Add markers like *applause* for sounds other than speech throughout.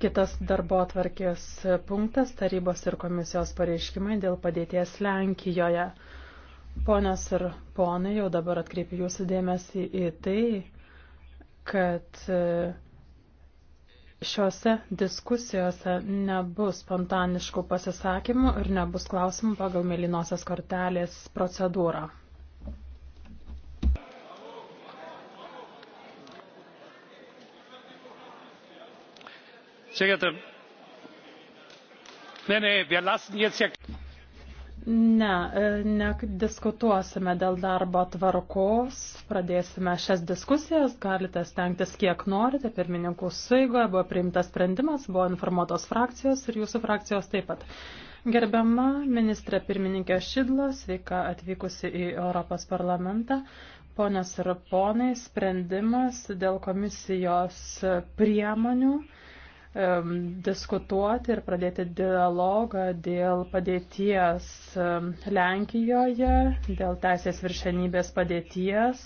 Kitas darbo atvarkės punktas – tarybos ir komisijos pareiškimai dėl padėties Lenkijoje. Ponios ir ponai, jau dabar atkreipiu jūsų dėmesį į tai, kad e, šiuose diskusijose nebus spontaniškų pasisakymų ir nebus klausimų pagal mėlynosios kortelės procedūrą. Ne, e, nediskutuosime dėl darbo tvarkos, pradėsime šias diskusijas, galite stengtis kiek norite, pirmininkų suigoje buvo priimtas sprendimas, buvo informuotos frakcijos ir jūsų frakcijos taip pat. Gerbiama ministrė pirmininkė Šidlas, sveika atvykusi į Europos parlamentą. Ponios ir ponai, sprendimas dėl komisijos priemonių diskutuoti ir pradėti dialogą dėl padėties Lenkijoje, dėl teisės viršenybės padėties.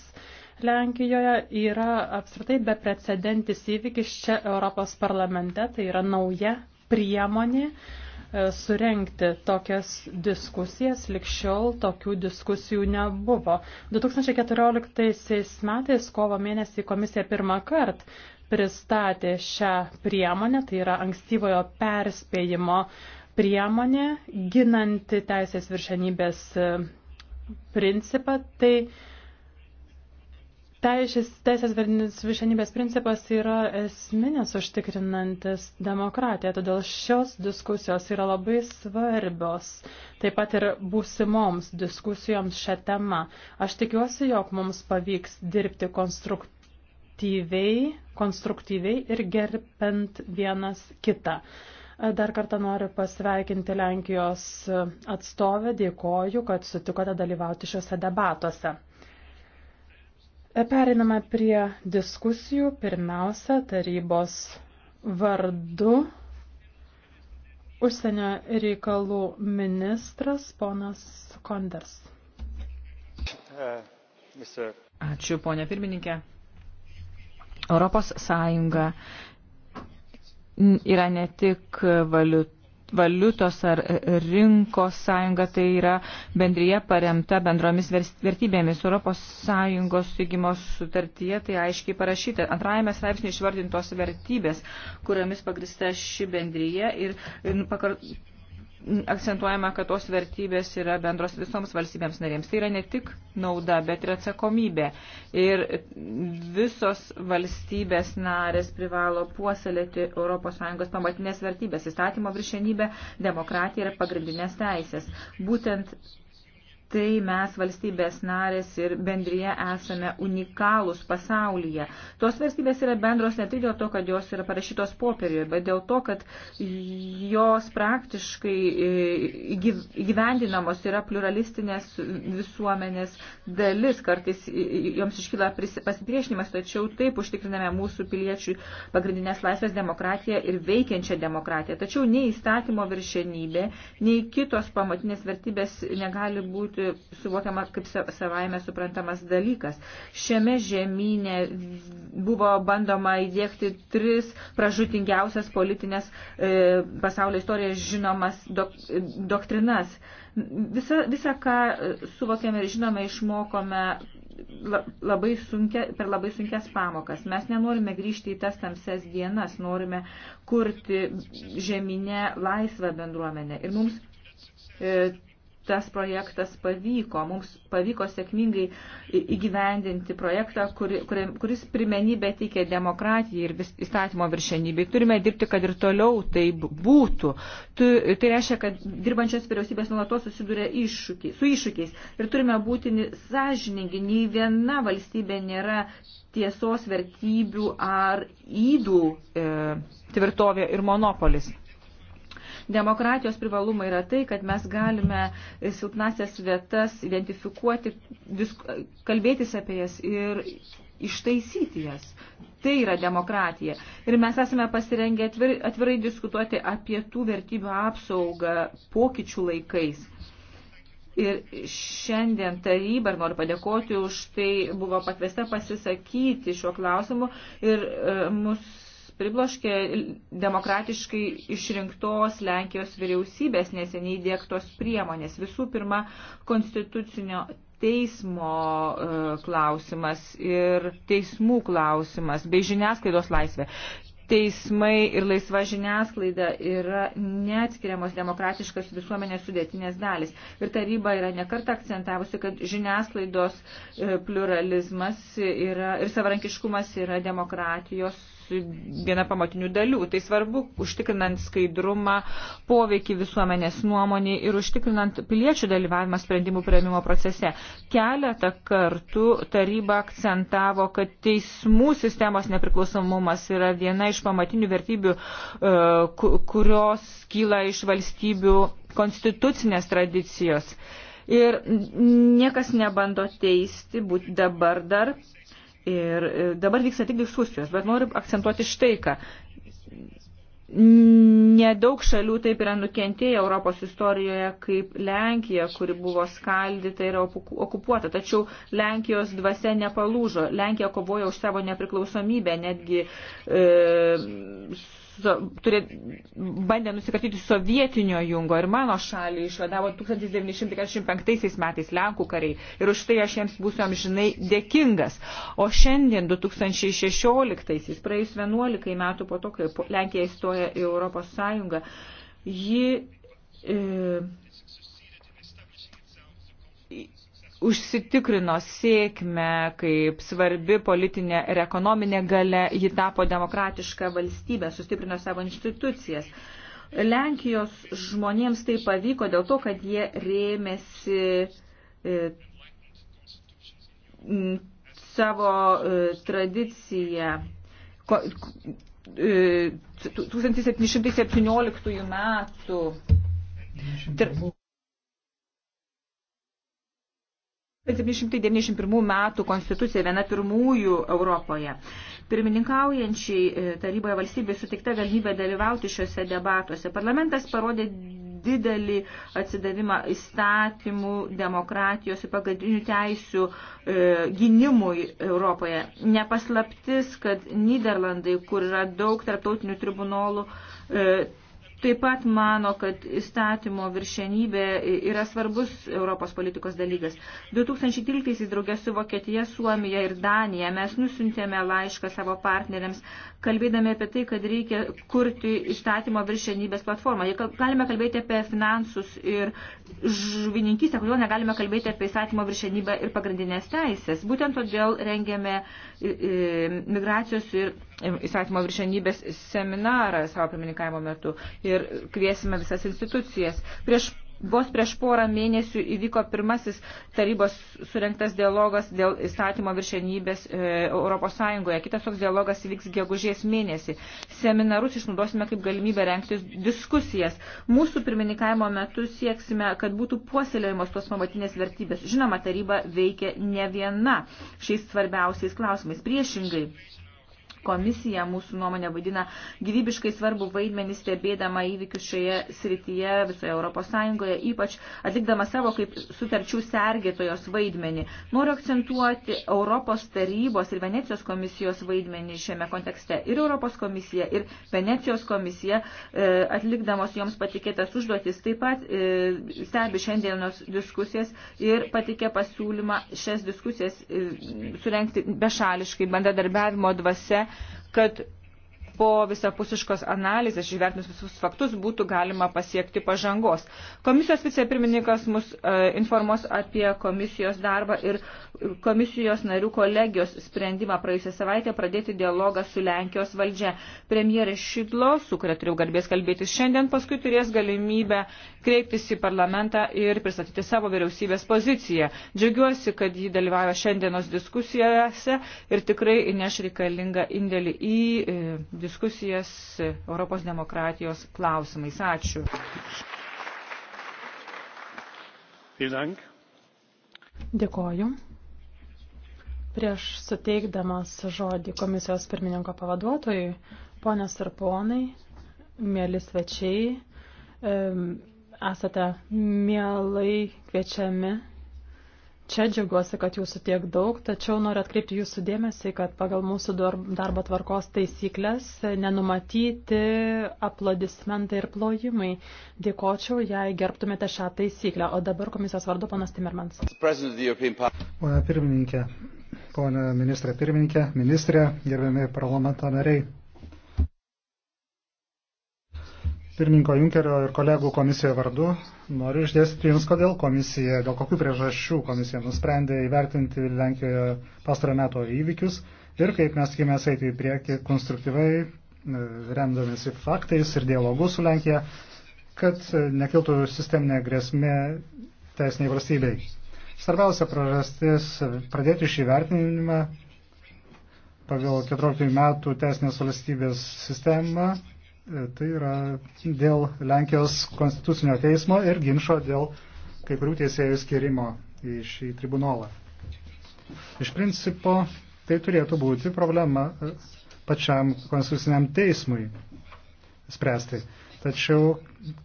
Lenkijoje yra apskritai beprecedentis įvykis čia Europos parlamente, tai yra nauja priemonė e, surenkti tokias diskusijas, likščiol tokių diskusijų nebuvo. 2014 metais kovo mėnesį komisija pirmą kartą pristatė šią priemonę, tai yra ankstyvojo perspėjimo priemonė, ginanti teisės viršenybės e, principą. Tai teisės, teisės viršenybės principas yra esminės užtikrinantis demokratiją, todėl šios diskusijos yra labai svarbios, taip pat ir būsimoms diskusijoms šią temą. Aš tikiuosi, jog mums pavyks dirbti konstruktyviai aktyviai, konstruktyviai ir gerbent vienas kitą. Dar kartą noriu pasveikinti Lenkijos atstovę, dėkoju, kad sutikote dalyvauti šiuose debatuose. Periname prie diskusijų. Pirmiausia, tarybos vardu užsienio reikalų ministras ponas Konders. Uh, Ačiū, ponė pirmininkė. Europos Sąjunga yra ne tik valiut, valiutos ar rinkos sąjunga, tai yra bendryje paremta bendromis vertybėmis. Europos Sąjungos steigimo sutartyje tai aiškiai parašyta. Antrajame straipsnėje išvardintos vertybės, kuriomis pagrista ši bendryje ir, ir nu, pakar, akcentuojama, kad tos vertybės yra bendros visoms valstybėms narėms. Tai yra ne tik nauda, bet ir atsakomybė. Ir visos valstybės narės privalo puoselėti ES pamatinės vertybės - įstatymo viršenybę, demokratiją ir pagrindinės teisės. Būtent tai mes valstybės narės ir bendryje esame unikalūs pasaulyje. Tos valstybės yra bendros ne tik dėl to, kad jos yra parašytos popieriuje, bet dėl to, kad jos praktiškai e, gyvendinamos yra pluralistinės visuomenės dalis. Kartais e, e, joms iškyla pasipriešinimas, tačiau taip užtikriname mūsų piliečių pagrindinės laisvės demokratiją ir veikiančią demokratiją. Tačiau nei įstatymo viršenybė, nei kitos pamatinės vertybės negali būti būti suvokiama kaip savaime suprantamas dalykas. Šiame žemynė buvo bandoma įdėkti tris pražutingiausias politinės e, pasaulio istorijos žinomas dok, doktrinas. Visa, visa, ką suvokėme ir žinome, išmokome labai sunkia, per labai sunkias pamokas. Mes nenorime grįžti į tas tamses dienas, norime kurti žeminę laisvą bendruomenę. Ir mums e, tas projektas pavyko. Mums pavyko sėkmingai įgyvendinti projektą, kuri, kuri, kuris primenybę teikė demokratijai ir vis, įstatymo viršenybei. Turime dirbti, kad ir toliau tai būtų. Tu, tai reiškia, kad dirbančios vyriausybės nuolatos susiduria iššūkiai, su iššūkiais. Ir turime būti sąžiningi, nei viena valstybė nėra tiesos vertybių ar įdų e, tvirtovė ir monopolis. Demokratijos privalumai yra tai, kad mes galime silpnasias vietas identifikuoti, disk, kalbėtis apie jas ir ištaisyti jas. Tai yra demokratija. Ir mes esame pasirengę atvirai, atvirai diskutuoti apie tų vertybių apsaugą pokyčių laikais. Ir šiandien taryba, ir noriu padėkoti už tai, buvo pakviesta pasisakyti šiuo klausimu ir e, mus pribloškė demokratiškai išrinktos Lenkijos vyriausybės neseniai dėktos priemonės. Visų pirma, konstitucinio teismo e, klausimas ir teismų klausimas bei žiniasklaidos laisvė. Teismai ir laisva žiniasklaida yra neatskiriamos demokratiškas visuomenės sudėtinės dalis. Ir taryba yra nekarta akcentavusi, kad žiniasklaidos e, pluralizmas yra, ir savarankiškumas yra demokratijos viena pamatinių dalių. Tai svarbu užtikrinant skaidrumą, poveikį visuomenės nuomonį ir užtikrinant piliečių dalyvavimą sprendimų prieimimo procese. Keletą kartų taryba akcentavo, kad teismų sistemos nepriklausomumas yra viena iš pamatinių vertybių, e, kurios kyla iš valstybių konstitucinės tradicijos. Ir niekas nebando teisti, būt dabar dar Ir e, dabar vyksta tik diskusijos, bet noriu akcentuoti štai ką. Nedaug šalių taip yra nukentėję Europos istorijoje kaip Lenkija, kuri buvo skaldyta ir okupuota. Tačiau Lenkijos dvasia nepalūžo. Lenkija kovojo už savo nepriklausomybę, netgi e, so, turė, bandė nusikratyti sovietinio jungo ir mano šalį išvadavo 1945 metais Lenkų kariai ir už tai aš jiems būsiu amžinai dėkingas. O šiandien 2016, praėjus 11 metų po to, kai Lenkija įstoja į Europos Sąjungą, ji e, užsitikrino sėkmę kaip svarbi politinė ir ekonominė gale, ji tapo demokratišką valstybę, sustiprino savo institucijas. Lenkijos žmonėms tai pavyko dėl to, kad jie rėmėsi e, savo e, tradiciją. 1717 e, metų. 1991 metų konstitucija viena pirmųjų Europoje. Pirmininkaujančiai e, taryboje valstybė sutikta galimybė dalyvauti šiuose debatuose. Parlamentas parodė didelį atsidavimą įstatymų, demokratijos ir pagrindinių teisių e, gynimui Europoje. Nepaslaptis, kad Niderlandai, kur yra daug tarptautinių tribunolų, e, taip pat mano, kad įstatymo viršenybė yra svarbus Europos politikos dalykas. 2013-aisiais draugė su Vokietija, Suomija ir Danija mes nusintėme laišką savo partneriams, kalbėdami apie tai, kad reikia kurti įstatymo viršenybės platformą. Galime kalbėti apie finansus ir žuvininkystę, kodėl negalime kalbėti apie įstatymo viršenybę ir pagrindinės teisės. Būtent todėl rengėme migracijos ir įstatymo viršenybės seminarą savo pirmininkavimo metu ir kviesime visas institucijas. Prieš Vos prieš porą mėnesių įvyko pirmasis tarybos surinktas dialogas dėl įstatymo viršenybės ES. Kitas toks dialogas įvyks gegužės mėnesį. Seminarus išnaudosime kaip galimybę rengti diskusijas. Mūsų pirmininkavimo metu sieksime, kad būtų puoselėjimos tos pamatinės vertybės. Žinoma, taryba veikia ne viena šiais svarbiausiais klausimais. Priešingai. Komisija mūsų nuomonė vaidina gyvybiškai svarbu vaidmenį stebėdama įvykius šioje srityje visoje Europos Sąjungoje, ypač atlikdama savo kaip sutarčių sergėtojos vaidmenį. Noriu akcentuoti Europos tarybos ir Venecijos komisijos vaidmenį šiame kontekste. Ir Europos komisija, ir Venecijos komisija e, atlikdamos joms patikėtas užduotis taip pat e, stebi šiandienos diskusijas ir patikė pasiūlymą šias diskusijas e, surenkti bešališkai bendradarbiavimo dvasia kad po visapusiškos analizės, išvertinus visus faktus, būtų galima pasiekti pažangos. Komisijos vicepirmininkas mus e, informuos apie komisijos darbą ir komisijos narių kolegijos sprendimą praėjusią savaitę pradėti dialogą su Lenkijos valdžia. Premjerė Šidlo, su kuria turėjau garbės kalbėti šiandien, paskui turės galimybę kreiptis į parlamentą ir pristatyti savo vyriausybės poziciją. Džiaugiuosi, kad jį dalyvavo šiandienos diskusijose ir tikrai neš reikalingą indėlį į e, diskusijas Europos demokratijos klausimais. Ačiū. Dėkoju. Prieš suteikdamas žodį komisijos pirmininko pavaduotojui, ponios ir ponai, mėly svečiai, esate mielai kviečiami Čia džiaugiuosi, kad jūsų tiek daug, tačiau noriu atkreipti jūsų dėmesį, kad pagal mūsų darbo tvarkos taisyklės nenumatyti aplodismentai ir plojimai. Dėkočiau, jei gerbtumėte šią taisyklę. O dabar komisijos vardu panas Timmermans. Pone pirmininkė, pone ministrė pirmininkė, ministrė, gerbiami parlamento nariai. pirmininko Junkerio ir kolegų komisijoje vardu noriu išdėstyti Jums, kodėl komisija, dėl kokių priežasčių komisija nusprendė įvertinti Lenkijoje pastarojo meto įvykius ir kaip mes tikimės eiti į priekį konstruktyvai, e, remdamėsi faktais ir dialogu su Lenkija, kad e, nekiltų sisteminė grėsmė teisiniai valstybei. Svarbiausia priežastis pradėti šį vertinimą pagal 14 metų teisinės valstybės sistemą E, tai yra dėl Lenkijos konstitucinio teismo ir ginčio dėl kai kurių teisėjų skirimo į šį tribunolą. Iš principo, tai turėtų būti problema e, pačiam konstituciniam teismui spręsti. Tačiau,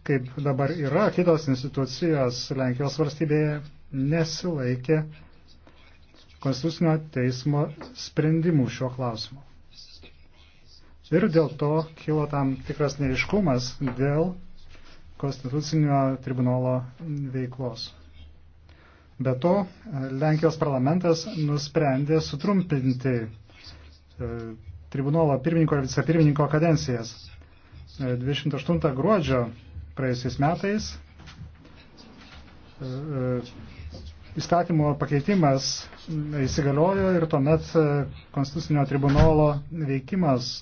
kaip dabar yra, kitos institucijos Lenkijos valstybėje nesilaikė konstitucinio teismo sprendimų šiuo klausimu. Ir dėl to kilo tam tikras neiškumas dėl Konstitucinio tribunolo veiklos. Be to, Lenkijos parlamentas nusprendė sutrumpinti e, tribunolo pirmininko ir vicepirmininko kadencijas. 28 e, gruodžio praėjusiais metais e, įstatymo pakeitimas įsigaliojo ir tuomet Konstitucinio tribunolo veikimas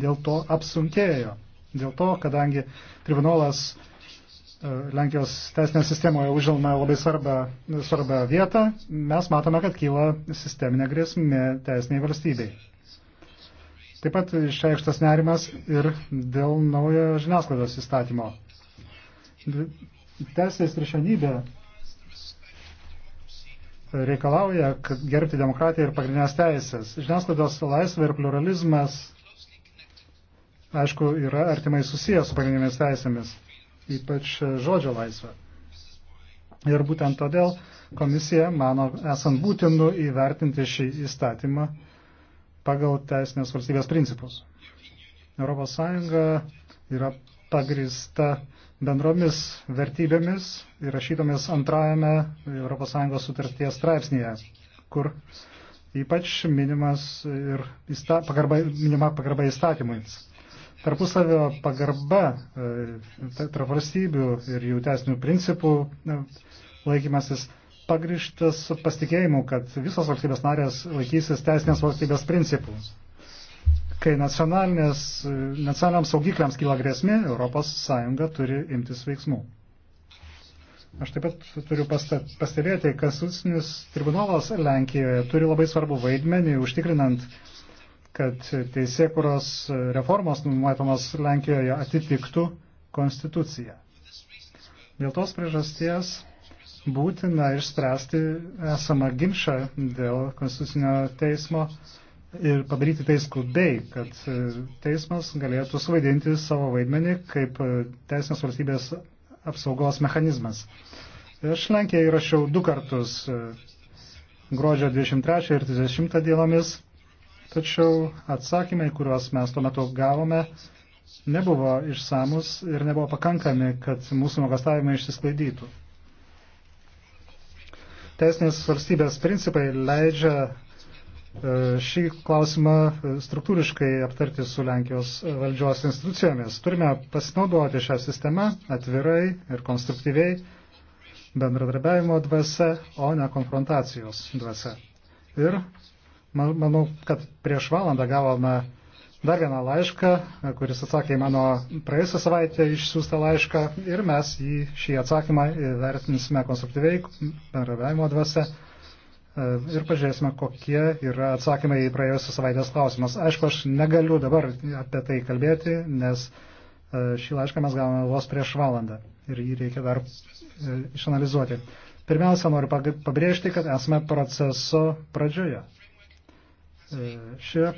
dėl to apsunkėjo. Dėl to, kadangi tribunolas e, Lenkijos teisinėje sistemoje užilna labai svarbią vietą, mes matome, kad kyla sisteminė grėsmė teisiniai valstybei. Taip pat išreikštas nerimas ir dėl naujo žiniasklaidos įstatymo. Teisės viršenybė reikalauja, kad gerbti demokratiją ir pagrindinės teisės. Žiniasklaidos laisvė ir pluralizmas aišku, yra artimai susijęs su pagrindinėmis teisėmis, ypač žodžio laisvė. Ir būtent todėl komisija mano esant būtinu įvertinti šį įstatymą pagal teisinės valstybės principus. ES yra pagrįsta bendromis vertybėmis įrašytomis antrajame ES sutarties straipsnėje, kur ypač minimas ir pagarba, minima pagarba įstatymais tarpusavio pagarba e, tarp valstybių ir jų teisinių principų e, laikymasis pagrištas su pasitikėjimu, kad visos valstybės narės laikysis teisinės valstybės principų. Kai e, nacionaliniams saugikliams kyla grėsmė, ES turi imtis veiksmų. Aš taip pat turiu pastebėti, kad Susinis tribunolas Lenkijoje turi labai svarbu vaidmenį užtikrinant kad teisėkuros reformos numatomos Lenkijoje atitiktų konstituciją. Dėl tos priežasties būtina išspręsti esamą ginčą dėl konstitucinio teismo ir padaryti tai skubiai, kad teismas galėtų suvaidinti savo vaidmenį kaip teisinės valstybės apsaugos mechanizmas. Aš Lenkijai rašiau du kartus gruodžio 23 ir 30 dienomis Tačiau atsakymai, kuriuos mes tuo metu gavome, nebuvo išsamus ir nebuvo pakankami, kad mūsų nuogastavimai išsisklaidytų. Teisinės valstybės principai leidžia e, šį klausimą struktūriškai aptarti su Lenkijos valdžios institucijomis. Turime pasinaudoti šią sistemą atvirai ir konstruktyviai bendradarbiavimo dvasia, o ne konfrontacijos dvasia. Ir Manau, kad prieš valandą gavome dar vieną laišką, kuris atsakė į mano praėjusią savaitę išsiųstą laišką ir mes į šį atsakymą vertinsime konstruktyviai, bendravimo dvasia e, ir pažiūrėsime, kokie yra atsakymai į praėjusią savaitės klausimas. Aišku, aš negaliu dabar apie tai kalbėti, nes e, šį laišką mes gavome vos prieš valandą ir jį reikia dar e, išanalizuoti. Pirmiausia, noriu pabrėžti, kad esame proceso pradžioje. Šie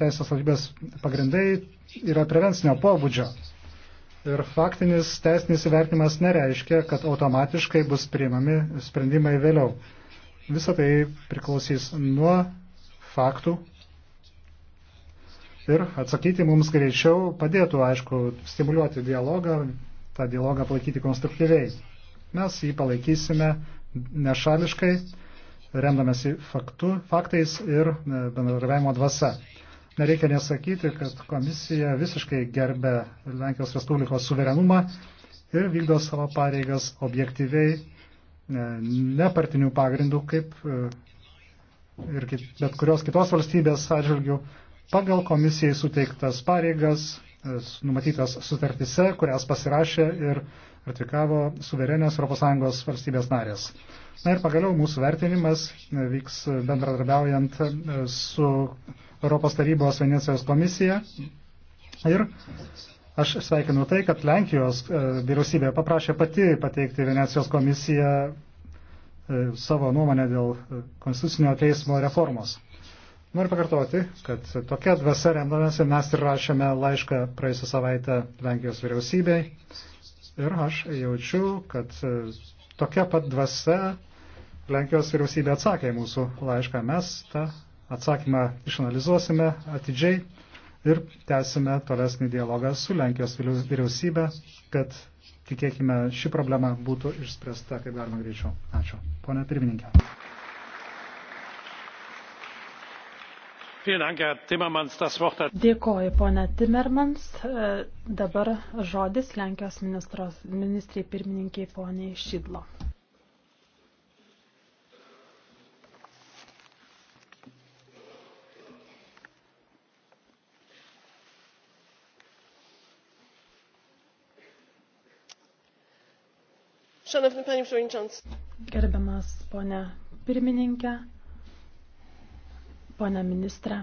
teisės valstybės pagrindai yra prevencinio pobūdžio. Ir faktinis teisinis įvertinimas nereiškia, kad automatiškai bus priimami sprendimai vėliau. Visą tai priklausys nuo faktų. Ir atsakyti mums greičiau padėtų, aišku, stimuliuoti dialogą, tą dialogą palaikyti konstruktyviai. Mes jį palaikysime nešališkai remdamėsi faktu, faktais ir e, bendradarbiavimo dvasia. Nereikia nesakyti, kad komisija visiškai gerbė Lenkijos Respublikos suverenumą ir vykdo savo pareigas objektyviai, nepartinių ne pagrindų, kaip e, ir bet kurios kitos valstybės atžvilgių, pagal komisijai suteiktas pareigas numatytas sutartise, kurias pasirašė ir ratifikavo suverenės ES valstybės narės. Na ir pagaliau mūsų vertinimas e, vyks bendradarbiaujant e, su Europos tarybos Venecijos komisija. Ir aš sveikinu tai, kad Lenkijos e, vyriausybė paprašė pati pateikti Venecijos komisiją savo nuomonę dėl konstitucinio teismo reformos. Noriu pakartoti, kad tokia dvasia remdamėsi mes ir rašėme laišką praėjusią savaitę Lenkijos vyriausybei. Ir aš jaučiu, kad e, tokia pat dvasia Lenkijos vyriausybė atsakė į mūsų laišką. Mes tą atsakymą išanalizuosime atidžiai ir tęsime tolesnį dialogą su Lenkijos vyriausybė, kad tikėkime ši problema būtų išspręsta kaip galima greičiau. Ačiū. Pone pirmininkė. Dėkoju, ponė Timmermans. E, dabar žodis Lenkijos ministrai pirmininkiai poniai Šidlo. Gerbiamas ponė pirmininkė, Pone ministrė,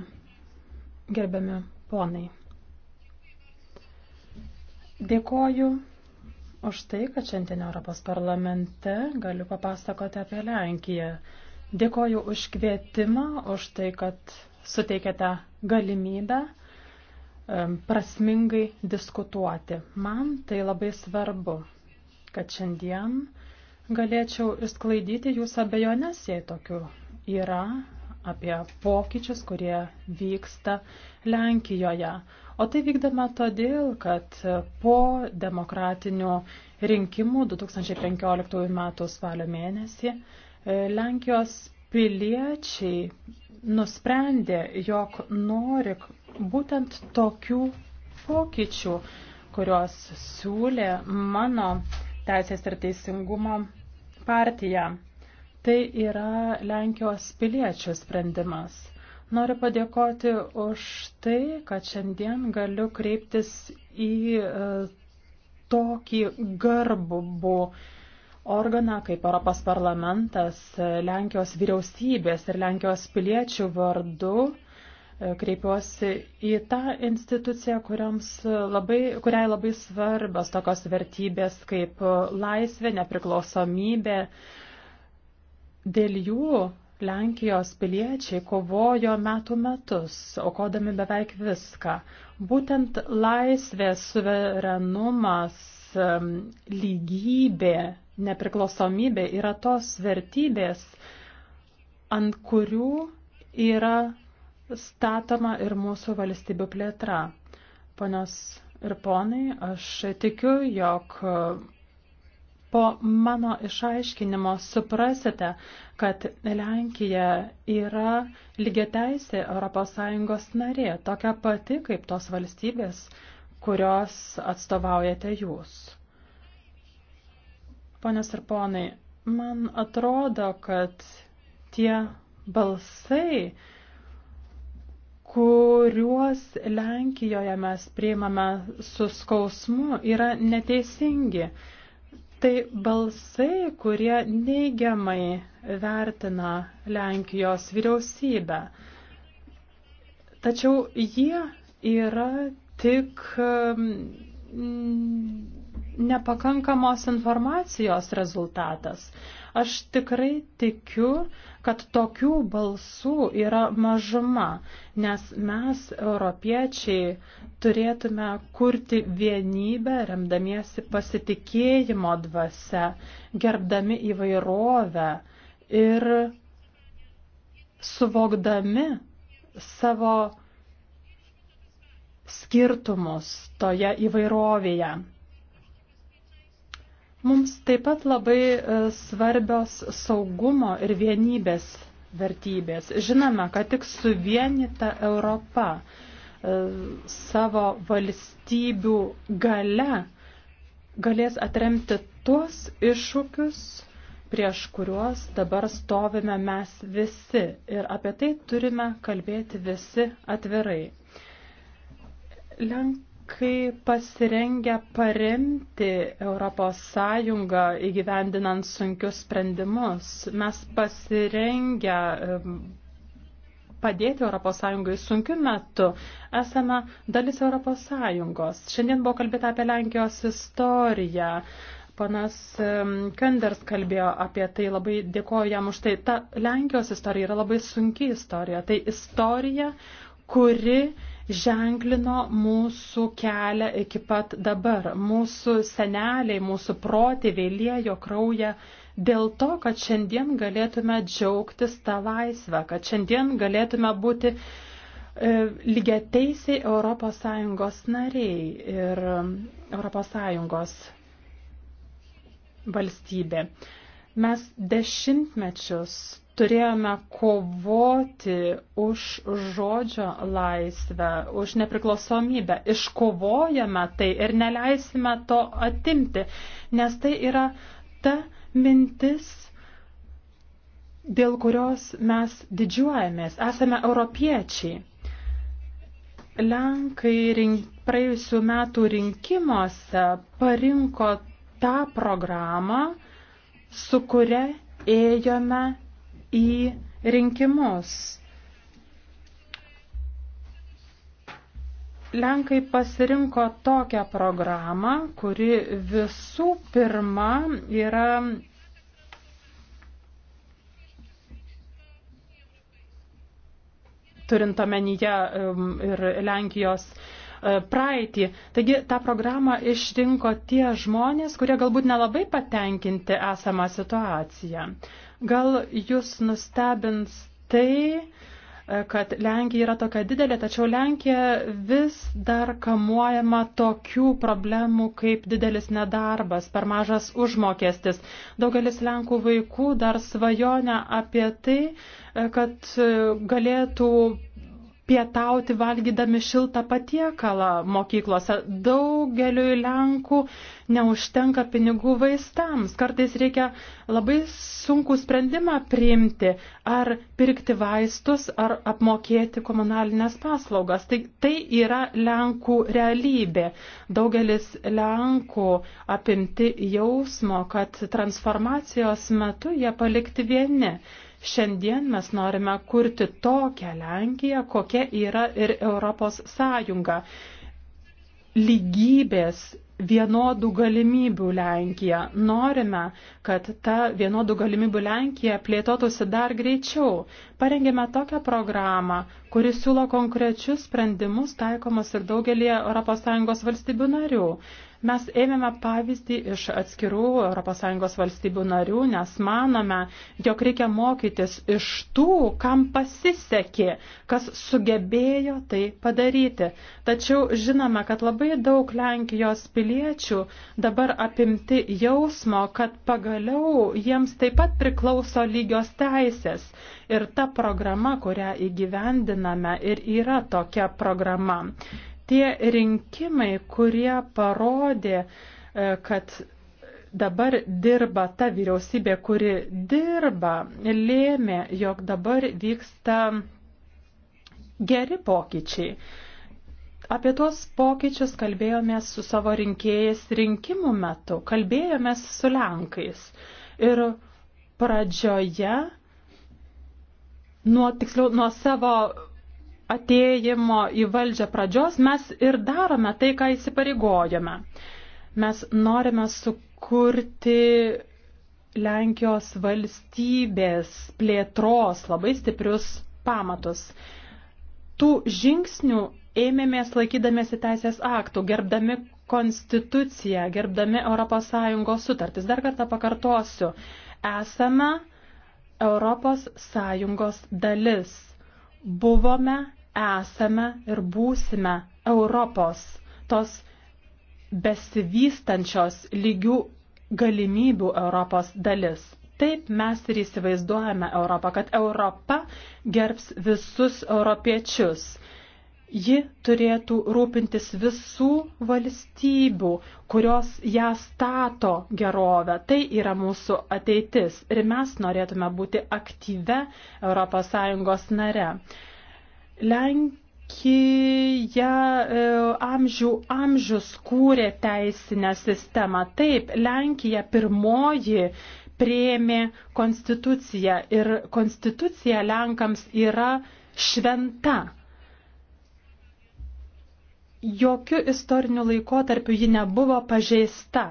gerbiami ponai. Dėkoju už tai, kad šiandien Europos parlamente galiu papasakoti apie Lenkiją. Dėkoju už kvietimą, už tai, kad suteikėte galimybę prasmingai diskutuoti. Man tai labai svarbu, kad šiandien galėčiau išsklaidyti jūsų abejonės, jei tokių yra, apie pokyčius, kurie vyksta Lenkijoje. O tai vykdama todėl, kad po demokratinių rinkimų 2015 m. spalio mėnesį e, Lenkijos piliečiai nusprendė, jog nori būtent tokių pokyčių, kurios siūlė mano Teisės ir Teisingumo partija. Tai yra Lenkijos piliečių sprendimas. Noriu padėkoti už tai, kad šiandien galiu kreiptis į e, tokį garbų organą kaip Europos parlamentas e, Lenkijos vyriausybės ir Lenkijos piliečių vardu. E, kreipiuosi į tą instituciją, labai, kuriai labai svarbios tokios vertybės kaip laisvė, nepriklausomybė, Dėl jų Lenkijos piliečiai kovojo metų metus, aukodami beveik viską. Būtent laisvė, suverenumas, lygybė, nepriklausomybė yra tos vertybės, ant kurių yra statoma ir mūsų valstybių plėtra. Ponios ir ponai, aš tikiu, jog Po mano išaiškinimo suprasite, kad Lenkija yra lygiateisė ES narė, tokia pati kaip tos valstybės, kurios atstovaujate jūs. Ponios ir ponai, man atrodo, kad tie balsai, kuriuos Lenkijoje mes priimame su skausmu, yra neteisingi. Tai balsai, kurie neigiamai vertina Lenkijos vyriausybę. Tačiau jie yra tik um, nepakankamos informacijos rezultatas. Aš tikrai tikiu, kad tokių balsų yra mažuma, nes mes, europiečiai, turėtume kurti vienybę, remdamiesi pasitikėjimo dvasia, gerbdami įvairovę ir suvokdami savo skirtumus toje įvairovėje. Mums taip pat labai e, svarbios saugumo ir vienybės vertybės. Žinome, kad tik suvienita Europa e, savo valstybių gale galės atremti tuos iššūkius, prieš kuriuos dabar stovime mes visi ir apie tai turime kalbėti visi atvirai. Lenk bankai pasirengę paremti Europos Sąjungą įgyvendinant sunkius sprendimus. Mes pasirengę padėti Europos Sąjungai sunkiu metu. Esame dalis Europos Sąjungos. Šiandien buvo kalbėta apie Lenkijos istoriją. Panas Kenders kalbėjo apie tai, labai dėkoju jam už tai. Ta Lenkijos istorija yra labai sunki istorija. Tai istorija, kuri ženklino mūsų kelią iki pat dabar. Mūsų seneliai, mūsų protėviai liejo kraują dėl to, kad šiandien galėtume džiaugtis tą laisvę, kad šiandien galėtume būti e, lygiateisiai ES nariai ir ES valstybė. Mes dešimtmečius turėjome kovoti už žodžio laisvę, už nepriklausomybę. Iškovojame tai ir neleisime to atimti, nes tai yra ta mintis, dėl kurios mes didžiuojamės. Esame europiečiai. Lenkai rink, praėjusių metų rinkimuose parinko tą programą, su kuria ėjome į rinkimus. Lenkai pasirinko tokią programą, kuri visų pirma yra turint omenyje um, ir Lenkijos e, praeitį. Taigi tą programą išrinko tie žmonės, kurie galbūt nelabai patenkinti esamą situaciją. Gal jūs nustebins tai, e, kad Lenkija yra tokia didelė, tačiau Lenkija vis dar kamuojama tokių problemų kaip didelis nedarbas, per mažas užmokestis. Daugelis Lenkų vaikų dar svajoja apie tai, e, kad e, galėtų pietauti valgydami šiltą patiekalą mokyklose. Daugeliui Lenkų neužtenka pinigų vaistams. Kartais reikia labai sunkų sprendimą priimti, ar pirkti vaistus, ar apmokėti komunalinės paslaugas. Tai, tai yra Lenkų realybė. Daugelis Lenkų apimti jausmo, kad transformacijos metu jie palikti vieni. Šiandien mes norime kurti tokią Lenkiją, kokia yra ir Europos Sąjunga. Lygybės vienodų galimybių Lenkija. Norime, kad ta vienodų galimybių Lenkija plėtotųsi dar greičiau. Parengėme tokią programą, kuri siūlo konkrečius sprendimus taikomus ir daugelį ES valstybių narių. Mes ėmėme pavyzdį iš atskirų ES valstybių narių, nes manome, jog reikia mokytis iš tų, kam pasisekė, kas sugebėjo tai padaryti. Tačiau žinome, kad labai daug Lenkijos piliečių dabar apimti jausmo, kad pagaliau jiems taip pat priklauso lygios teisės. Ir ta programa, kurią įgyvendiname, ir yra tokia programa tie rinkimai, kurie parodė, e, kad dabar dirba ta vyriausybė, kuri dirba, lėmė, jog dabar vyksta geri pokyčiai. Apie tuos pokyčius kalbėjomės su savo rinkėjais rinkimų metu, kalbėjomės su Lenkais. Ir pradžioje, nuo, tiksliau, nuo savo atėjimo į valdžią pradžios mes ir darome tai, ką įsipareigojame. Mes norime sukurti Lenkijos valstybės plėtros labai stiprius pamatus. Tų žingsnių ėmėmės laikydamėsi teisės aktų, gerbdami konstituciją, gerbdami ES sutartis. Dar kartą pakartosiu, esame ES dalis. Buvome esame ir būsime Europos, tos besivystančios lygių galimybių Europos dalis. Taip mes ir įsivaizduojame Europą, kad Europa gerbs visus europiečius. Ji turėtų rūpintis visų valstybių, kurios ją stato gerovę. Tai yra mūsų ateitis ir mes norėtume būti aktyve ES nare. Lenkija e, amžių amžius kūrė teisinę sistemą. Taip, Lenkija pirmoji prieimė konstituciją ir konstitucija Lenkams yra šventa. Jokių istorinių laikotarpių ji nebuvo pažeista.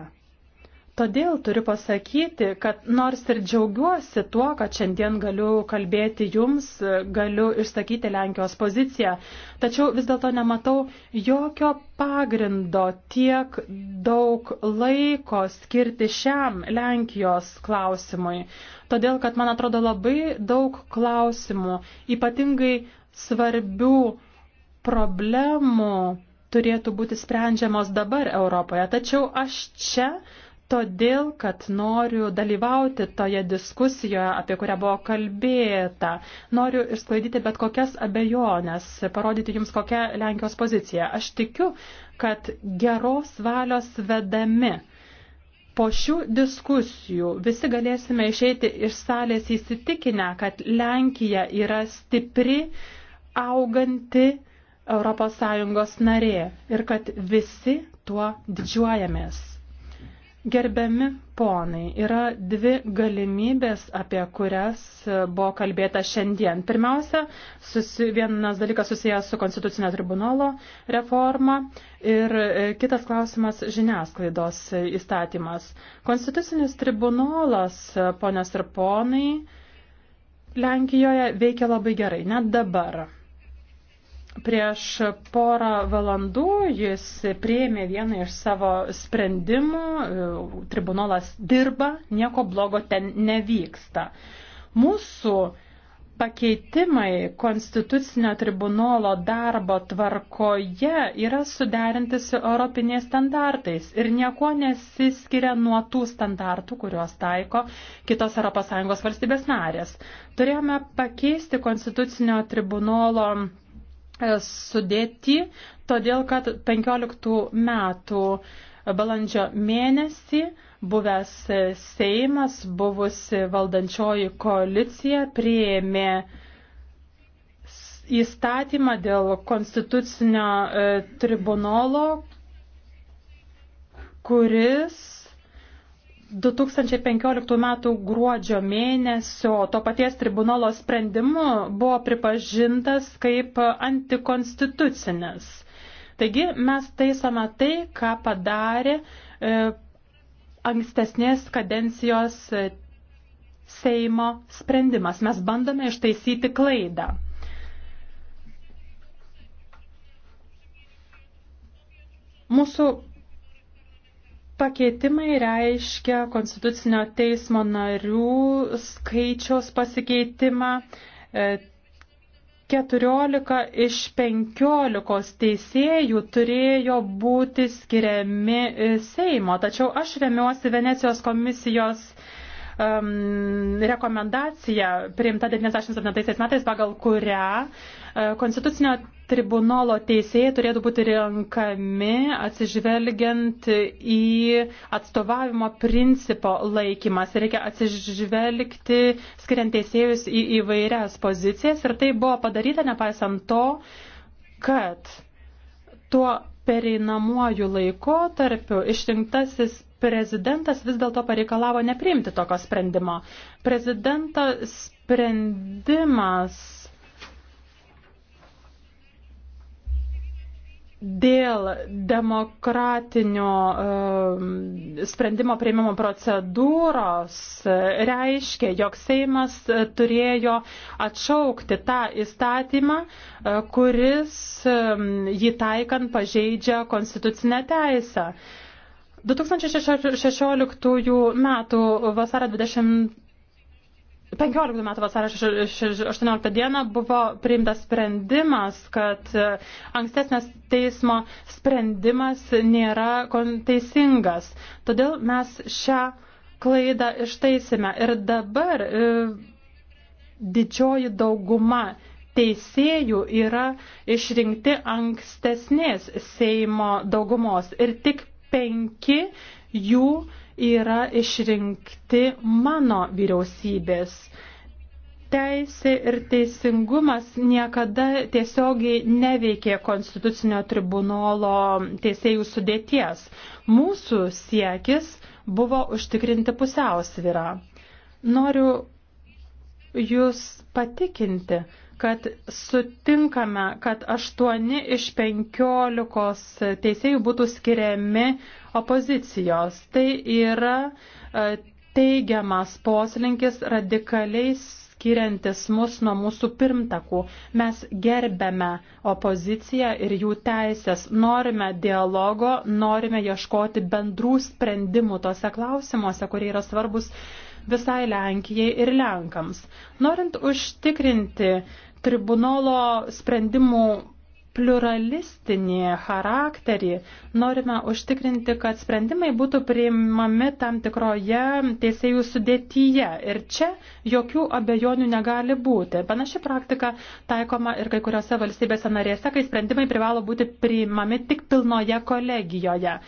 Todėl turiu pasakyti, kad nors ir džiaugiuosi tuo, kad šiandien galiu kalbėti jums, galiu išsakyti Lenkijos poziciją, tačiau vis dėlto nematau jokio pagrindo tiek daug laiko skirti šiam Lenkijos klausimui. Todėl, kad man atrodo labai daug klausimų, ypatingai svarbių problemų turėtų būti sprendžiamos dabar Europoje. Tačiau aš čia todėl, kad noriu dalyvauti toje diskusijoje, apie kurią buvo kalbėta. Noriu išsklaidyti bet kokias abejonės, parodyti jums kokią Lenkijos poziciją. Aš tikiu, kad geros valios vedami. Po šių diskusijų visi galėsime išeiti iš salės įsitikinę, kad Lenkija yra stipri, auganti ES narė ir kad visi tuo didžiuojamės. Gerbiami ponai, yra dvi galimybės, apie kurias buvo kalbėta šiandien. Pirmiausia, susi, vienas dalykas susijęs su Konstitucinio tribunolo reforma ir e, kitas klausimas žiniasklaidos įstatymas. Konstitucinis tribunolas, e, ponios ir ponai, Lenkijoje veikia labai gerai, net dabar. Prieš porą valandų jis prieėmė vieną iš savo sprendimų, e, tribunolas dirba, nieko blogo ten nevyksta. Mūsų pakeitimai konstitucinio tribunolo darbo tvarkoje yra suderinti su europiniais standartais ir nieko nesiskiria nuo tų standartų, kuriuos taiko kitos ES valstybės narės. Turėjome pakeisti konstitucinio tribunolo E, sudėti, todėl kad 15 metų balandžio mėnesį buvęs Seimas, buvusi valdančioji koalicija prieėmė įstatymą dėl konstitucinio e, tribunolo, kuris 2015 m. gruodžio mėnesio to paties tribunolo sprendimu buvo pripažintas kaip antikonstitucinis. Taigi mes taisome tai, ką padarė e, ankstesnės kadencijos Seimo sprendimas. Mes bandome ištaisyti klaidą. Mūsų Pakeitimai reiškia konstitucinio teismo narių skaičiaus pasikeitimą. 14 e, iš 15 teisėjų turėjo būti skiriami e, Seimo, tačiau aš remiuosi Venecijos komisijos um, rekomendacija priimta 97 metais, pagal kurią uh, Konstitucinio tribunolo teisėjai turėtų būti renkami atsižvelgiant į atstovavimo principo laikymas. Reikia atsižvelgti, skiriant teisėjus į įvairias pozicijas ir tai buvo padaryta nepaisant to, kad tuo pereinamuoju laikotarpiu išrinktasis prezidentas vis dėlto pareikalavo nepriimti tokio sprendimo. Prezidento sprendimas dėl demokratinio sprendimo prieimimo procedūros e, reiškia, jog Seimas e, turėjo atšaukti tą įstatymą, e, kuris jį taikant pažeidžia konstitucinę teisę. 2016 m. vasaro 20 15 metų vasario 18 dieną buvo priimtas sprendimas, kad e, ankstesnės teismo sprendimas nėra teisingas. Todėl mes šią klaidą ištaisime. Ir dabar e, didžioji dauguma teisėjų yra išrinkti ankstesnės Seimo daugumos ir tik penki jų yra išrinkti mano vyriausybės. Teisė ir teisingumas niekada tiesiogiai neveikė konstitucinio tribunolo teisėjų sudėties. Mūsų siekis buvo užtikrinti pusiausvyrą. Noriu Jūs patikinti, kad sutinkame, kad 8 iš 15 teisėjų būtų skiriami opozicijos. Tai yra e, teigiamas poslinkis radikaliai skiriantis mus nuo mūsų pirmtakų. Mes gerbėme opoziciją ir jų teisės, norime dialogo, norime ieškoti bendrų sprendimų tose klausimuose, kurie yra svarbus visai Lenkijai ir Lenkams. Norint užtikrinti uh, tribunolo sprendimų pluralistinį charakterį, norime užtikrinti, kad sprendimai būtų priimami tam tikroje teisėjų sudėtyje. Ir čia jokių abejonių negali būti. Panaši praktika taikoma ir kai kuriuose valstybėse narėse, kai sprendimai privalo būti priimami tik pilnoje kolegijoje.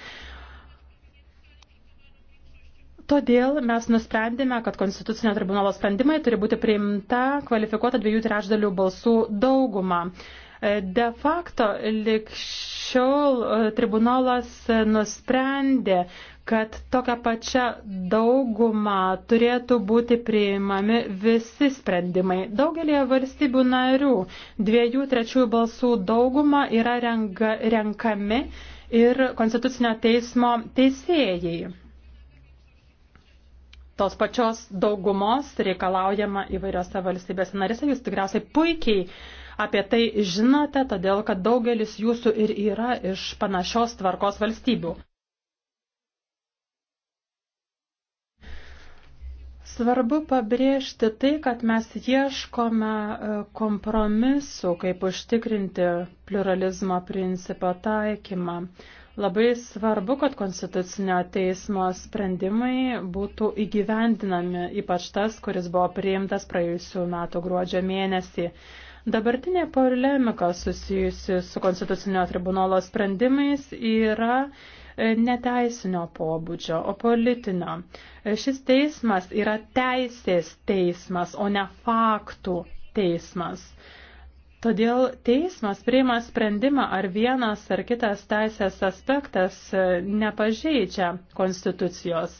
Todėl mes nusprendėme, kad Konstitucinio tribunolo sprendimai turi būti priimta kvalifikuota dviejų trečdalių balsų dauguma. E, de facto likščiol e, tribunolas nusprendė, kad tokią pačią daugumą turėtų būti priimami visi sprendimai. Daugelie valstybių narių dviejų trečiųjų balsų dauguma yra renka, renkami ir Konstitucinio teismo teisėjai tos pačios daugumos reikalaujama įvairiose valstybėse narėse. Jūs tikriausiai puikiai apie tai žinote, todėl kad daugelis jūsų ir yra iš panašios tvarkos valstybių. Svarbu pabrėžti tai, kad mes ieškome e, kompromisu, kaip užtikrinti pluralizmo principą taikymą. Labai svarbu, kad konstitucinio teismo sprendimai būtų įgyvendinami, ypač tas, kuris buvo priimtas praėjusiu metu gruodžio mėnesį. Dabartinė polemika susijusi su konstitucinio tribunolo sprendimais yra e, neteisinio pobūdžio, o politinio. E, šis teismas yra teisės teismas, o ne faktų teismas. Todėl teismas priima sprendimą, ar vienas ar kitas teisės aspektas e, nepažeidžia konstitucijos.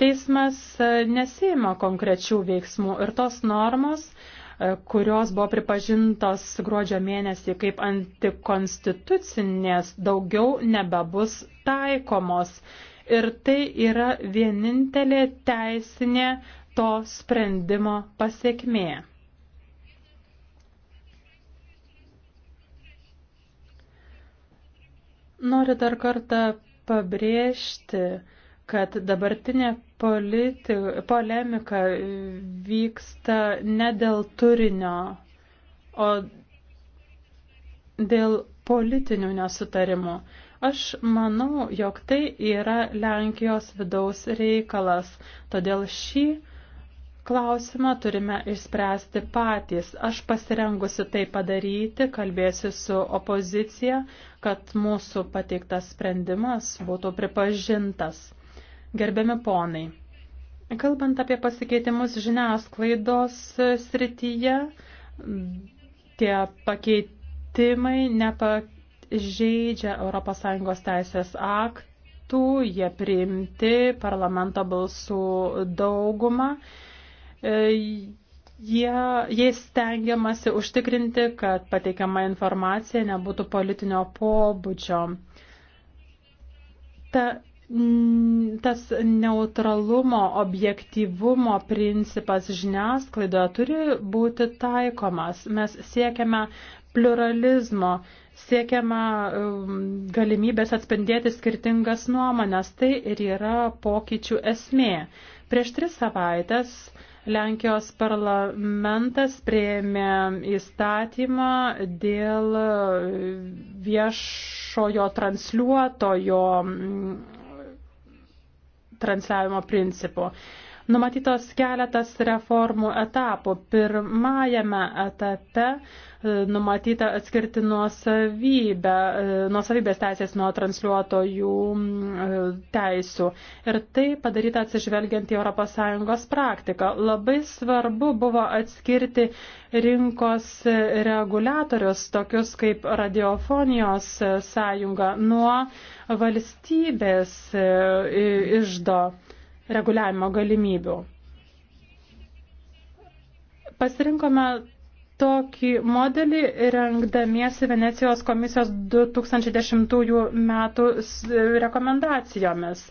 Teismas e, nesima konkrečių veiksmų ir tos normos, e, kurios buvo pripažintos gruodžio mėnesį kaip antikonstitucinės, daugiau nebebus taikomos. Ir tai yra vienintelė teisinė to sprendimo pasiekmė. Noriu dar kartą pabrėžti, kad dabartinė politi... polemika vyksta ne dėl turinio, o dėl politinių nesutarimų. Aš manau, jog tai yra Lenkijos vidaus reikalas, todėl šį klausimą turime išspręsti patys. Aš pasirengusi tai padaryti, kalbėsiu su opozicija, kad mūsų pateiktas sprendimas būtų pripažintas. Gerbiami ponai, kalbant apie pasikeitimus žiniasklaidos srityje, tie pakeitimai nepažeidžia ES teisės aktų, jie priimti parlamento balsų daugumą. E, jie, jais stengiamasi užtikrinti, kad pateikiama informacija nebūtų politinio pobūdžio. Ta, tas neutralumo, objektyvumo principas žiniasklaidoje turi būti taikomas. Mes siekiame pluralizmo, siekiama um, galimybės atspindėti skirtingas nuomonės. Tai ir yra pokyčių esmė. Prieš tris savaitės uh, Lenkijos parlamentas prieėmė įstatymą dėl viešojo transliuotojo mm, transliavimo principų. Numatytos keletas reformų etapų. Pirmajame etape e, numatyta atskirti nuosavybę, e, nuosavybės teisės nuo transliuotojų e, teisų. Ir tai padaryta atsižvelgiant į ES praktiką. Labai svarbu buvo atskirti rinkos reguliatorius, tokius kaip radiofonijos sąjunga, nuo valstybės išdo reguliavimo galimybių. Pasirinkome tokį modelį rengdamiesi Venecijos komisijos 2010 metų e, rekomendacijomis.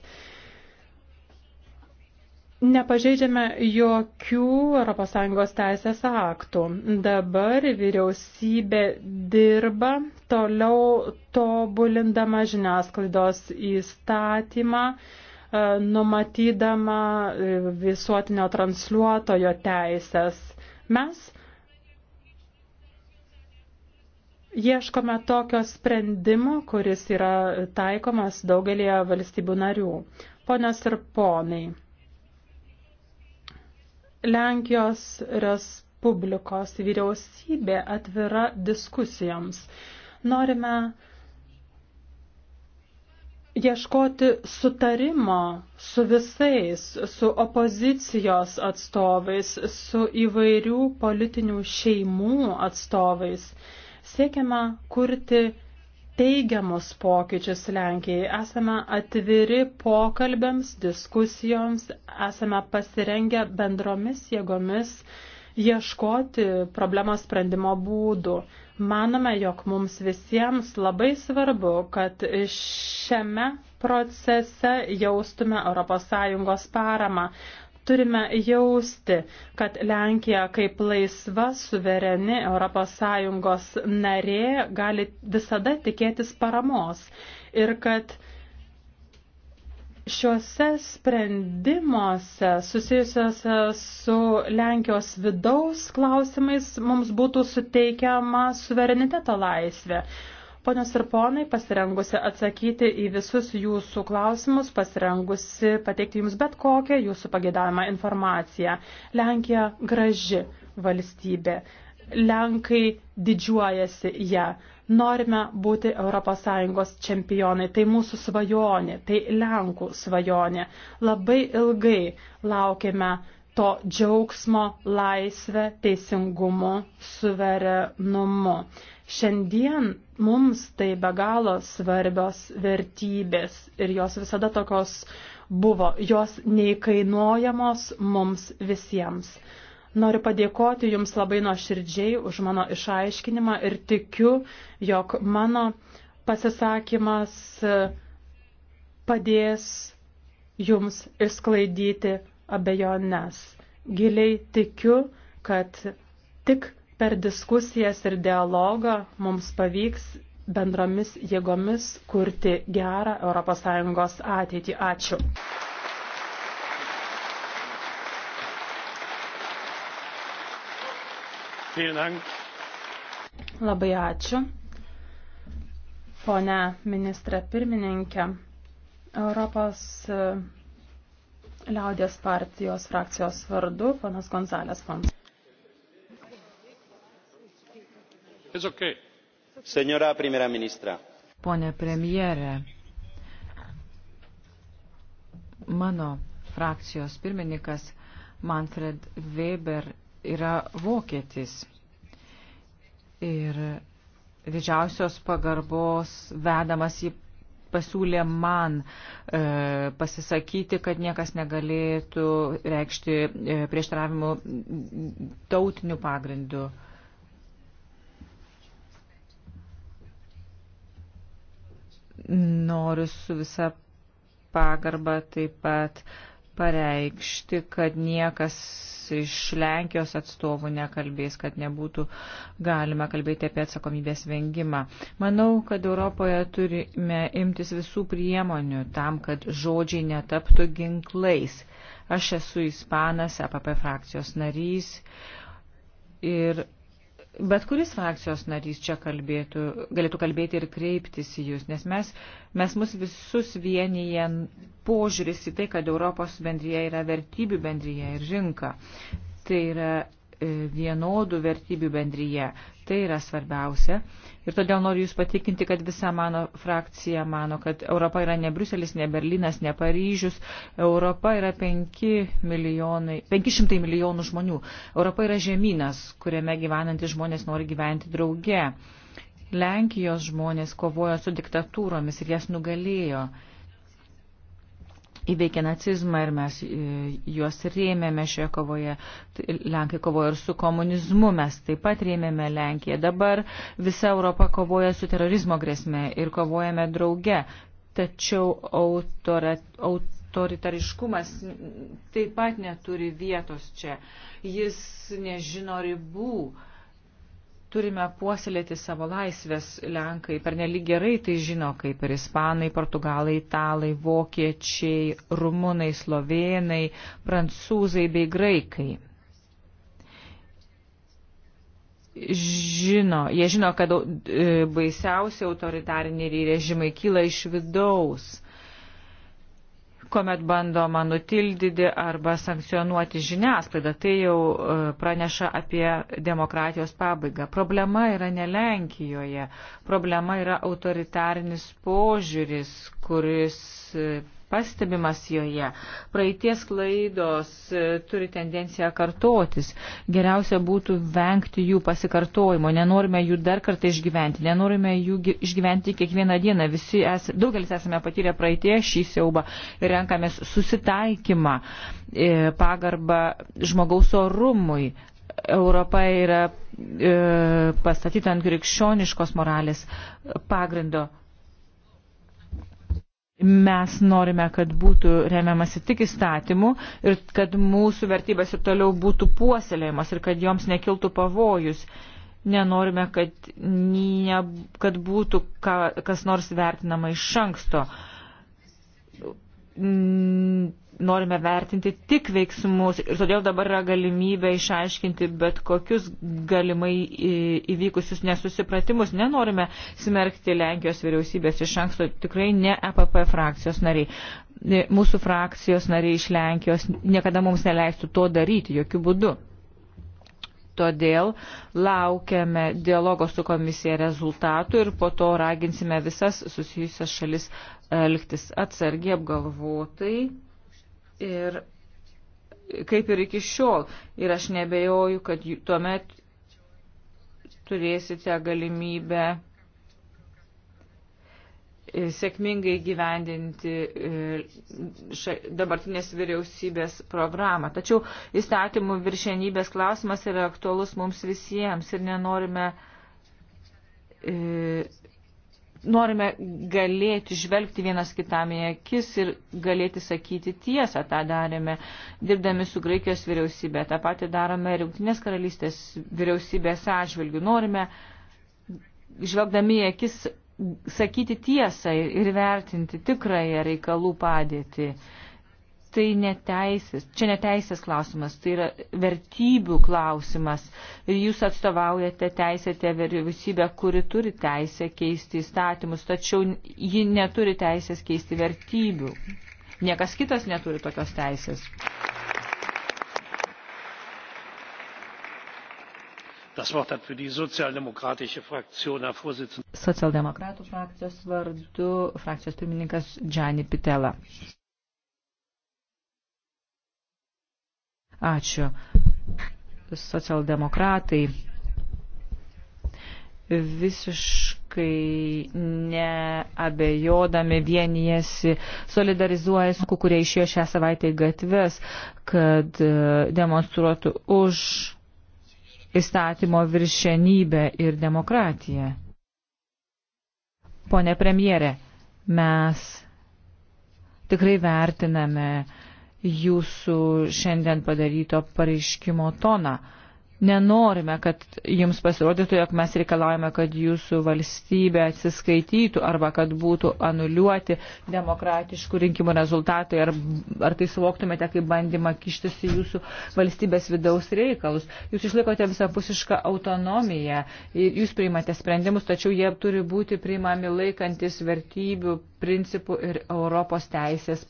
Nepažeidžiame jokių ES teisės aktų. Dabar vyriausybė dirba toliau tobulindama žiniasklaidos įstatymą, E, numatydama e, visuotinio transliuotojo teisės. Mes ieškome tokio sprendimo, kuris yra taikomas daugelėje valstybių narių. Ponios ir ponai, Lenkijos Respublikos vyriausybė atvira diskusijoms. Norime uh, ieškoti sutarimo su visais, su opozicijos atstovais, su įvairių politinių šeimų atstovais. Siekiama kurti teigiamus pokyčius Lenkijai. Esame atviri pokalbėms, diskusijoms, esame pasirengę bendromis jėgomis ieškoti problemos sprendimo būdų. Manome, jog mums visiems labai svarbu, kad šiame procese jaustume ES paramą. Turime jausti, kad Lenkija kaip laisva, suvereni ES narė gali visada tikėtis paramos ir kad šiuose sprendimuose susijusiuose su Lenkijos vidaus klausimais mums būtų suteikiama suvereniteto laisvė. Ponios ir ponai, pasirengusi atsakyti į visus jūsų klausimus, pasirengusi pateikti jums bet kokią jūsų pagėdavimą informaciją. Lenkija graži valstybė. Lenkai didžiuojasi ją. Ja. Norime būti ES čempionai. Tai mūsų svajonė, tai Lenkų svajonė. Labai ilgai laukėme to džiaugsmo, laisvę, teisingumu, suverenumu. Šiandien mums tai be galo svarbios vertybės ir jos visada tokios buvo, jos neįkainuojamos mums visiems. Noriu padėkoti Jums labai nuoširdžiai už mano išaiškinimą ir tikiu, jog mano pasisakymas e, padės Jums išsklaidyti abejones. Giliai tikiu, kad tik per diskusijas ir dialogą mums pavyks bendromis jėgomis kurti gerą ES ateitį. Ačiū. Labai ačiū. Pone ministrė pirmininkė, Europos e, liaudės partijos frakcijos vardu, ponas Gonzalės Fons. Okay. Senora primera ministra. Pone premjerė, mano frakcijos pirmininkas Manfred Weber yra vokietis. Ir didžiausios pagarbos vedamas į pasiūlė man e, pasisakyti, kad niekas negalėtų reikšti e, prieštaravimų tautinių pagrindų. Noriu su visa pagarba taip pat e, pareikšti, kad niekas iš Lenkijos atstovų nekalbės, kad nebūtų galima kalbėti apie atsakomybės vengimą. Manau, kad Europoje turime imtis visų priemonių tam, kad žodžiai netaptų ginklais. Aš esu Ispanas, APP frakcijos narys ir bet kuris frakcijos narys čia kalbėtų, galėtų kalbėti ir kreiptis į jūs, nes mes, mes mus visus vienyje požiūris į tai, kad Europos bendryje yra vertybių bendryje ir rinka. Tai yra e, vienodų vertybių bendryje. Tai yra svarbiausia. Ir todėl noriu Jūs patikinti, kad visa mano frakcija mano, kad Europa yra ne Bruselis, ne Berlinas, ne Paryžius. Europa yra 5 milijonai, 500 milijonų žmonių. Europa yra žemynas, kuriame gyvenantys žmonės nori gyventi drauge. Lenkijos žmonės kovojo su diktatūromis ir jas nugalėjo įveikė nacizmą ir mes e, juos rėmėme šioje kovoje. Tai Lenkai kovojo ir su komunizmu, mes taip pat rėmėme Lenkiją. Dabar visa Europa kovoja su terorizmo grėsme ir kovojame drauge. Tačiau autora, autoritariškumas taip pat neturi vietos čia. Jis nežino ribų. Turime puoselėti savo laisvės. Lenkai per nelik gerai tai žino, kaip ir ispanai, portugalai, italai, vokiečiai, rumunai, slovenai, prancūzai bei graikai. Žino, jie žino, kad e, baisiausi autoritariniai režimai kyla iš vidaus kuomet bandoma nutildyti arba sankcionuoti žiniasklaidą. Tai jau e, praneša apie demokratijos pabaigą. Problema yra ne Lenkijoje. Problema yra autoritarinis požiūris, kuris e, pastebimas joje. Praeities klaidos e, turi tendenciją kartotis. Geriausia būtų vengti jų pasikartojimo. Nenorime jų dar kartą išgyventi. Nenorime jų išgyventi kiekvieną dieną. Visi es, daugelis esame patyrę praeitie šį siaubą ir renkamės susitaikymą, e, pagarbą žmogaus orumui, Europa yra e, pastatyta ant krikščioniškos moralės pagrindo mes norime, kad būtų remiamasi tik įstatymų ir kad mūsų vertybės ir toliau būtų puoselėjimas ir kad joms nekiltų pavojus. Nenorime, kad, ne, kad būtų ka, kas nors vertinama iš anksto norime vertinti tik veiksmus ir todėl dabar yra galimybė išaiškinti bet kokius galimai įvykusius nesusipratimus. Nenorime smerkti Lenkijos vyriausybės iš anksto, tikrai ne EPP frakcijos nariai. Mūsų frakcijos nariai iš Lenkijos niekada mums neleistų to daryti, jokių būdų. Todėl laukiame dialogo su komisija rezultatų ir po to raginsime visas susijusias šalis elgtis atsargiai apgalvotai Ir kaip ir iki šiol. Ir aš nebejoju, kad tuomet turėsite galimybę e, sėkmingai gyvendinti e, dabartinės vyriausybės programą. Tačiau įstatymų viršenybės klausimas yra aktualus mums visiems ir nenorime e, norime galėti žvelgti vienas kitam į akis ir galėti sakyti tiesą. Ta darėme dirbdami su Graikijos vyriausybė, tą patį darome ir Junktinės karalystės vyriausybės atžvilgių. Norime žvelgdami į akis sakyti tiesą ir vertinti tikrąją reikalų padėtį tai neteisės, čia neteisės klausimas, tai yra vertybių klausimas. Ir jūs atstovaujate teisėtę vyriausybę, kuri turi teisę keisti įstatymus, tačiau ji neturi teisės keisti vertybių. Niekas kitas neturi tokios teisės. Das Wort hat für die sozialdemokratische Fraktion Herr Vorsitzender. Sozialdemokratų frakcijos vardu frakcijos pirmininkas Gianni Pitela. Ačiū. Socialdemokratai visiškai neabejodami vienijasi, solidarizuoja su, kurie išėjo šią savaitę į gatves, kad e, demonstruotų už įstatymo viršenybę ir demokratiją. Pone premjere, mes tikrai vertiname uh, jūsų šiandien padaryto pareiškimo toną. Nenorime, kad jums pasirodytų, jog mes reikalavome, kad jūsų valstybė atsiskaitytų arba kad būtų anuliuoti demokratiškų rinkimų rezultatai, ar, ar tai suvoktumėte kaip bandymą kištis į jūsų valstybės vidaus reikalus. Jūs išlaikote visapusišką autonomiją, jūs priimate sprendimus, tačiau jie turi būti priimami laikantis vertybių, principų ir Europos teisės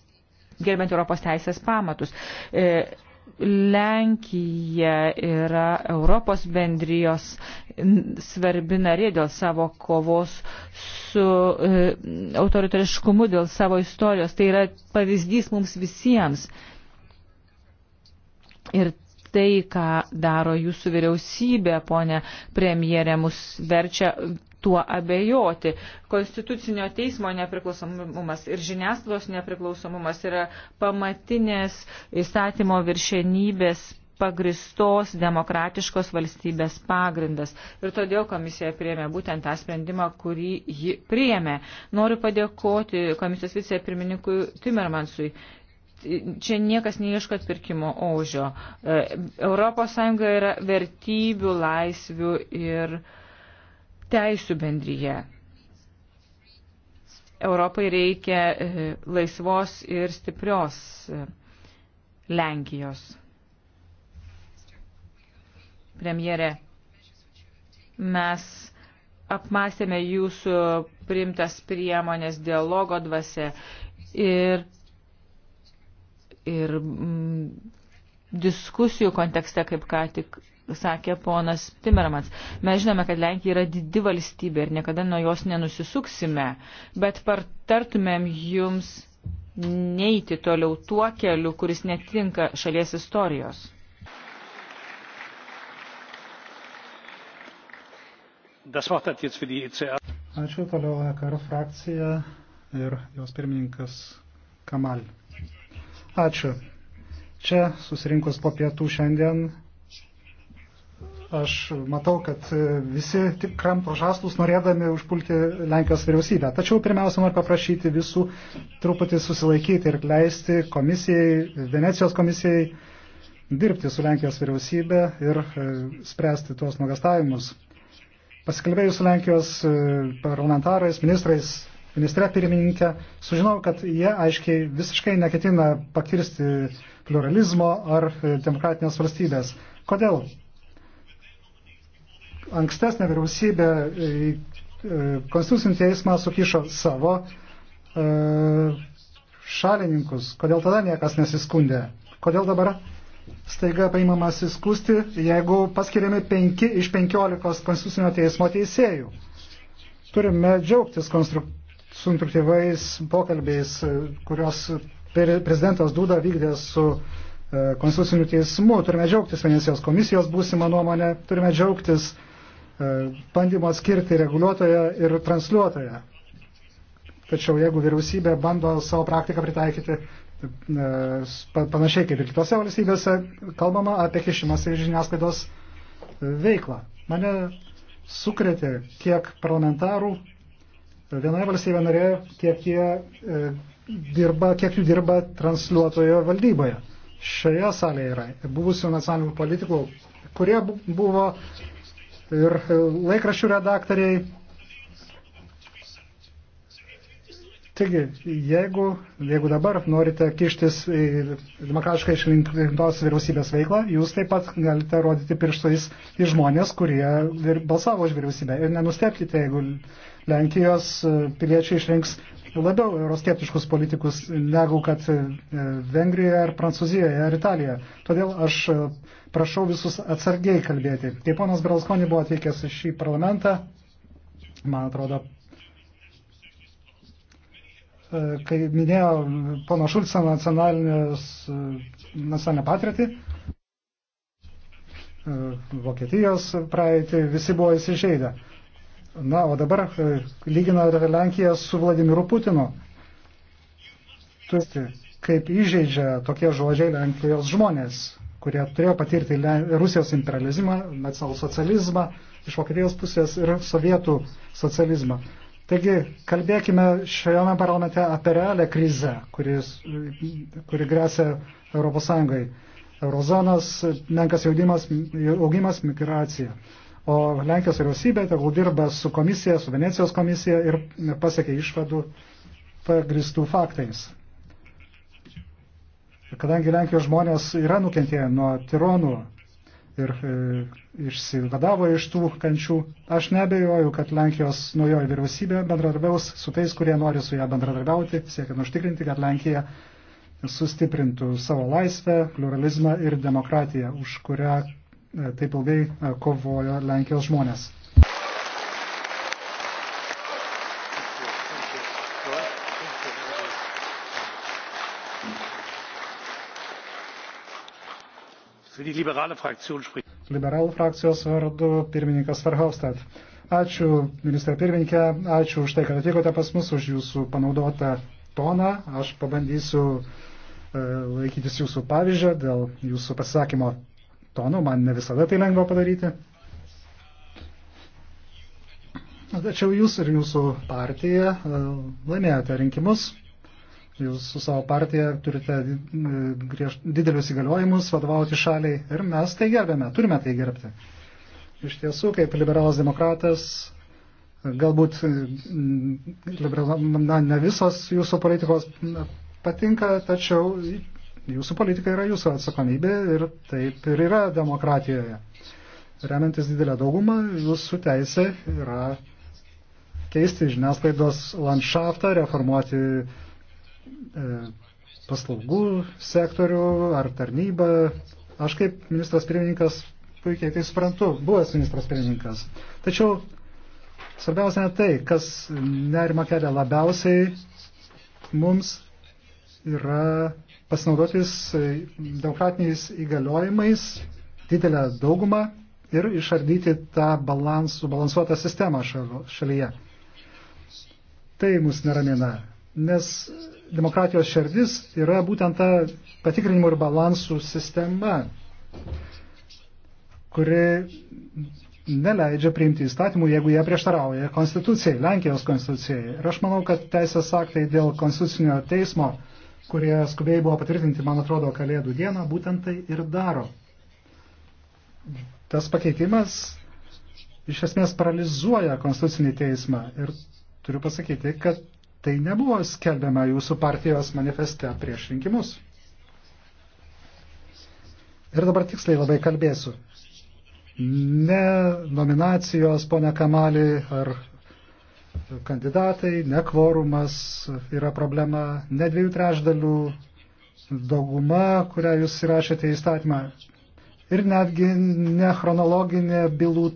gerbent Europos teisės pamatus. E, Lenkija yra Europos bendrijos svarbi narė dėl savo kovos su e, autoritariškumu, dėl savo istorijos. Tai yra pavyzdys mums visiems. Ir tai, ką daro jūsų vyriausybė, ponė premjerė, mus verčia tuo abejoti. Konstitucinio teismo nepriklausomumas ir žiniasklaidos nepriklausomumas yra pamatinės įstatymo viršenybės pagristos demokratiškos valstybės pagrindas. Ir todėl komisija priėmė būtent tą sprendimą, kurį ji priėmė. Noriu padėkoti komisijos vicepirmininkui Timmermansui. Čia niekas neieško atpirkimo ožio. ES yra vertybių, laisvių ir uh, teisų bendryje. Europai reikia e, laisvos ir stiprios e, Lenkijos. Premjere, mes apmastėme jūsų primtas priemonės dialogo dvasia ir, ir mm, diskusijų kontekste, kaip ką tik sakė ponas Timermans. Mes žinome, kad Lenkija yra didi valstybė ir niekada nuo jos nenusisuksime, bet partartumėm jums neiti toliau tuo keliu, kuris netinka šalies istorijos. E Ačiū toliau EKR frakcija ir jos pirmininkas Kamal. Ačiū. Čia susirinkus po pietų šiandien Aš matau, kad visi tik kramto žaslus norėdami užpulti Lenkijos vyriausybę. Tačiau pirmiausia, noriu paprašyti visų truputį susilaikyti ir leisti komisijai, Venecijos komisijai dirbti su Lenkijos vyriausybė ir e, spręsti tuos nuogastavimus. Pasikalbėjus su Lenkijos e, parlamentarais, ministrais, ministre pirmininkė, sužinau, kad jie aiškiai visiškai neketina pakirsti pluralizmo ar e, demokratinės valstybės. Kodėl? ankstesnė vyriausybė į Konstitucinį teismą sukišo savo e, šalininkus. Kodėl tada niekas nesiskundė? Kodėl dabar staiga paimamas įskusti, jeigu paskiriami 5 iš 15 Konstitucinio teismo teisėjų? Turime džiaugtis konstruktyvais pokalbiais, kurios prezidentas Duda vykdė su e, Konstituciniu teismu. Turime džiaugtis Venecijos komisijos būsimą nuomonę, turime džiaugtis uh, E, bandymo skirti reguliuotoją ir transliuotoją. Tačiau jeigu vyriausybė bando savo praktiką pritaikyti e, panašiai kaip ir kitose valstybėse, kalbama apie kišimąsi į žiniasklaidos e, veiklą. Mane sukretė, kiek parlamentarų vienoje valstybėje norėjo, kiek jie e, dirba, kiek jų dirba transliuotojo valdyboje. Šioje salėje yra buvusių nacionalinių politikų, kurie buvo ir e, laikraščių redaktoriai. Taigi, jeigu, jeigu dabar norite kištis į demokratiškai išrinktos vyriausybės veiklą, jūs taip pat galite rodyti pirštais į žmonės, kurie balsavo už vyriausybę. Ir nenustepkite, jeigu Lenkijos e, piliečiai išrinks labiau euroskeptiškus politikus negu kad e, Vengrijoje ar Prancūzijoje ar Italijoje. Todėl aš Prašau visus atsargiai kalbėti. Kai ponas Berlusconi buvo atvykęs į šį parlamentą, man atrodo, e, kai minėjo pono Šulcą e, nacionalinę patirtį, e, Vokietijos praeitį, visi buvo įsižeidę. Na, o dabar lygina Lenkiją su Vladimiru Putinu. Tu, kaip įžeidžia tokie žodžiai Lenkijos žmonės kurie turėjo patirti Rusijos imperializmą, nacionalsocializmą iš Vokietijos pusės ir sovietų socializmą. Taigi, kalbėkime šiame parlamente apie realią krizę, kuris, kuri grėsia ES. Eurozonas, menkas jaudimas, augimas, migracija. O Lenkijos vyriausybė tegul dirba su komisija, su Venecijos komisija ir pasiekia išvadų pagristų faktais kadangi Lenkijos žmonės yra nukentėję nuo tironų ir e, išsivadavo iš tų kančių, aš nebejoju, kad Lenkijos naujoji vyriausybė bendradarbiaus su tais, kurie nori su ją bendradarbiauti, siekiant užtikrinti, kad Lenkija sustiprintų savo laisvę, pluralizmą ir demokratiją, už kurią e, taip ilgai e, kovojo Lenkijos žmonės. Liberalų frakcijos vardu pirmininkas Verhofstadt. Ačiū, ministrė pirmininkė, ačiū už tai, kad atvykote pas mus, už jūsų panaudotą toną. Aš pabandysiu e, laikytis jūsų pavyzdžio dėl jūsų pasisakymo tono. Man ne visada tai lengva padaryti. Tačiau jūs ir jūsų partija e, laimėjote rinkimus Jūs su savo partija turite e, griež, didelius įgaliojimus vadovauti šaliai ir mes tai gerbėme, turime tai gerbti. Iš tiesų, kaip liberalas demokratas, galbūt e, na, ne visos jūsų politikos patinka, tačiau jūsų politika yra jūsų atsakomybė ir taip ir yra demokratijoje. Remiantis didelę daugumą, jūsų teisė yra keisti žiniasklaidos landšaftą, reformuoti uh, E, paslaugų sektorių ar tarnybą. Aš kaip ministras pirmininkas puikiai tai suprantu, buvęs ministras pirmininkas. Tačiau svarbiausia ne tai, kas nerima kelia labiausiai mums yra pasinaudotis demokratiniais įgaliojimais, didelę daugumą ir išardyti tą balansų, balansuotą sistemą šalyje. Tai mus neramina, nes demokratijos šerdis yra būtent ta patikrinimų ir balansų sistema, kuri neleidžia priimti įstatymų, jeigu jie prieštarauja konstitucijai, Lenkijos konstitucijai. Ir aš manau, kad teisės aktai dėl konstitucinio teismo, kurie skubiai buvo patvirtinti, man atrodo, kalėdų dieną, būtent tai ir daro. Tas pakeitimas iš esmės paralizuoja konstitucinį teismą ir turiu pasakyti, kad tai nebuvo skelbiama jūsų partijos manifeste prieš rinkimus. Ir dabar tiksliai labai kalbėsiu. Ne nominacijos, ponia Kamali, ar kandidatai, ne kvorumas yra problema, ne dviejų trešdalių dauguma, kurią jūs įrašėte į statymą. Ir netgi ne chronologinė bylų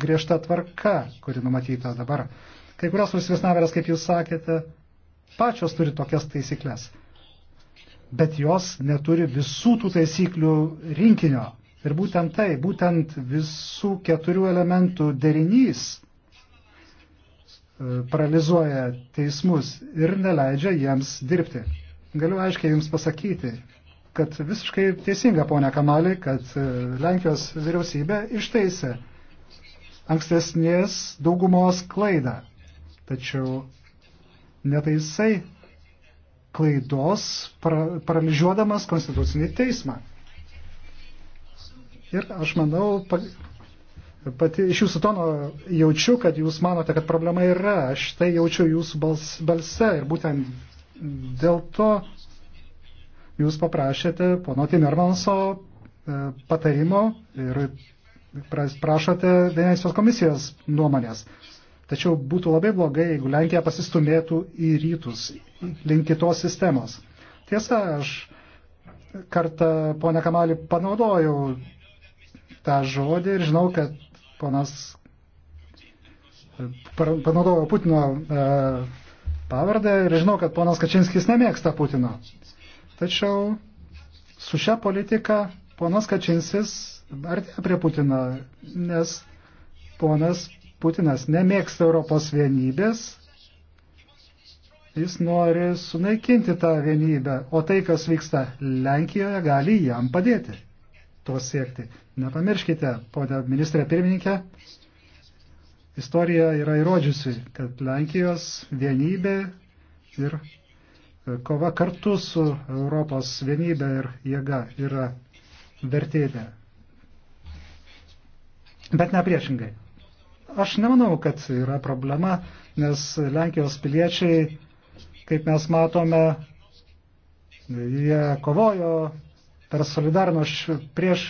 griežta tvarka, kuri numatyta dabar. Kai kurios valstybės narės, kaip jūs sakėte, pačios turi tokias taisyklės. Bet jos neturi visų tų taisyklių rinkinio. Ir būtent tai, būtent visų keturių elementų derinys e, paralizuoja teismus ir neleidžia jiems dirbti. Galiu aiškiai Jums pasakyti, kad visiškai teisinga, ponia Kamalė, kad e, Lenkijos vyriausybė išteisė ankstesnės daugumos klaidą. Tačiau netaisai klaidos pra, paralyžiuodamas konstitucinį teismą. Ir aš manau, pati iš jūsų tono jaučiu, kad jūs manote, kad problema yra. Aš tai jaučiu jūsų bals, balse ir būtent dėl to jūs paprašėte pono Timermanso e, patarimo ir prašote Venecijos komisijos nuomonės. Tačiau būtų labai blogai, jeigu Lenkija pasistumėtų į rytus, link kitos sistemos. Tiesa, aš kartą, ponia Kamalį, panaudojau tą žodį ir žinau, kad ponas panaudojau Putino e, pavardę ir žinau, kad ponas Kačinskis nemėgsta Putino. Tačiau su šia politika ponas Kačinskis artėja prie Putino, nes ponas Putinas nemėgsta Europos vienybės, jis nori sunaikinti tą vienybę, o tai, kas vyksta Lenkijoje, gali jam padėti to siekti. Nepamirškite, ponia ministrė pirmininkė, istorija yra įrodžiusi, kad Lenkijos vienybė ir kova kartu su Europos vienybė ir jėga yra vertėdė. Bet ne priešingai. Aš nemanau, kad yra problema, nes Lenkijos piliečiai, kaip mes matome, jie kovojo per solidarno prieš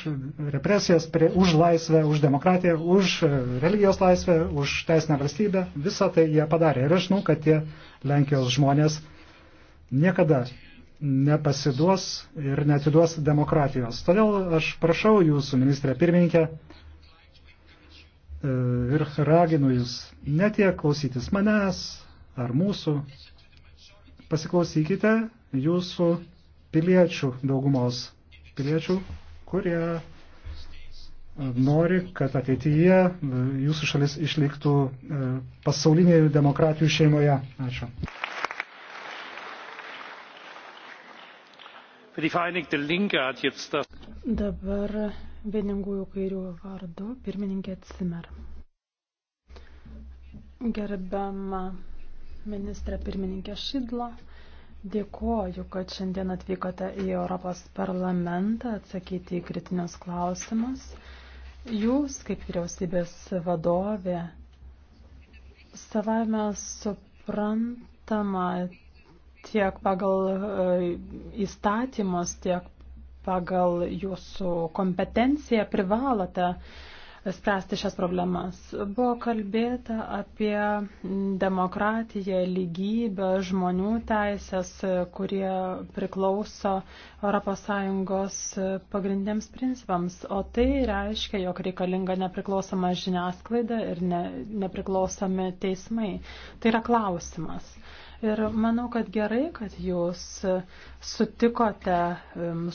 represijas, prie, už laisvę, už demokratiją, už religijos laisvę, už teisinę valstybę. Visą tai jie padarė. Ir aš žinau, kad tie Lenkijos žmonės niekada nepasiduos ir netiduos demokratijos. Todėl aš prašau jūsų, ministrė pirmininkė, E, ir raginu jūs netiek klausytis manęs ar mūsų. Pasiklausykite jūsų piliečių daugumos piliečių, kurie nori, kad ateityje jūsų šalis išliktų e, pasaulinėje demokratijų šeimoje. Ačiū. Dabar vieningųjų kairių vardu pirmininkė Cimer. Gerbiama ministrė pirmininkė Šidla, dėkoju, kad šiandien atvykote į Europos parlamentą atsakyti į kritinius klausimus. Jūs, kaip vyriausybės vadovė, savame suprantama tiek pagal e, įstatymus, tiek pagal jūsų kompetenciją privalote spręsti šias problemas. Buvo kalbėta apie demokratiją, lygybę, žmonių teisės, kurie priklauso ES pagrindiniams principams, o tai reiškia, jog reikalinga nepriklausoma žiniasklaida ir ne, nepriklausomi teismai. Tai yra klausimas. Ir manau, kad gerai, kad jūs sutikote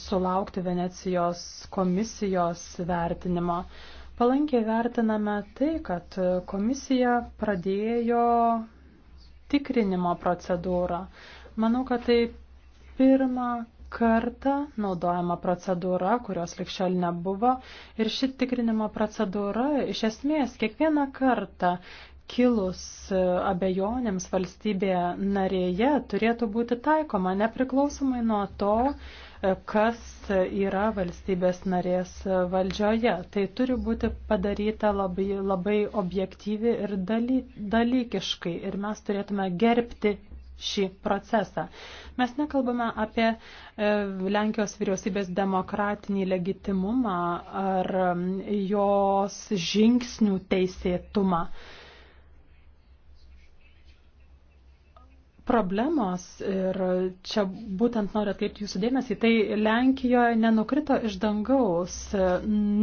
sulaukti Venecijos komisijos vertinimo. Palankiai vertiname tai, kad komisija pradėjo tikrinimo procedūrą. Manau, kad tai pirmą kartą naudojama procedūra, kurios likščiol nebuvo. Ir ši tikrinimo procedūra iš esmės kiekvieną kartą kilus e, abejonėms valstybėje narėje turėtų būti taikoma nepriklausomai nuo to, e, kas yra valstybės narės valdžioje. Tai turi būti padaryta labai, labai objektyvi ir daly, dalykiškai ir mes turėtume gerbti šį procesą. Mes nekalbame apie e, Lenkijos vyriausybės demokratinį legitimumą ar mm, jos žingsnių teisėtumą. problemos ir čia būtent noriu atkreipti jūsų dėmesį, tai Lenkijoje nenukrito iš dangaus.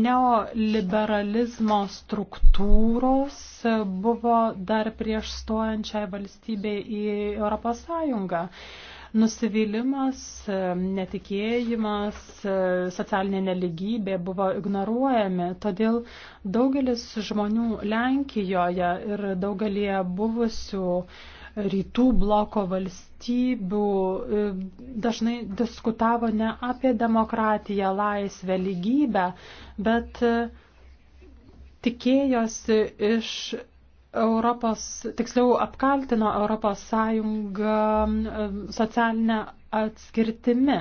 Neoliberalizmo struktūros buvo dar prieš stojančiai valstybei į Europos Sąjungą. Nusivylimas, netikėjimas, socialinė neligybė buvo ignoruojami, todėl daugelis žmonių Lenkijoje ir daugelie buvusių uh, rytų bloko valstybių e, dažnai diskutavo ne apie demokratiją, laisvę, lygybę, bet e, tikėjosi iš Europos, tiksliau apkaltino Europos Sąjungą e, socialinę atskirtimi.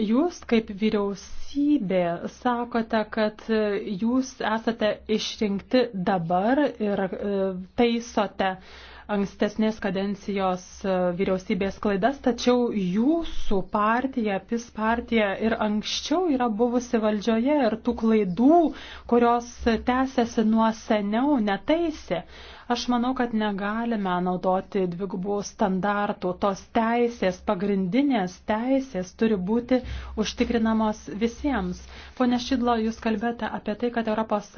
Jūs kaip vyriausybė sakote, kad jūs esate išrinkti dabar ir e, taisote ankstesnės kadencijos e, vyriausybės klaidas, tačiau jūsų partija, PIS partija ir anksčiau yra buvusi valdžioje ir tų klaidų, kurios tęsiasi nuo seniau, netaisė. Aš manau, kad negalime naudoti dvigubų standartų. Tos teisės, pagrindinės teisės turi būti užtikrinamos visiems. Pone Šidlo, jūs kalbėjote apie tai, kad ES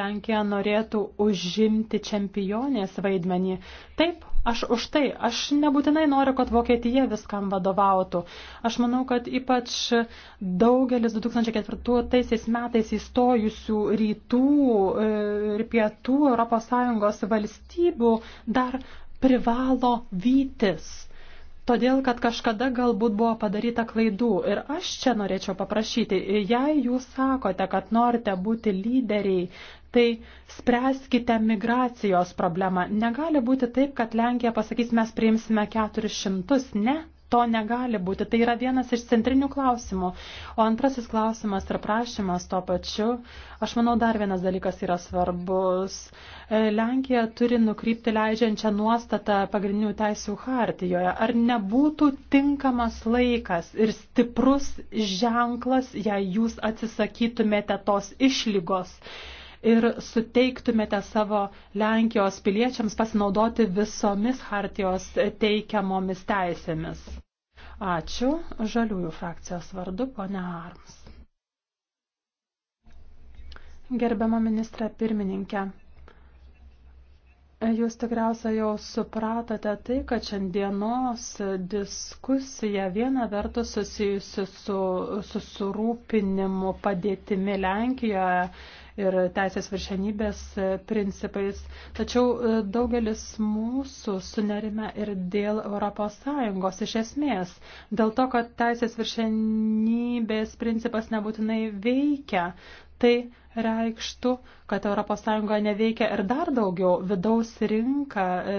Lenkija norėtų užimti čempionės vaidmenį. Taip, Aš už tai, aš nebūtinai noriu, kad Vokietija viskam vadovautų. Aš manau, kad ypač daugelis 2004 metais įstojusių rytų e, ir pietų ES valstybių dar privalo vytis. Todėl, kad kažkada galbūt buvo padaryta klaidų. Ir aš čia norėčiau paprašyti, jei jūs sakote, kad norite būti lyderiai tai spręskite migracijos problemą. Negali būti taip, kad Lenkija pasakys, mes priimsime 400. Ne, to negali būti. Tai yra vienas iš centrinių klausimų. O antrasis klausimas ir prašymas to pačiu. Aš manau, dar vienas dalykas yra svarbus. E, Lenkija turi nukrypti leidžiančią nuostatą pagrindinių teisų hartijoje. Ar nebūtų tinkamas laikas ir stiprus ženklas, jei jūs atsisakytumėte tos išlygos? ir suteiktumėte savo Lenkijos piliečiams pasinaudoti visomis Hartijos teikiamomis teisėmis. Ačiū Žaliųjų frakcijos vardu, ponia Arms. Gerbiama ministrė pirmininkė, Jūs tikriausiai jau supratote tai, kad šiandienos diskusija viena vertus susijusi su susirūpinimu padėtimi Lenkijoje ir teisės viršenybės principais. Tačiau e, daugelis mūsų sunerime ir dėl ES iš esmės, dėl to, kad teisės viršenybės principas nebūtinai veikia. Tai reikštų, kad ES neveikia ir dar daugiau vidaus rinka, e,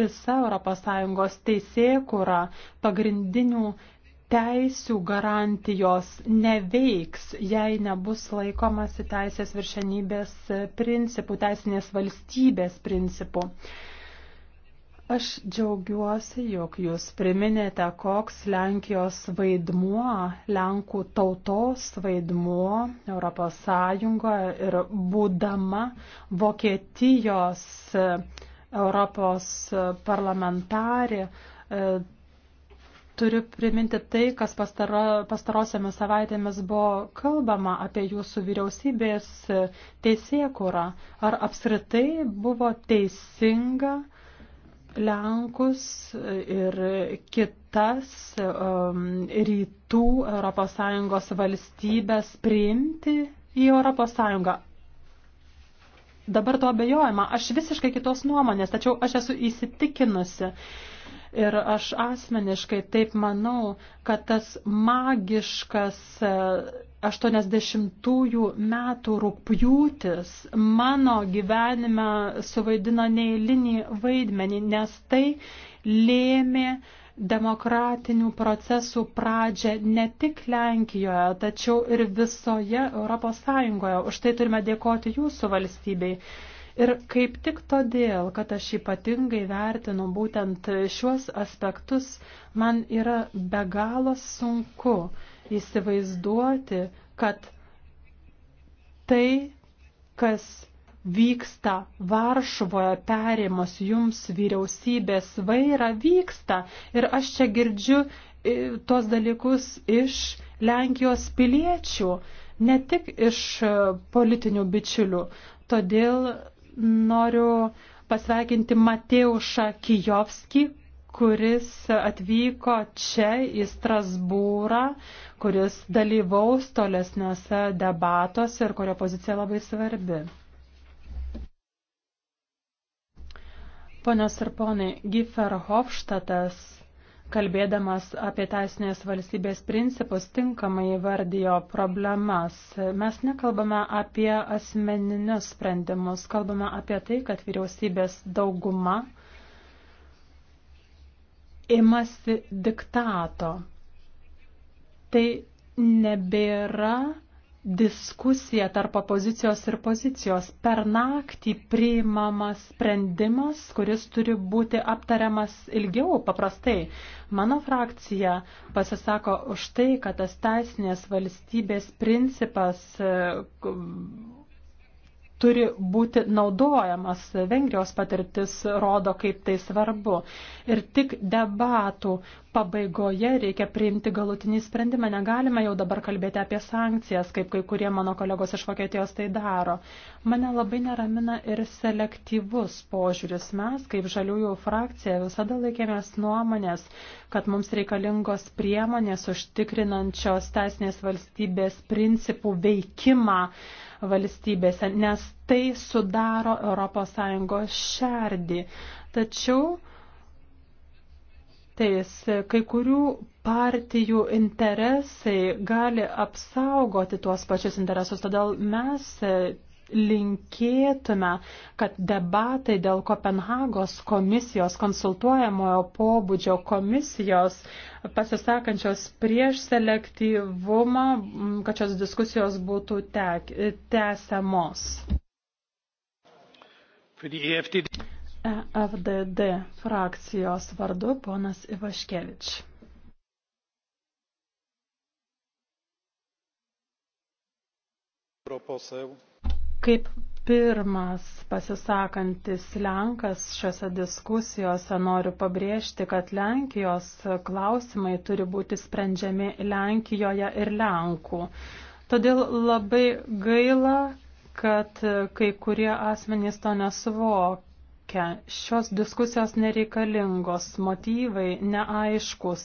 visa ES teisėkura, pagrindinių teisių garantijos neveiks, jei nebus laikomasi teisės viršenybės principų, teisinės valstybės principų. Aš džiaugiuosi, jog jūs priminėte, koks Lenkijos vaidmuo, Lenkų tautos vaidmuo Europos Sąjungoje ir būdama Vokietijos Europos parlamentarė e, turiu priminti tai, kas pastaro, pastarosiamis savaitėmis buvo kalbama apie jūsų vyriausybės teisėkurą. Ar apskritai buvo teisinga Lenkus ir kitas um, rytų ES valstybės priimti į ES? Dabar to abejojama. Aš visiškai kitos nuomonės, tačiau aš esu įsitikinusi, Ir aš asmeniškai taip manau, kad tas magiškas 80-ųjų e, metų rūpjūtis mano gyvenime suvaidino neįlinį vaidmenį, nes tai lėmė demokratinių procesų pradžią ne tik Lenkijoje, tačiau ir visoje Europos Sąjungoje. Už tai turime dėkoti jūsų valstybei. Ir kaip tik todėl, kad aš ypatingai vertinu būtent šiuos aspektus, man yra be galo sunku įsivaizduoti, kad tai, kas vyksta Varšuvoje perėmus jums vyriausybės vaira, vyksta. Ir aš čia girdžiu e, tuos dalykus iš Lenkijos piliečių, ne tik iš e, politinių bičiulių. Todėl Noriu pasveikinti Mateušą Kijovskį, kuris atvyko čia į Strasbūrą, kuris dalyvaus tolesniuose debatuose ir kurio pozicija labai svarbi. Ponios ir ponai, Gifer Hofštatas kalbėdamas apie teisinės valstybės principus, tinkamai įvardijo problemas. Mes nekalbame apie asmeninius sprendimus, kalbame apie tai, kad vyriausybės dauguma imasi diktato. Tai nebėra diskusija tarp opozicijos ir pozicijos. Per naktį priimamas sprendimas, kuris turi būti aptariamas ilgiau paprastai. Mano frakcija pasisako už tai, kad tas teisinės valstybės principas e, turi būti naudojamas. Vengrijos patirtis rodo, kaip tai svarbu. Ir tik debatų pabaigoje reikia priimti galutinį sprendimą. Negalime jau dabar kalbėti apie sankcijas, kaip kai kurie mano kolegos iš Vokietijos tai daro. Mane labai neramina ir selektyvus požiūris. Mes, kaip žaliųjų frakcija, visada laikėmės nuomonės, kad mums reikalingos priemonės užtikrinančios teisinės valstybės principų veikimą valstybėse, nes tai sudaro ES šerdį. Tačiau kartais kai kurių partijų interesai gali apsaugoti tuos pačius interesus, todėl mes linkėtume, kad debatai dėl Kopenhagos komisijos, konsultuojamojo pobūdžio komisijos, pasisakančios prieš selektyvumą, kad šios diskusijos būtų tęsiamos. Te, EFDD frakcijos vardu ponas Ivaškevič. Kaip pirmas pasisakantis Lenkas šiose diskusijose noriu pabrėžti, kad Lenkijos klausimai turi būti sprendžiami Lenkijoje ir Lenkų. Todėl labai gaila, kad kai kurie asmenys to nesuvokia tokia. Šios diskusijos nereikalingos, motyvai neaiškus,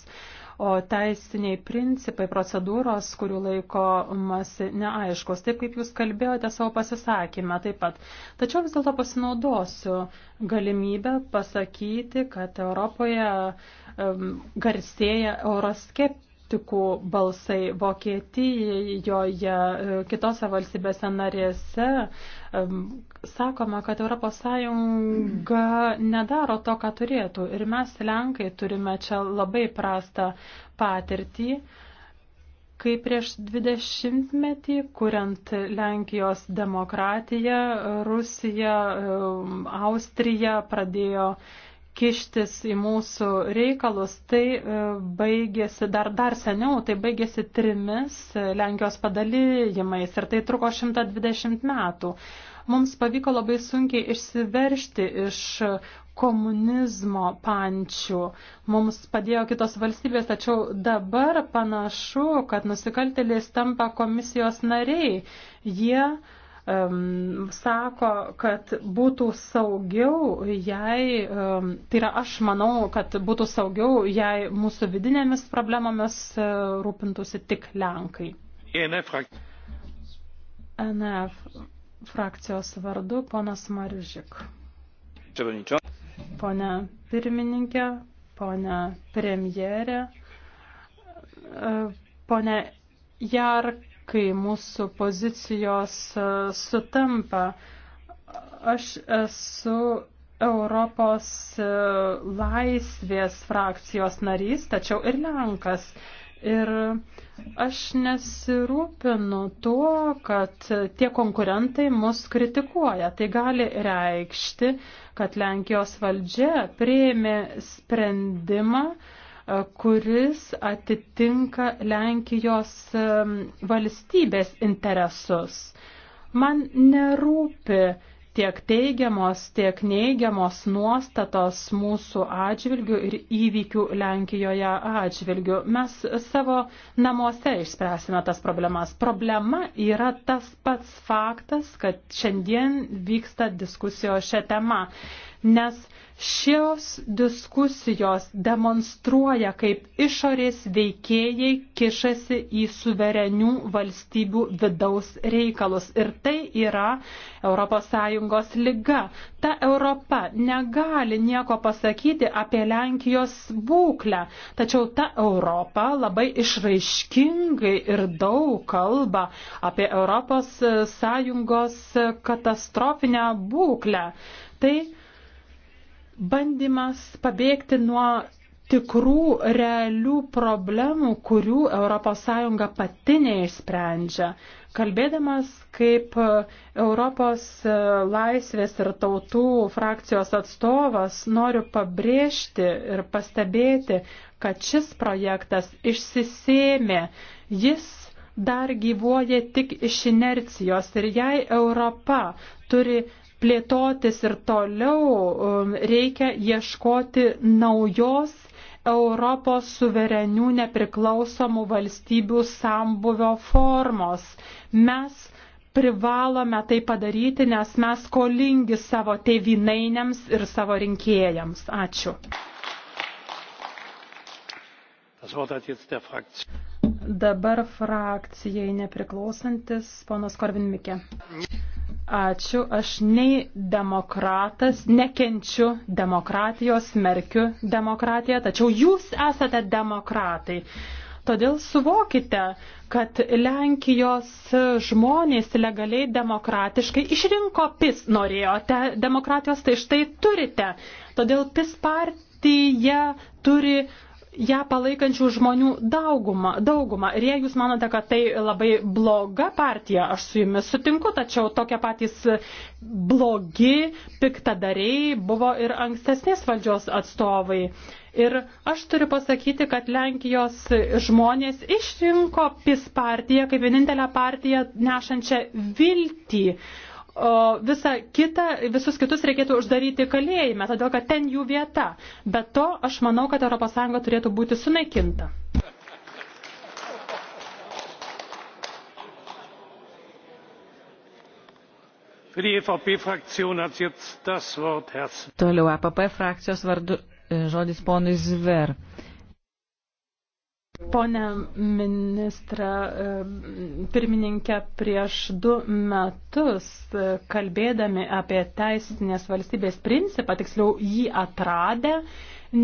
o teisiniai principai, procedūros, kurių laikomasi neaiškus, taip kaip jūs kalbėjote savo pasisakymę taip pat. Tačiau vis dėlto pasinaudosiu galimybę pasakyti, kad Europoje um, garsėja euroskeptikų skeptikų balsai Vokietijoje, e, kitose valstybėse narėse. E, sakoma, kad ES nedaro to, ką turėtų. Ir mes, Lenkai, turime čia labai prastą patirtį kai prieš 20 metį, kuriant Lenkijos demokratiją, Rusija, e, Austrija pradėjo uh, kištis į mūsų reikalus, tai e, baigėsi dar, dar seniau, tai baigėsi trimis e, Lenkijos padalyjimais ir tai truko 120 metų. Mums pavyko labai sunkiai išsiveršti iš komunizmo pančių. Mums padėjo kitos valstybės, tačiau dabar panašu, kad nusikaltėliais tampa komisijos nariai. Jie uh, um, sako, kad būtų saugiau, jei, um, tai yra aš manau, kad būtų saugiau, jei mūsų vidinėmis problemomis uh, rūpintųsi tik Lenkai. ENF, frak e NF frakcijos vardu ponas Marižik. Pone pirmininkė, pone premjerė, e, pone Jark kai mūsų pozicijos e, sutampa. Aš esu Europos e, laisvės frakcijos narys, tačiau ir Lenkas. Ir aš nesirūpinu tuo, kad tie konkurentai mus kritikuoja. Tai gali reikšti, kad Lenkijos valdžia prieimė sprendimą, uh, kuris atitinka Lenkijos valstybės interesus. Man nerūpi tiek teigiamos, tiek neigiamos nuostatos mūsų atžvilgių ir įvykių Lenkijoje atžvilgių. Mes savo namuose išspręsime tas problemas. Problema yra tas pats faktas, kad šiandien vyksta diskusijos šią temą nes šios diskusijos demonstruoja, kaip išorės veikėjai kišasi į suverenių valstybių vidaus reikalus. Ir tai yra ES lyga. Ta Europa negali nieko pasakyti apie Lenkijos būklę, tačiau ta Europa labai išraiškingai ir daug kalba apie ES katastrofinę būklę. Tai bandymas pabėgti nuo tikrų realių problemų, kurių ES pati neišsprendžia. Kalbėdamas kaip Europos laisvės ir tautų frakcijos atstovas, noriu pabrėžti ir pastebėti, kad šis projektas išsisėmė. Jis dar gyvuoja tik iš inercijos ir jei Europa turi plėtotis ir toliau, um, reikia ieškoti naujos Europos suverenių nepriklausomų valstybių sambuvio formos. Mes privalome tai padaryti, nes mes kolingi savo tėvinainiams ir savo rinkėjams. Ačiū. Dabar frakcijai nepriklausantis ponas Korvin Mikė. Ačiū, aš nei demokratas, nekenčiu demokratijos, merkiu demokratiją, tačiau jūs esate demokratai. Todėl suvokite, kad Lenkijos žmonės legaliai demokratiškai išrinko PIS, norėjote demokratijos, tai štai turite. Todėl PIS partija turi ją palaikančių žmonių daugumą. daugumą. Ir jei jūs manote, kad tai labai bloga partija, aš su jumis sutinku, tačiau tokie patys blogi, piktadariai buvo ir ankstesnės valdžios atstovai. Ir aš turiu pasakyti, kad Lenkijos žmonės išrinko PIS partiją kaip vienintelę partiją nešančią viltį. Uh, O visą kitą, visus kitus reikėtų uždaryti kalėjime, todėl kad ten jų vieta. Bet to aš manau, kad ES turėtų būti sunaikinta. Toliau EPP frakcijos vardu e, žodis ponui Zver. Pone ministra, e, pirmininkė, prieš du metus e, kalbėdami apie teisinės valstybės principą, tiksliau jį atradę,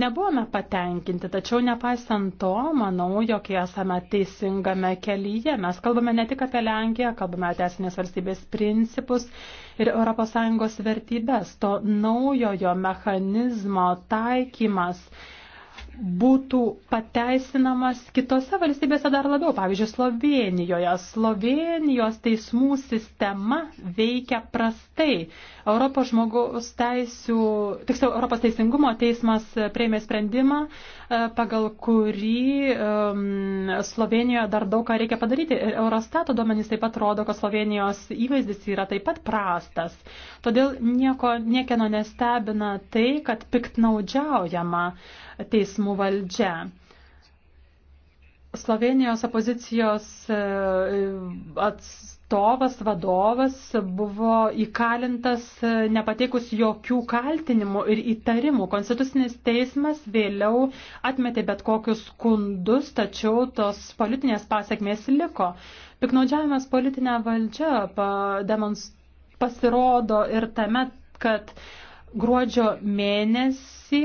nebuvome patenkinti, tačiau nepaisant to, manau, jog esame teisingame kelyje. Mes kalbame ne tik apie Lenkiją, kalbame apie teisinės valstybės principus ir ES vertybės. To naujojo mechanizmo taikymas būtų pateisinamas kitose valstybėse dar labiau, pavyzdžiui, Slovenijoje. Slovenijos teismų sistema veikia prastai. Europos žmogaus teisų, tiksliau, Europos teisingumo teismas prieimė sprendimą, e, pagal kurį um, Slovenijoje dar daug ką reikia padaryti. Eurostato duomenys taip pat rodo, kad Slovenijos įvaizdis yra taip pat prastas. Todėl nieko, niekieno nestebina tai, kad piktnaudžiaujama uh, teismų valdžia. Slovenijos opozicijos e, atstovas, vadovas buvo įkalintas e, nepateikus jokių kaltinimų ir įtarimų. Konstitucinis teismas vėliau atmetė bet kokius skundus, tačiau tos politinės pasiekmės liko. Piknaudžiavimas politinę valdžią pasirodo ir tame, kad gruodžio mėnesį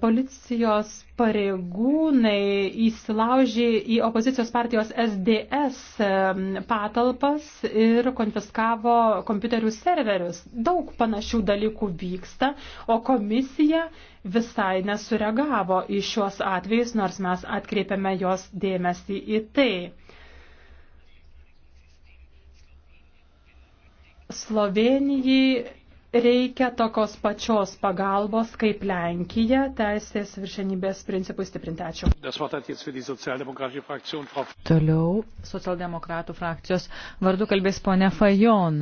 policijos pareigūnai įsilaužė į opozicijos partijos SDS patalpas ir konfiskavo kompiuterių serverius. Daug panašių dalykų vyksta, o komisija visai nesureagavo į šiuos atvejus, nors mes atkreipiame jos dėmesį į tai. Slovenijai reikia tokios pačios pagalbos kaip Lenkija teisės viršenybės principui stiprinti. Ačiū. Toliau socialdemokratų frakcijos vardu kalbės ponia Fajon.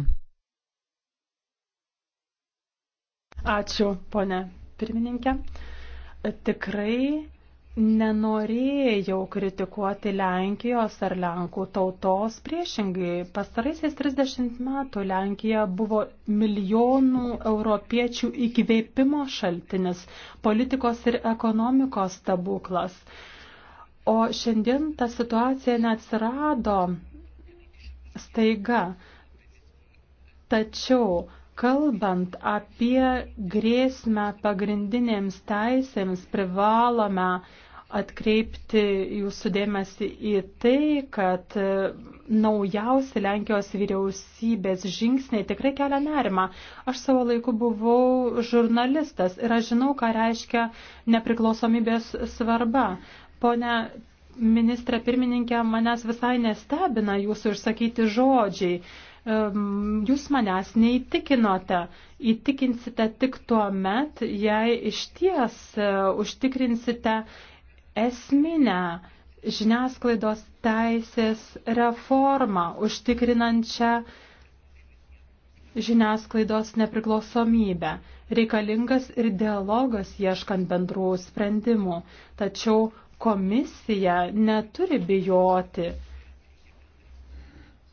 Ačiū, ponia pirmininkė. Tikrai Nenorėjau kritikuoti Lenkijos ar Lenkų tautos priešingai. Pastaraisiais 30 metų Lenkija buvo milijonų europiečių įkvėpimo šaltinis, politikos ir ekonomikos stabuklas. O šiandien ta situacija neatsirado staiga. Tačiau Kalbant apie grėsmę pagrindinėms teisėms, privalome atkreipti jūsų dėmesį į tai, kad naujausi Lenkijos vyriausybės žingsniai tikrai kelia nerimą. Aš savo laiku buvau žurnalistas ir aš žinau, ką reiškia nepriklausomybės svarba. Pone ministrė pirmininkė, manęs visai nestebina jūsų išsakyti žodžiai. Jūs manęs neįtikinote. Įtikinsite tik tuo met, jei iš ties e, užtikrinsite esminę žiniasklaidos teisės reformą, užtikrinančią žiniasklaidos nepriklausomybę. Reikalingas ir dialogas ieškant bendrų sprendimų, tačiau komisija neturi bijoti.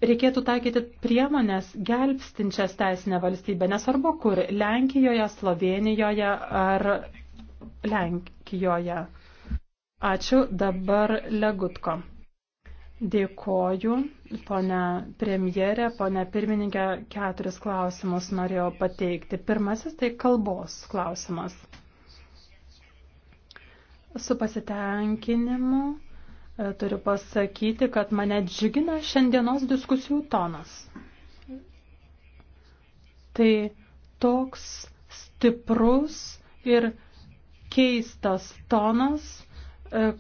Reikėtų taikyti priemonės gelbstinčias teisinę valstybę, nesvarbu kur - Lenkijoje, Slovenijoje ar Lenkijoje. Ačiū dabar Legutko. Dėkoju, ponia premjerė, ponia pirmininkė, keturis klausimus norėjau pateikti. Pirmasis tai kalbos klausimas. Su pasitenkinimu e, turiu pasakyti, kad mane džiugina šiandienos diskusijų tonas. Tai toks stiprus ir keistas tonas, E,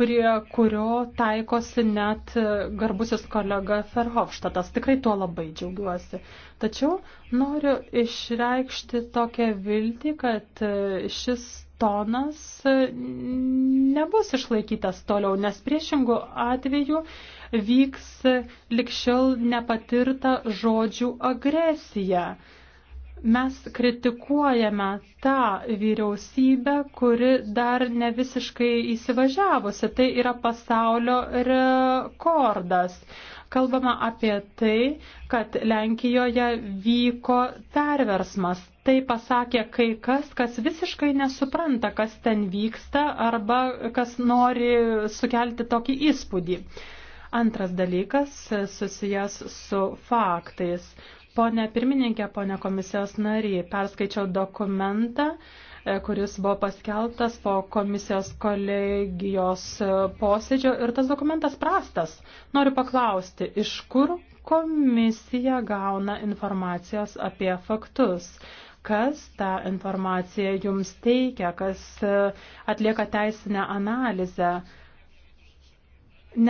prie kurio taikosi net e, garbusis kolega Ferhofštatas. Tikrai tuo labai džiaugiuosi. Tačiau noriu išreikšti tokią viltį, kad e, šis tonas nebus išlaikytas toliau, nes priešingų atveju vyks likščiau nepatirta žodžių agresija. Mes kritikuojame tą vyriausybę, kuri dar ne visiškai įsivažiavusi. Tai yra pasaulio rekordas. Kalbama apie tai, kad Lenkijoje vyko perversmas. Tai pasakė kai kas, kas visiškai nesupranta, kas ten vyksta arba kas nori sukelti tokį įspūdį. Antras dalykas susijęs su faktais. Pone pirmininkė, pone komisijos nariai, perskaičiau dokumentą, e, kuris buvo paskeltas po komisijos kolegijos e, posėdžio ir tas dokumentas prastas. Noriu paklausti, iš kur komisija gauna informacijos apie faktus? Kas tą informaciją jums teikia, kas e, atlieka teisinę analizę?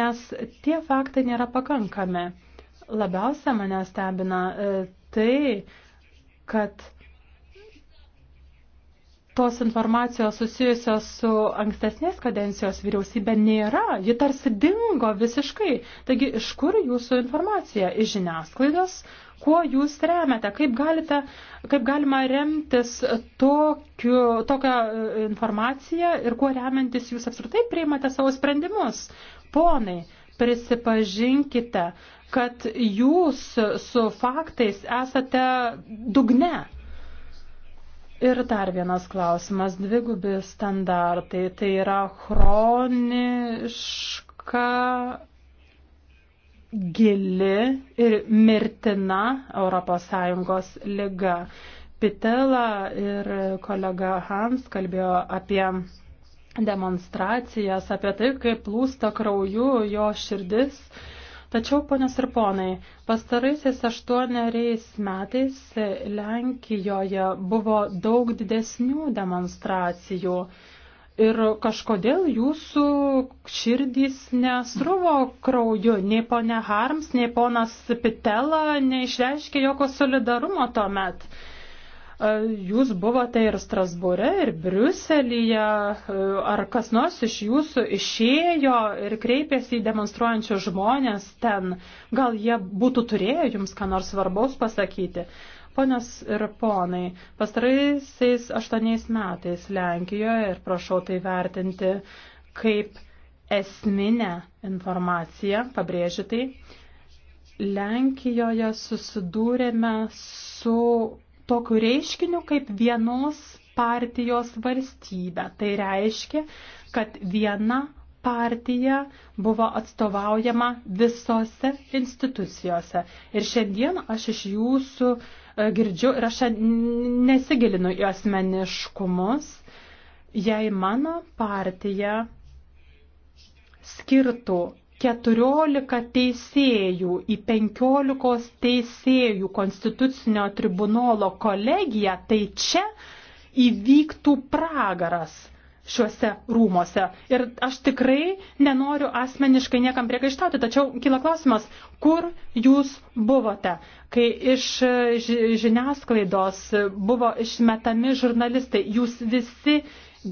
Nes tie faktai nėra pakankami. Labiausia mane stebina e, tai, kad tos informacijos susijusios su ankstesnės kadencijos vyriausybė nėra, ji tarsi dingo visiškai. Taigi, iš kur jūsų informacija? Iš žiniasklaidos? Kuo jūs remiate? Kaip, galite, kaip galima remtis tokiu, tokią e, informaciją ir kuo remiantis jūs apskritai priimate savo sprendimus? Ponai, prisipažinkite, kad jūs su faktais esate dugne. Ir dar vienas klausimas, dvigubi standartai, tai yra chroniška, gili ir mirtina ES lyga. Pitela ir kolega Hans kalbėjo apie demonstracijas, apie tai, kaip plūsta krauju jo širdis Tačiau, ponios ir ponai, pastaraisiais aštuoneriais metais Lenkijoje buvo daug didesnių demonstracijų. Ir kažkodėl jūsų širdys nesruvo krauju, nei ponia Harms, nei ponas Pitela neišreiškė jokio solidarumo tuomet. met. Jūs buvote ir Strasbūre, ir Briuselyje. Ar kas nors iš jūsų išėjo ir kreipėsi į demonstruojančius žmonės ten? Gal jie būtų turėję jums ką nors svarbaus pasakyti? Ponios ir ponai, pastaraisiais aštuoniais metais Lenkijoje, ir prašau tai vertinti kaip esminę informaciją, pabrėžiu tai, Lenkijoje susidūrėme su tokiu reiškiniu kaip vienos partijos valstybę. Tai reiškia, kad viena partija buvo atstovaujama visose institucijose. Ir šiandien aš iš jūsų e, girdžiu ir aš nesigilinu į asmeniškumus, jei mano partija skirtų 14 teisėjų į 15 teisėjų konstitucinio tribunolo kolegiją, tai čia įvyktų pragaras šiuose rūmose. Ir aš tikrai nenoriu asmeniškai niekam priekaištauti, tačiau kyla klausimas, kur jūs buvote, kai iš žiniasklaidos buvo išmetami žurnalistai, jūs visi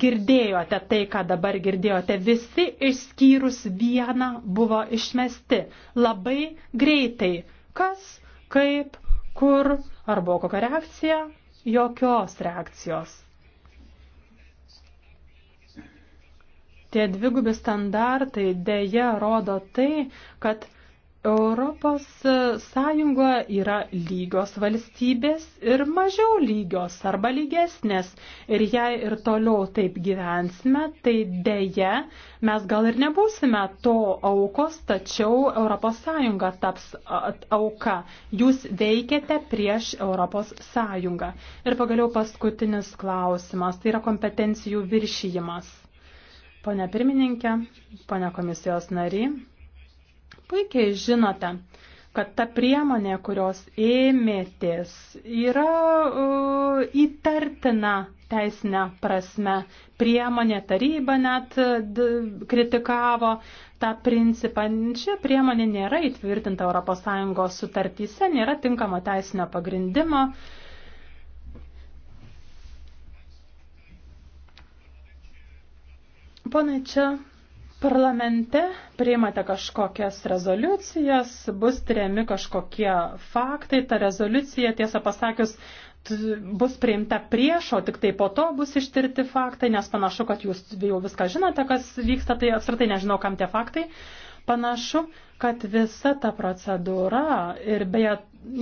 girdėjote tai, ką dabar girdėjote. Visi išskyrus vieną buvo išmesti labai greitai. Kas, kaip, kur, ar buvo kokia reakcija? Jokios reakcijos. Tie dvigubi standartai dėja rodo tai, kad Europos Sąjungoje yra lygios valstybės ir mažiau lygios arba lygesnės. Ir jei ir toliau taip gyvensime, tai dėje mes gal ir nebūsime to aukos, tačiau Europos Sąjunga taps auka. Jūs veikiate prieš Europos Sąjungą. Ir pagaliau paskutinis klausimas, tai yra kompetencijų viršijimas. Pone pirmininkė, pone komisijos nariai puikiai žinote, kad ta priemonė, kurios ėmėtės, yra uh, įtartina teisinę prasme. Priemonė taryba net e, kritikavo tą principą. Čia priemonė nėra įtvirtinta ES sutartyse, nėra tinkamo teisinio pagrindimo. Pone, čia parlamente priimate kažkokias rezoliucijas, bus tremi kažkokie faktai, ta rezoliucija, tiesą pasakius, bus priimta prieš, o tik tai po to bus ištirti faktai, nes panašu, kad jūs jau viską žinote, kas vyksta, tai apskritai nežinau, kam tie faktai. Panašu, kad visa ta procedūra ir beje,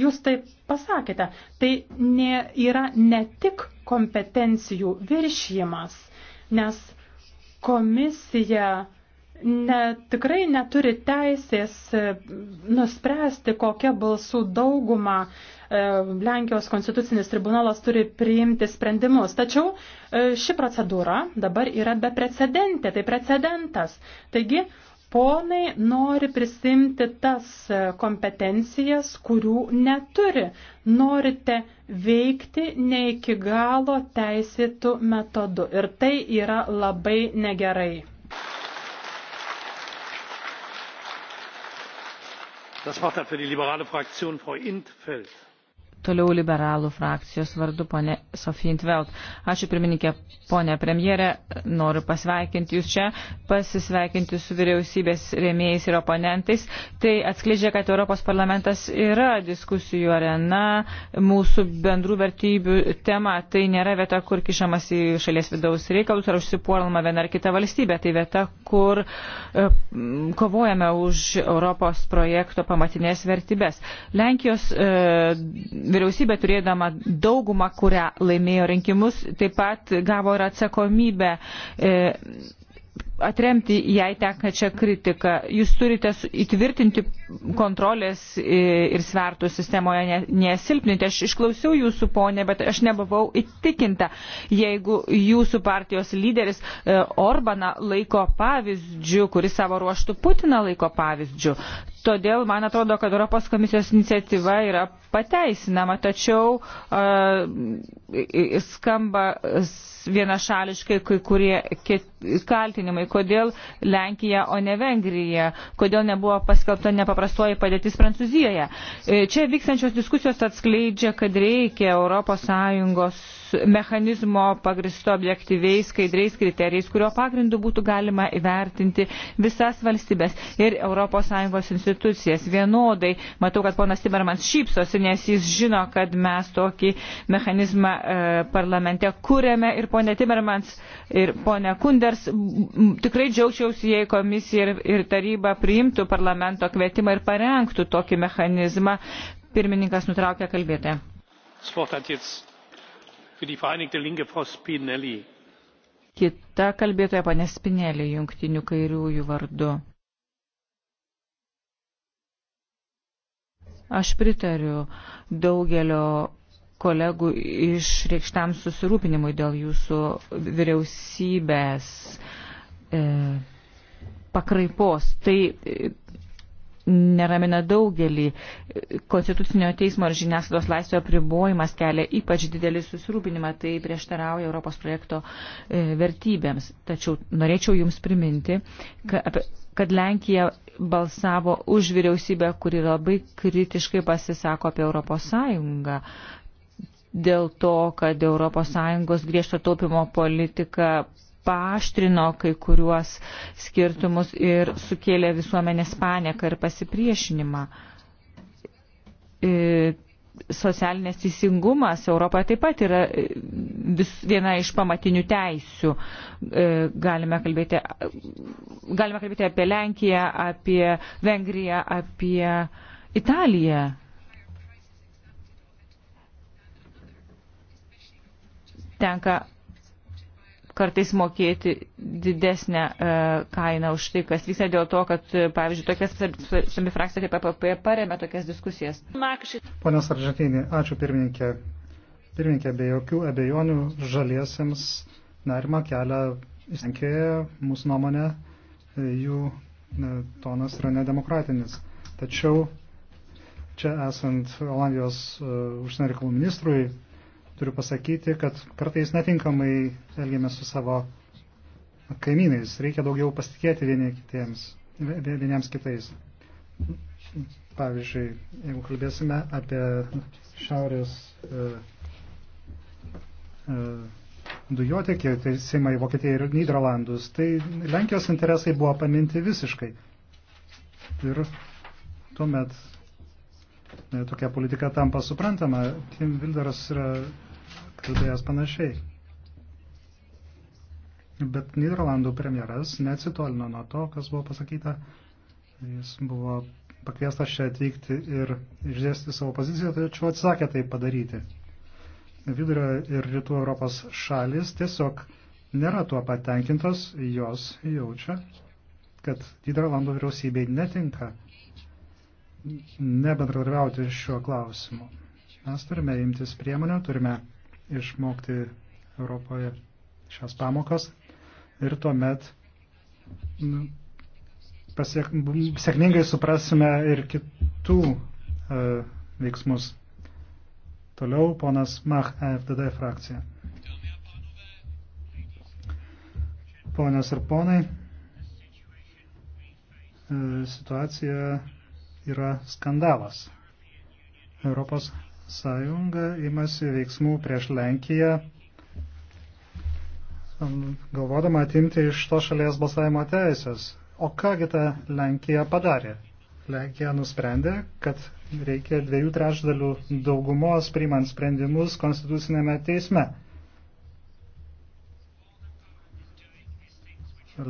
jūs tai pasakėte, tai ne, yra ne tik kompetencijų viršymas, nes komisija ne, tikrai neturi teisės e, nuspręsti, kokią balsų daugumą e, Lenkijos konstitucinis tribunolas turi priimti sprendimus. Tačiau e, ši procedūra dabar yra beprecedentė, tai precedentas. Taigi, ponai nori prisimti tas kompetencijas, kurių neturi. Norite veikti ne iki galo teisėtų metodų. Ir tai yra labai negerai. das wort hat für die liberale fraktion frau in't veld. Toliau liberalų frakcijos vardu ponė Sofija Intveld. Ačiū pirmininkė, ponė premjerė, noriu pasveikinti jūs čia, pasisveikinti su vyriausybės rėmėjais ir oponentais. Tai atskleidžia, kad Europos parlamentas yra diskusijų arena, mūsų bendrų vertybių tema. Tai nėra vieta, kur kišamas į šalies vidaus reikalus ar užsipuolama viena ar kita valstybė. Tai vieta, kur e, kovojame už Europos projekto pamatinės vertybės. Lenkijos e, vyriausybė turėdama daugumą, kurią laimėjo rinkimus, taip pat gavo ir atsakomybę e, atremti jai tekančią kritiką. Jūs turite įtvirtinti kontrolės e, ir svertų sistemoje nesilpninti. Aš išklausiau jūsų ponė, bet aš nebuvau įtikinta, jeigu jūsų partijos lyderis e, Orbaną laiko pavyzdžių, kuris savo ruoštų Putiną laiko pavyzdžių. Todėl man atrodo, kad Europos komisijos iniciatyva yra pateisinama, tačiau uh, skamba vienašališkai kai kurie kaltinimai. Kodėl Lenkija, o ne Vengrija? Kodėl nebuvo paskelbta nepaprastoji padėtis Prancūzijoje? E, čia vykstančios diskusijos atskleidžia, kad reikia ES mechanizmo pagristo objektyviais, skaidriais kriterijais, kurio pagrindu būtų galima įvertinti visas valstybės ir ES institucijas vienodai. Matau, kad ponas Tibermans šypsosi, nes jis žino, kad mes tokį mechanizmą e, parlamente kūrėme ir ponė Tibermans ir ponė Kunders tikrai džiaugčiausi, jei komisija ir, ir taryba priimtų parlamento kvietimą ir parengtų tokį mechanizmą. Pirmininkas nutraukė kalbėtoją. Kita kalbėtoja panė Spinelė jungtinių kairiųjų vardu. Aš pritariu daugelio kolegų išreikštam susirūpinimui dėl jūsų vyriausybės e, pakraipos. Tai neramina daugelį. Konstitucinio teismo ir žiniasklaidos laisvė apribojimas kelia ypač didelį susirūpinimą, tai prieštarauja Europos projekto e, vertybėms. Tačiau norėčiau Jums priminti, kad Lenkija balsavo už vyriausybę, kuri labai kritiškai pasisako apie Europos Sąjungą dėl to, kad ES griežto taupimo politika paaštrino kai kuriuos skirtumus ir sukėlė visuomenės paneką ir pasipriešinimą. E, Socialinės teisingumas Europoje taip pat yra e, vis, viena iš pamatinių teisių. E, galime kalbėti, galime kalbėti apie Lenkiją, apie Vengriją, apie Italiją. Tenka kartais mokėti didesnę e, kainą už tai, kas vyksta dėl to, kad, e, pavyzdžiui, tokias sami frakcija kaip PPP paremė tokias diskusijas. Pone Saržatinė, ačiū pirmininkė. Pirmininkė, be jokių abejonių žaliesiems nerima kelia įsinkėję mūsų nuomonė, e, jų e, tonas yra nedemokratinis. Tačiau čia esant Olandijos uh, užsienio reikalų ministrui, turiu pasakyti, kad kartais netinkamai elgiamės su savo kaimynais. Reikia daugiau pasitikėti vieni kitiems, vieniems kitais. Pavyzdžiui, jeigu kalbėsime apie šiaurės e, e, dujotiekį, tai Seimai Vokietija ir Niderlandus, tai Lenkijos interesai buvo paminti visiškai. Ir tuomet e, tokia politika tampa suprantama. Tim Vilderas yra kalbėjęs panašiai. Bet Niderlandų premjeras neatsitolino nuo to, kas buvo pasakyta. Jis buvo pakviestas čia atvykti ir išdėsti savo poziciją, tačiau atsisakė tai padaryti. Vidurio ir rytų Europos šalis tiesiog nėra tuo patenkintos, jos jaučia, kad Niderlandų vyriausybei netinka nebendradarbiauti šiuo klausimu. Mes turime imtis priemonių, turime išmokti Europoje šias pamokas ir tuomet nu, pasiek, sėkmingai suprasime ir kitų uh, veiksmus. Toliau ponas Mach, FDD frakcija. Ponios ir ponai, e, situacija yra skandalas. Europos Sąjunga imasi veiksmų prieš Lenkiją, um, galvodama atimti iš to šalies balsavimo teisės. O kągi ta Lenkija padarė? Lenkija nusprendė, kad reikia dviejų trečdalių daugumos priimant sprendimus konstitucinėme teisme.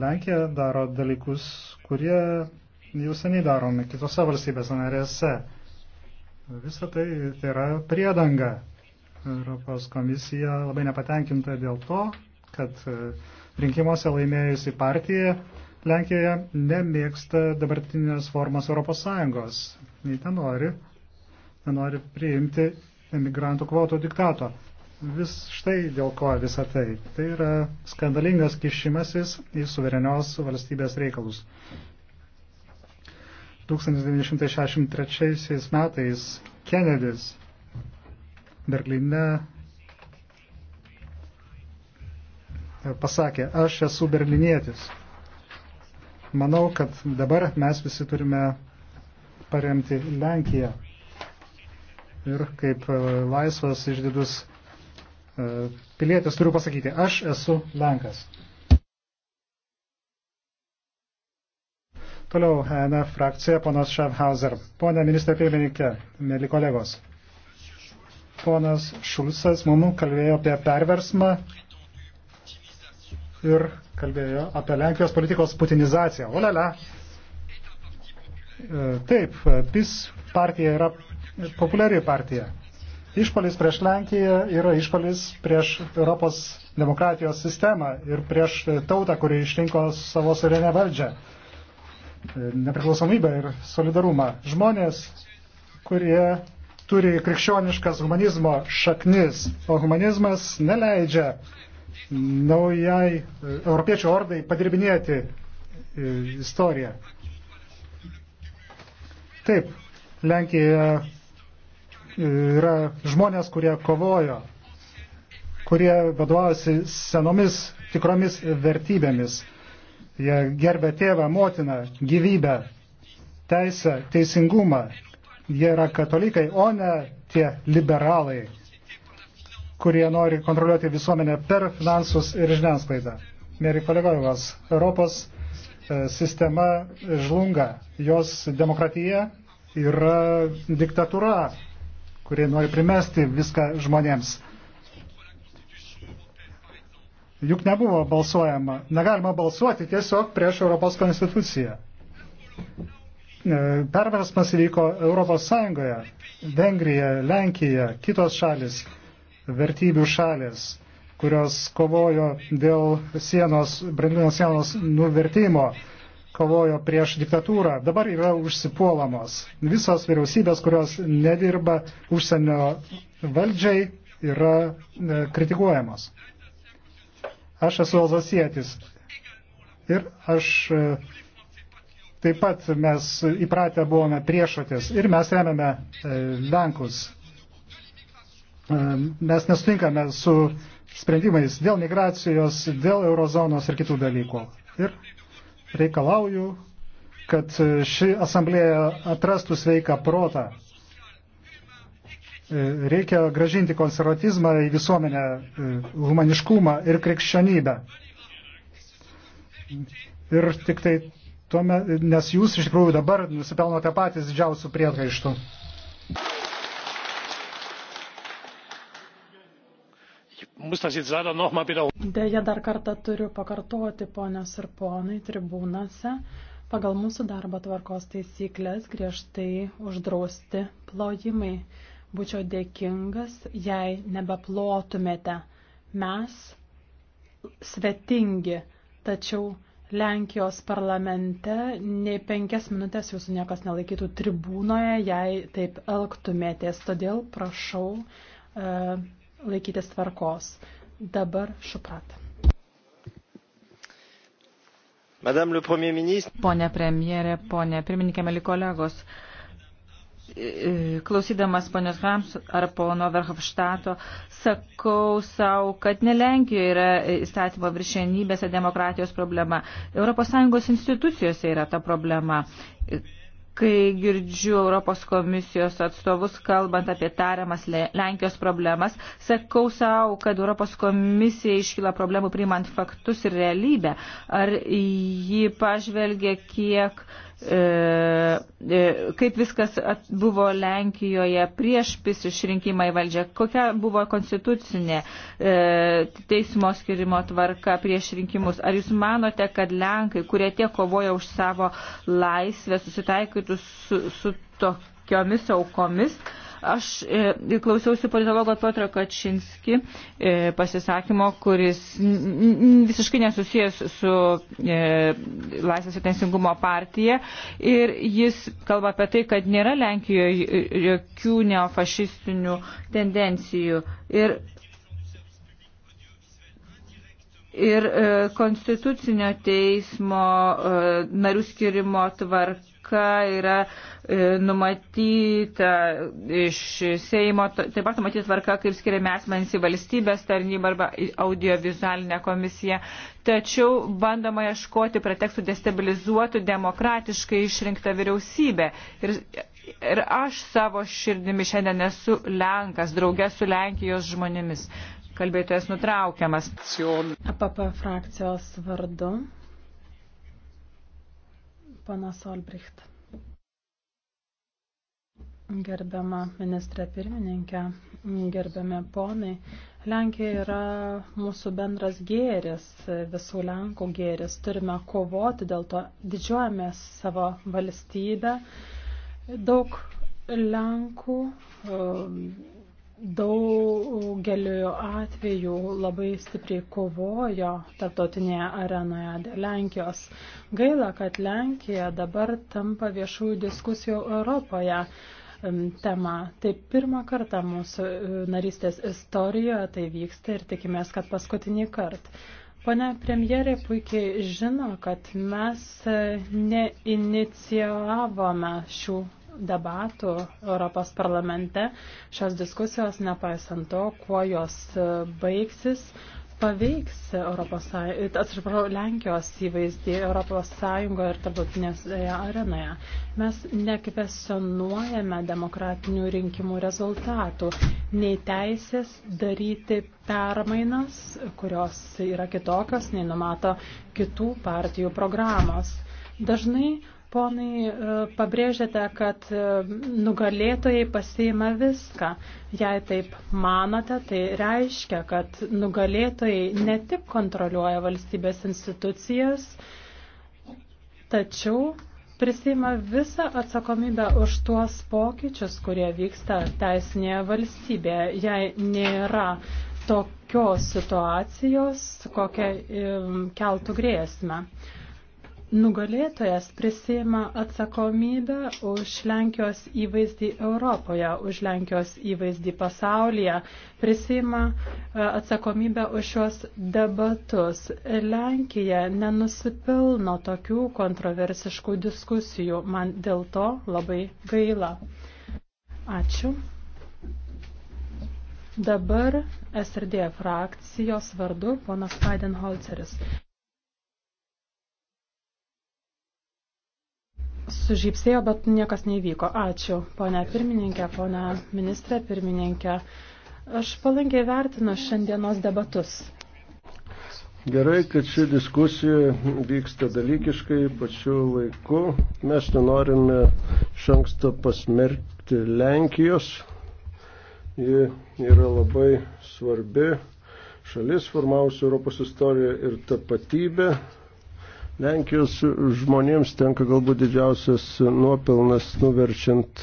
Lenkija daro dalykus, kurie jau seniai daromi kitose valstybės narėse. Visą tai, tai yra priedanga. Europos komisija labai nepatenkinta dėl to, kad e, rinkimuose laimėjusi partija Lenkijoje nemėgsta dabartinės formos Europos Sąjungos. Nei ten nori, nenori priimti emigrantų kvotų diktato. Vis štai dėl ko visa tai. Tai yra skandalingas kišimasis į suverenios valstybės reikalus. 1963 metais Kennedys Berlyne e, pasakė, aš esu berlinietis. Manau, kad dabar mes visi turime paremti Lenkiją. Ir kaip e, laisvas išdidus e, pilietis turiu pasakyti, aš esu Lenkas. Toliau ENF frakcija, ponas Schaffhauser. Pone ministrė pirmininkė, mėly kolegos. Ponas Šulcas mums kalbėjo apie perversmą ir kalbėjo apie Lenkijos politikos putinizaciją. Olele. Taip, PIS partija yra populiari partija. Išpalis prieš Lenkiją yra išpalis prieš Europos demokratijos sistemą ir prieš tautą, kuri išrinko savo suverenę valdžią nepriklausomybę ir solidarumą. Žmonės, kurie turi krikščioniškas humanizmo šaknis, o humanizmas neleidžia naujai e, europiečių ordai padirbinėti e, istoriją. Taip, Lenkija e, yra žmonės, kurie kovojo, kurie vadovaujasi senomis tikromis vertybėmis. Jie gerbė tėvą, motiną, gyvybę, teisę, teisingumą. Jie yra katalikai, o ne tie liberalai, kurie nori kontroliuoti visuomenę per finansus ir žiniasklaidą. Mėry kolegovas, Europos e, sistema žlunga, jos demokratija yra diktatūra, kurie nori primesti viską žmonėms. Juk nebuvo balsuojama. Negalima balsuoti tiesiog prieš Europos konstituciją. E, perversmas įvyko Europos Sąjungoje. Vengrija, Lenkija, kitos šalis, vertybių šalis, kurios kovojo dėl sienos, branduolinės sienos nuvertimo kovojo prieš diktatūrą, dabar yra užsipuolamos. Visos vyriausybės, kurios nedirba užsienio valdžiai, yra e, kritikuojamos. Aš esu alzasietis ir aš e, taip pat mes įpratę buvome priešotis ir mes remiame e, Lenkus. E, mes nesutinkame su sprendimais dėl migracijos, dėl eurozonos ir kitų dalykų. Ir reikalauju, kad ši asamblėja atrastų sveiką protą E, reikia gražinti konservatizmą į visuomenę, e, humaniškumą ir krikščionybę. Ir tik tai tuomet, nes jūs iš tikrųjų dabar nusipelnote patys didžiausių priekaištų. Deja, dar kartą turiu pakartoti, ponios ir ponai, tribūnose. Pagal mūsų darbo tvarkos taisyklės griežtai uždrausti plojimai. Būčiau dėkingas, jei nebeplotumėte. Mes svetingi, tačiau Lenkijos parlamente nei penkias minutės jūsų niekas nelaikytų tribūnoje, jei taip elgtumėtės. Todėl prašau e, laikytis tvarkos. Dabar šuprat. Pone premjerė, pone pirmininkė, meli kolegos klausydamas ponios Hams ar pono Verhofštato, sakau savo, kad ne Lenkijoje yra įstatymo viršenybės ir demokratijos problema. ES institucijose yra ta problema. Kai girdžiu Europos komisijos atstovus kalbant apie tariamas Lenkijos problemas, sakau savo, kad Europos komisija iškyla problemų priimant faktus ir realybę. Ar ji pažvelgia, kiek uh, E, e, kaip viskas buvo Lenkijoje prieš PIS išrinkimą į valdžią, kokia buvo konstitucinė e, teismo skirimo tvarka prieš rinkimus. Ar jūs manote, kad Lenkai, kurie tiek kovoja už savo laisvę, susitaikytų su, su tokiomis aukomis, Aš e, klausiausi politologo Piotro Kačinski e, pasisakymo, kuris visiškai nesusijęs su e, Laisvės ir Teisingumo partija ir jis kalba apie tai, kad nėra Lenkijoje jokių neofašistinių tendencijų. Ir ir e, konstitucinio teismo e, narių skirimo tvarka tvarka yra e, numatyta iš Seimo, taip pat numatyta tvarka, kaip skiriame asmenys į valstybės tarnybą arba audiovizualinę komisiją. Tačiau bandoma ieškoti pretekstų destabilizuotų demokratiškai išrinktą vyriausybę. Ir, ir aš savo širdimi šiandien esu Lenkas, draugė su Lenkijos žmonėmis. Kalbėtojas nutraukiamas. APP frakcijos vardu. Panas Olbricht. Gerbiama ministrė pirmininkė, gerbiami ponai, Lenkija yra mūsų bendras gėris, visų Lenkų gėris. Turime kovoti, dėl to didžiuojamės savo valstybę. Daug Lenkų daugeliu atveju labai stipriai kovojo tarptautinėje arenoje dėl Lenkijos. Gaila, kad Lenkija dabar tampa viešųjų diskusijų Europoje um, tema. Tai pirmą kartą mūsų uh, narystės istorijoje tai vyksta ir tikimės, kad paskutinį kartą. Pane premjerė puikiai žino, kad mes uh, neinicijavome šių debatų Europos parlamente šios diskusijos, nepaisant to, kuo jos e, baigsis, paveiks Europos, e, atsiprašau, Lenkijos įvaizdį Europos Sąjungoje ir tarptautinėje arenoje. Mes nekvesionuojame demokratinių rinkimų rezultatų, nei teisės daryti permainas, kurios yra kitokios, nei numato kitų partijų programos. Dažnai Ponai, e, pabrėžėte, kad e, nugalėtojai pasiima viską. Jei taip manote, tai reiškia, kad nugalėtojai ne tik kontroliuoja valstybės institucijas, tačiau prisima visą atsakomybę už tuos pokyčius, kurie vyksta teisinėje valstybėje. Jei nėra tokios situacijos, kokią e, keltų grėsmę. Nugalėtojas prisima atsakomybę už Lenkijos įvaizdį Europoje, už Lenkijos įvaizdį pasaulyje, prisima e, atsakomybę už šios debatus. Lenkija nenusipilno tokių kontroversiškų diskusijų. Man dėl to labai gaila. Ačiū. Dabar SRD frakcijos vardu ponas Weidenholzeris. sužypsėjo, bet niekas neįvyko. Ačiū, ponia pirmininkė, ponia ministrė pirmininkė. Aš palankiai vertinu šiandienos debatus. Gerai, kad ši diskusija vyksta dalykiškai pačiu laiku. Mes nenorime šanksto pasmerkti Lenkijos. Ji yra labai svarbi šalis, formavusi Europos istoriją ir tapatybę. Lenkijos žmonėms tenka galbūt didžiausias nuopelnas nuverčiant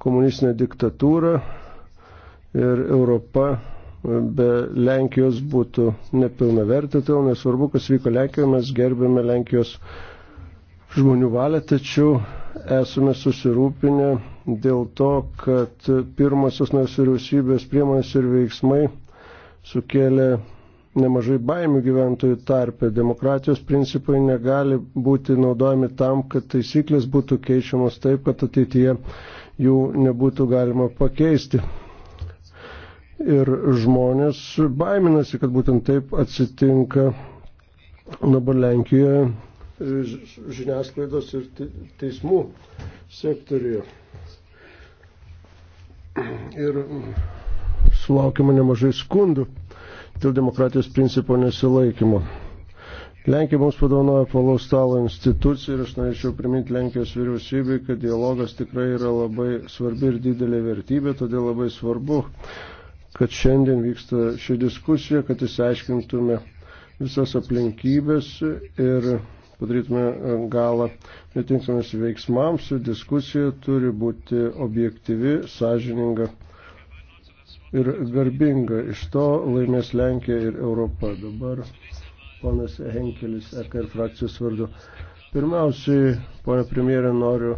komunistinę diktatūrą ir Europa be Lenkijos būtų nepilna vertė, todėl tai nesvarbu, kas vyko Lenkijoje, mes gerbėme Lenkijos žmonių valią, tačiau esame susirūpinę dėl to, kad pirmosios nors vyriausybės priemonės ir veiksmai sukėlė nemažai baimių gyventojų tarpe. Demokratijos principai negali būti naudojami tam, kad taisyklės būtų keičiamos taip, kad ateityje jų nebūtų galima pakeisti. Ir žmonės baiminasi, kad būtent taip atsitinka dabar Lenkijoje žiniasklaidos ir teismų sektoriuje. Ir sulaukime nemažai skundų dėl demokratijos principo nesilaikymo. Lenkija mums padovanojo palaus stalo instituciją ir aš norėčiau priminti Lenkijos vyriausybei, kad dialogas tikrai yra labai svarbi ir didelė vertybė, todėl labai svarbu, kad šiandien vyksta ši diskusija, kad įsiaiškintume visas aplinkybės ir padarytume e, galą netinkamiems veiksmams. Diskusija turi būti objektyvi, sąžininga ir garbinga. Iš to laimės Lenkija ir Europa. Dabar ponas Henkelis, EKR frakcijos vardu. Pirmiausiai, ponė premjerė, noriu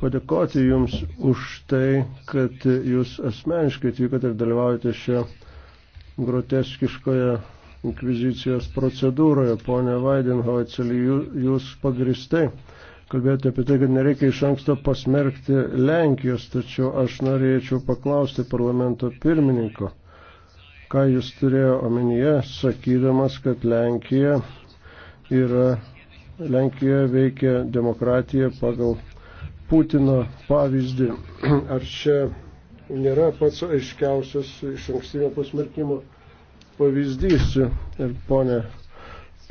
padėkoti Jums už tai, kad Jūs asmeniškai atvykote ir dalyvaujate šią groteskiškoje inkvizicijos procedūroje. Pone Vaidenhoiceli, Jūs pagristai kalbėjote apie tai, kad nereikia iš anksto pasmerkti Lenkijos, tačiau aš norėčiau paklausti parlamento pirmininko, ką jis turėjo omenyje, sakydamas, kad Lenkija yra, Lenkijoje veikia demokratija pagal Putino pavyzdį. *clears throat* Ar čia nėra pats aiškiausias iš ankstinio pasmerkimo pavyzdys? Ir ponė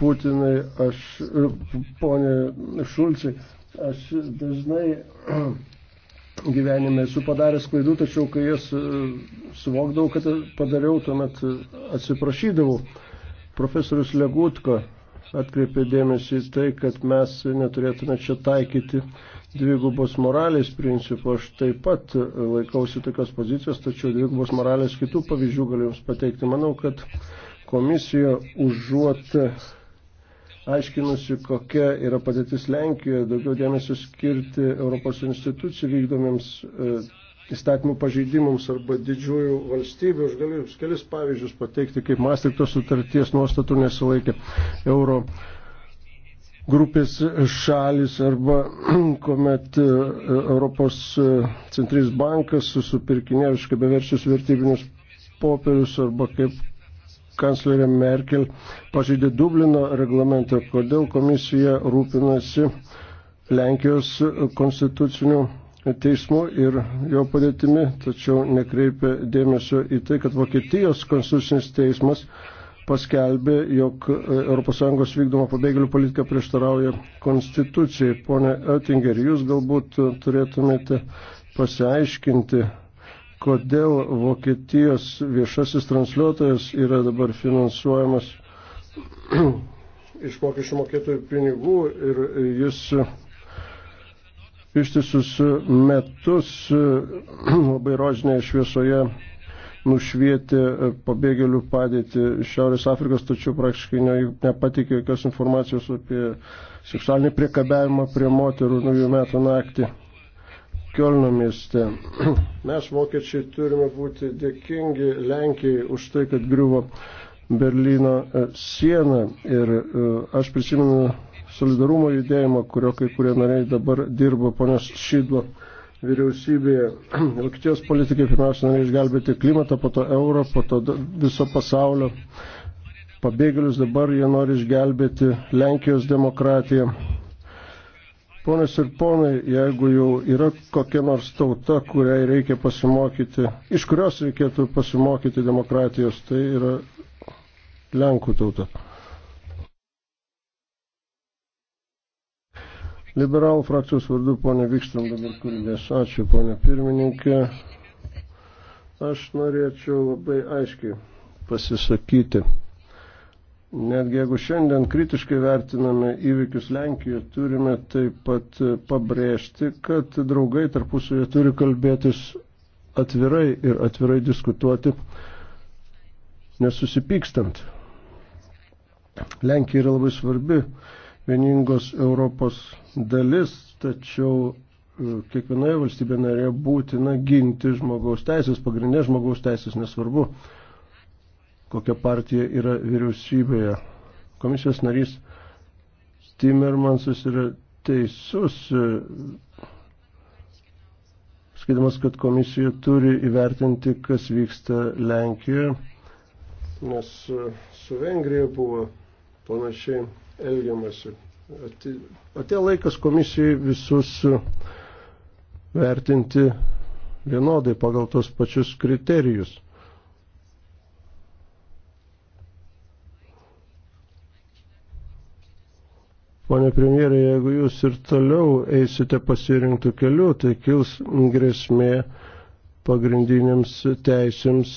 Putinai, aš, e, ponė Šulcai, aš dažnai *clears throat* gyvenime esu padaręs klaidų, tačiau kai jas e, suvokdavau, kad padariau, tuomet atsiprašydavau. Profesorius Legutko atkreipė dėmesį į tai, kad mes neturėtume čia taikyti dvigubos moralės principų. Aš taip pat laikausi tokios pozicijos, tačiau dvigubos moralės kitų pavyzdžių galiu Jums pateikti. Manau, kad komisija užuot aiškinusi, kokia yra padėtis Lenkijoje, daugiau dėmesio skirti Europos institucijų vykdomiems e, įstatymų pažeidimams arba didžiųjų valstybių. Aš galiu jums kelis pavyzdžius pateikti, kaip Mastrikto sutarties nuostatų nesilaikė euro grupės šalis arba *clears throat* kuomet e, Europos e, centrinis bankas susipirkinėjo visiškai beverčius vertybinius popierius arba kaip kanclerė Merkel pažeidė Dublino reglamentą, kodėl komisija rūpinasi Lenkijos konstituciniu teismu ir jo padėtimi, tačiau nekreipia dėmesio į tai, kad Vokietijos konstitucinis teismas paskelbė, jog ES vykdoma pabėgėlių politika prieštarauja konstitucijai. Pone Oettinger, jūs galbūt turėtumėte pasiaiškinti kodėl Vokietijos viešasis transliuotojas yra dabar finansuojamas *clears throat* iš mokesčių mokėtojų pinigų ir jis ištisus metus *clears throat* labai rožinėje šviesoje nušvieti pabėgėlių padėtį Šiaurės Afrikos, tačiau praktiškai ne, nepatikė jokios informacijos apie seksualinį priekabiavimą prie moterų naujų metų naktį. Kielno mieste. *clears throat* Mes, vokiečiai, turime būti dėkingi Lenkijai už tai, kad griuvo Berlyno e, siena. Ir e, aš prisimenu solidarumo judėjimą, kurio kai kurie nariai dabar dirba ponios Šydlo vyriausybėje. *clears throat* Vokietijos politikai pirmiausia norėjo išgelbėti klimatą, po to euro, po to viso pasaulio pabėgėlius, dabar jie nori išgelbėti Lenkijos demokratiją. Ponas ir ponai, jeigu jau yra kokia nors tauta, kuriai reikia pasimokyti, iš kurios reikėtų pasimokyti demokratijos, tai yra Lenkų tauta. Liberalų frakcijos vardu, ponė Vikstram, dabar kalbės. Ačiū, ponė pirmininkė. Aš norėčiau labai aiškiai pasisakyti. Netgi jeigu šiandien kritiškai vertiname įvykius Lenkijoje, turime taip pat e, pabrėžti, kad draugai tarpusavėje turi kalbėtis atvirai ir atvirai diskutuoti, nesusipykstant. Lenkija yra labai svarbi vieningos Europos dalis, tačiau e, kiekvienoje valstybė narėje būtina ginti žmogaus teisės, pagrindinės žmogaus teisės, nesvarbu, kokia partija yra vyriausybėje. Komisijos narys Timmermansas yra teisus, skaidamas, kad komisija turi įvertinti, kas vyksta Lenkijoje, nes su Vengrija buvo panašiai elgiamasi. Atėjo laikas komisijai visus vertinti vienodai pagal tos pačius kriterijus. Pone premjerė, jeigu jūs ir toliau eisite pasirinktų kelių, tai kils grėsmė pagrindiniams teisėms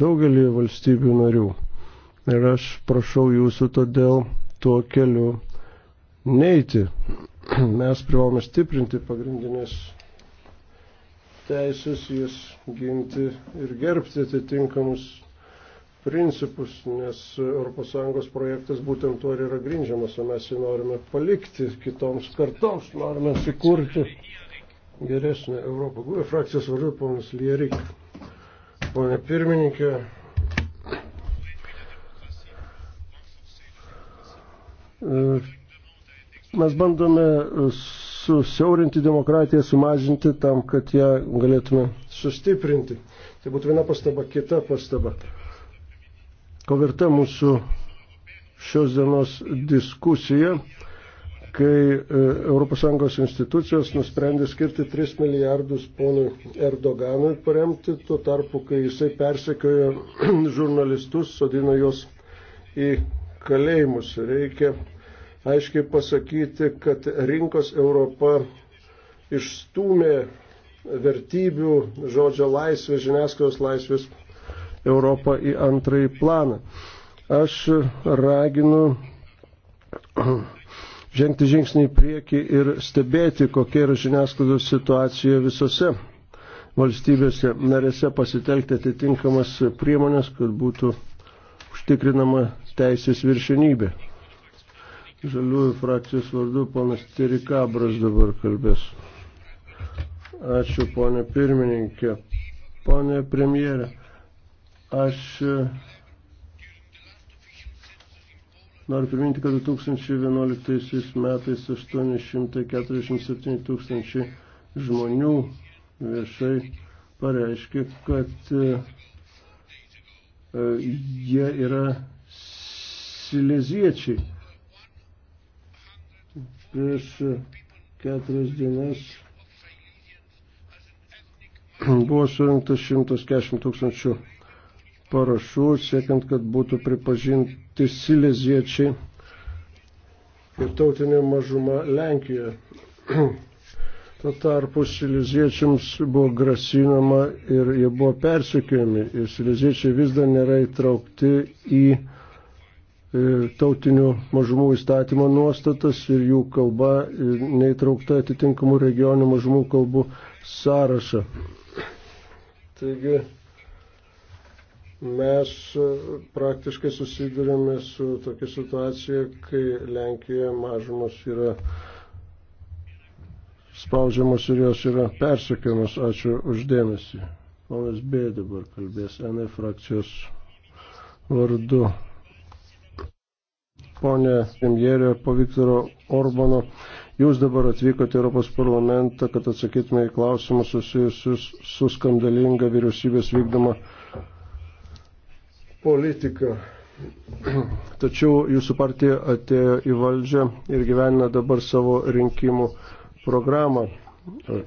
daugelį valstybių narių. Ir aš prašau jūsų todėl tuo keliu neiti. Mes privalome stiprinti pagrindinės teisės, jas ginti ir gerbti atitinkamus principus, nes ES projektas būtent tuo ir yra grindžiamas, o mes jį norime palikti kitoms kartoms, norime sukurti geresnę Europą. Guvė frakcijos vardu ponas Lierik, ponė pirmininkė. Mes bandome susiaurinti demokratiją, sumažinti tam, kad ją galėtume sustiprinti. Tai būtų viena pastaba, kita pastaba ko verta mūsų šios dienos diskusija, kai ES institucijos nusprendė skirti 3 milijardus ponui Erdoganui paremti, tuo tarpu, kai jisai persekioja *clears throat* žurnalistus, sodino juos į kalėjimus. Reikia aiškiai pasakyti, kad rinkos Europa išstūmė vertybių, žodžio laisvės, žiniasklaidos laisvės Europą į antrąjį planą. Aš raginu žengti žingsnį į priekį ir stebėti, kokia yra žiniasklaidos situacija visose valstybėse narėse, pasitelkti atitinkamas priemonės, kad būtų užtikrinama teisės viršenybė. Žaliųjų frakcijos vardu ponas Terikabras dabar kalbės. Ačiū, ponė pirmininkė. Ponė premjerė. Aš e, noriu priminti, kad 2011 metais 847 tūkstančiai žmonių viešai pareiškė, kad e, e, jie yra sileziečiai. Prieš keturias dienas buvo surinktas 110 tūkstančių parašų, siekiant, kad būtų pripažinti sileziečiai kaip tautinė mažuma Lenkijoje. *clears throat* Tuo tarpu sileziečiams buvo grasinama ir jie buvo persikiojami. Ir sileziečiai vis dar nėra įtraukti į e, tautinių mažumų įstatymo nuostatas ir jų kalba e, neįtraukta atitinkamų regionų mažumų kalbų sąrašą. *clears throat* Taigi Mes e, praktiškai susidurime su tokia situacija, kai Lenkijoje mažumos yra spaudžiamos ir jos yra persekiamos. Ačiū uždėmesi. Ponas B dabar kalbės N e frakcijos vardu. Pone premjerė, po Viktoro Orbano, jūs dabar atvykote Europos parlamentą, kad atsakytume į klausimus susijusius su skandalinga vyriausybės vykdoma politiką. *clears throat* Tačiau jūsų partija atėjo į valdžią ir gyvena dabar savo rinkimų programą e,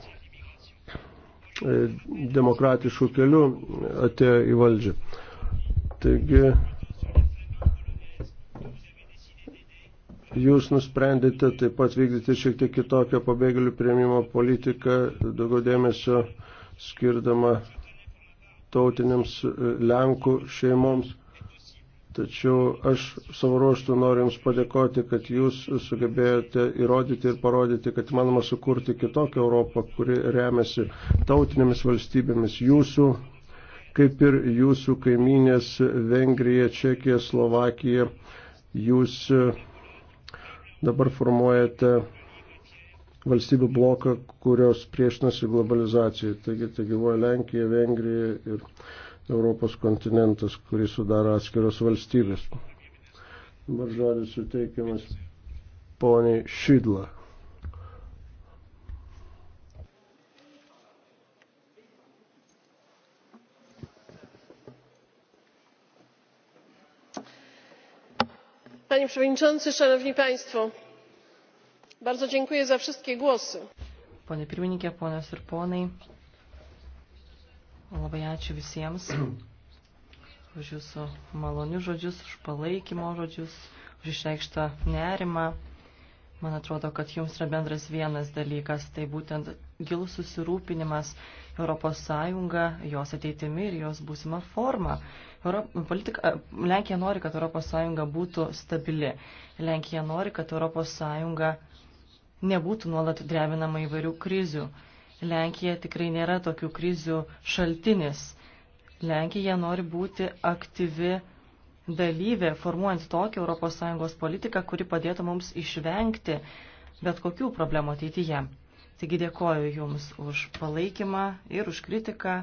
demokratiškų kelių atėjo į valdžią. Taigi jūs nusprendėte taip pat vykdyti šiek tiek kitokią pabėgėlių prieimimo politiką, daugiau dėmesio skirdama tautiniams e, Lenkų šeimoms. Tačiau aš savo ruoštų noriu Jums padėkoti, kad Jūs sugebėjote įrodyti ir parodyti, kad įmanoma sukurti kitokią Europą, kuri remiasi tautinėmis valstybėmis. Jūsų, kaip ir Jūsų kaiminės Vengrija, Čekija, Slovakija, Jūs e, dabar formuojate valstybių bloką, kurios priešinasi globalizacijai. Taigi tai gyvoja Lenkija, Vengrija ir Europos kontinentas, kurį sudaro atskiros valstybės. Dabar žodis suteikiamas poniai Šidla. Panie Przewodniczący, Szanowni Państwo! Bardzo dziękuję za wszystkie głosy. Pone pirmininkė, ponios ir ponai, labai ačiū visiems *clears throat* už jūsų malonius žodžius, už palaikymo žodžius, už išreikštą nerimą. Man atrodo, kad jums yra bendras vienas dalykas, tai būtent gilus susirūpinimas Europos Sąjunga, jos ateitimi ir jos būsima forma. Europ... Politika... Lenkija nori, kad Europos Sąjunga būtų stabili. Lenkija nori, kad Europos Sąjunga nebūtų nuolat drevinama įvairių krizių. Lenkija tikrai nėra tokių krizių šaltinis. Lenkija nori būti aktyvi dalyvė, formuojant tokią ES politiką, kuri padėtų mums išvengti bet kokių problemų ateityje. Taigi dėkoju Jums už palaikymą ir už kritiką.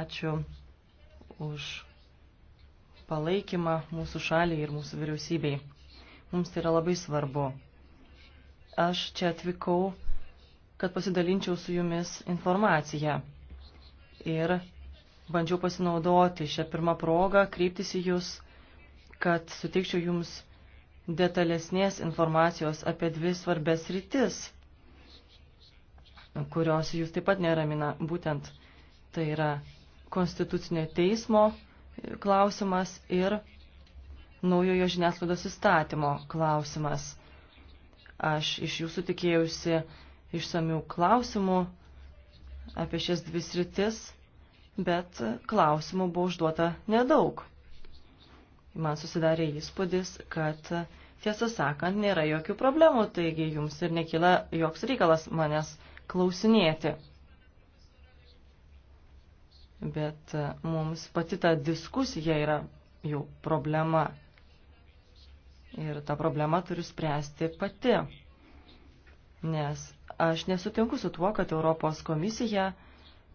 Ačiū už palaikymą mūsų šaliai ir mūsų vyriausybei. Mums tai yra labai svarbu. Aš čia atvykau, kad pasidalinčiau su jumis informaciją ir bandžiau pasinaudoti šią pirmą progą, kreiptis į jūs, kad suteikčiau jums detalesnės informacijos apie dvi svarbės rytis, kurios jūs taip pat neramina, būtent tai yra konstitucinio teismo klausimas ir naujojo žiniasklaidos įstatymo klausimas. Aš iš jūsų tikėjusi išsamių klausimų apie šias dvi sritis, bet klausimų buvo užduota nedaug. Man susidarė įspūdis, kad tiesą sakant nėra jokių problemų, taigi jums ir nekyla joks reikalas manęs klausinėti bet e, mums pati ta diskusija yra jau problema. Ir tą problemą turiu spręsti pati. Nes aš nesutinku su tuo, kad Europos komisija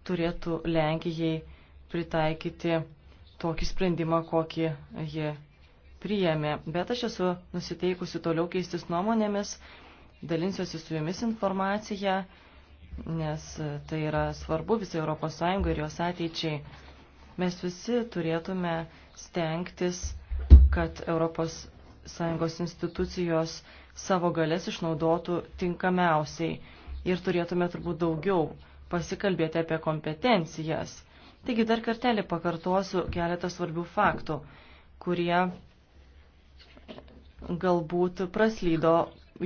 turėtų Lenkijai pritaikyti tokį sprendimą, kokį ji priėmė. Bet aš esu nusiteikusi toliau keistis nuomonėmis, dalinsiuosi su jumis informaciją nes e, tai yra svarbu visai Europos Sąjungai ir jos ateičiai. Mes visi turėtume stengtis, kad Europos Sąjungos institucijos savo galės išnaudotų tinkamiausiai ir turėtume turbūt daugiau pasikalbėti apie kompetencijas. Taigi dar kartelį pakartosiu keletą svarbių faktų, kurie galbūt praslydo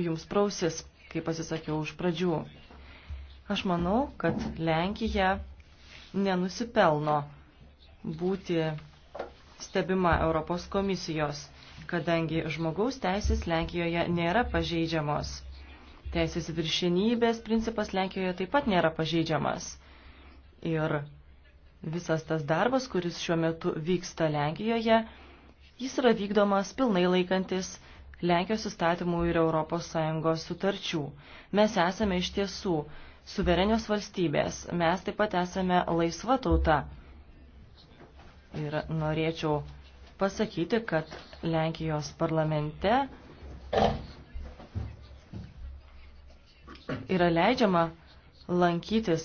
jums prausis, kaip pasisakiau už pradžių. Aš manau, kad Lenkija nenusipelno būti stebima Europos komisijos, kadangi žmogaus teisės Lenkijoje nėra pažeidžiamos. Teisės viršinybės principas Lenkijoje taip pat nėra pažeidžiamas. Ir visas tas darbas, kuris šiuo metu vyksta Lenkijoje, jis yra vykdomas pilnai laikantis Lenkijos įstatymų ir ES sutarčių. Mes esame iš tiesų suverenios valstybės. Mes taip pat esame laisva tauta. Ir norėčiau pasakyti, kad Lenkijos parlamente yra leidžiama lankytis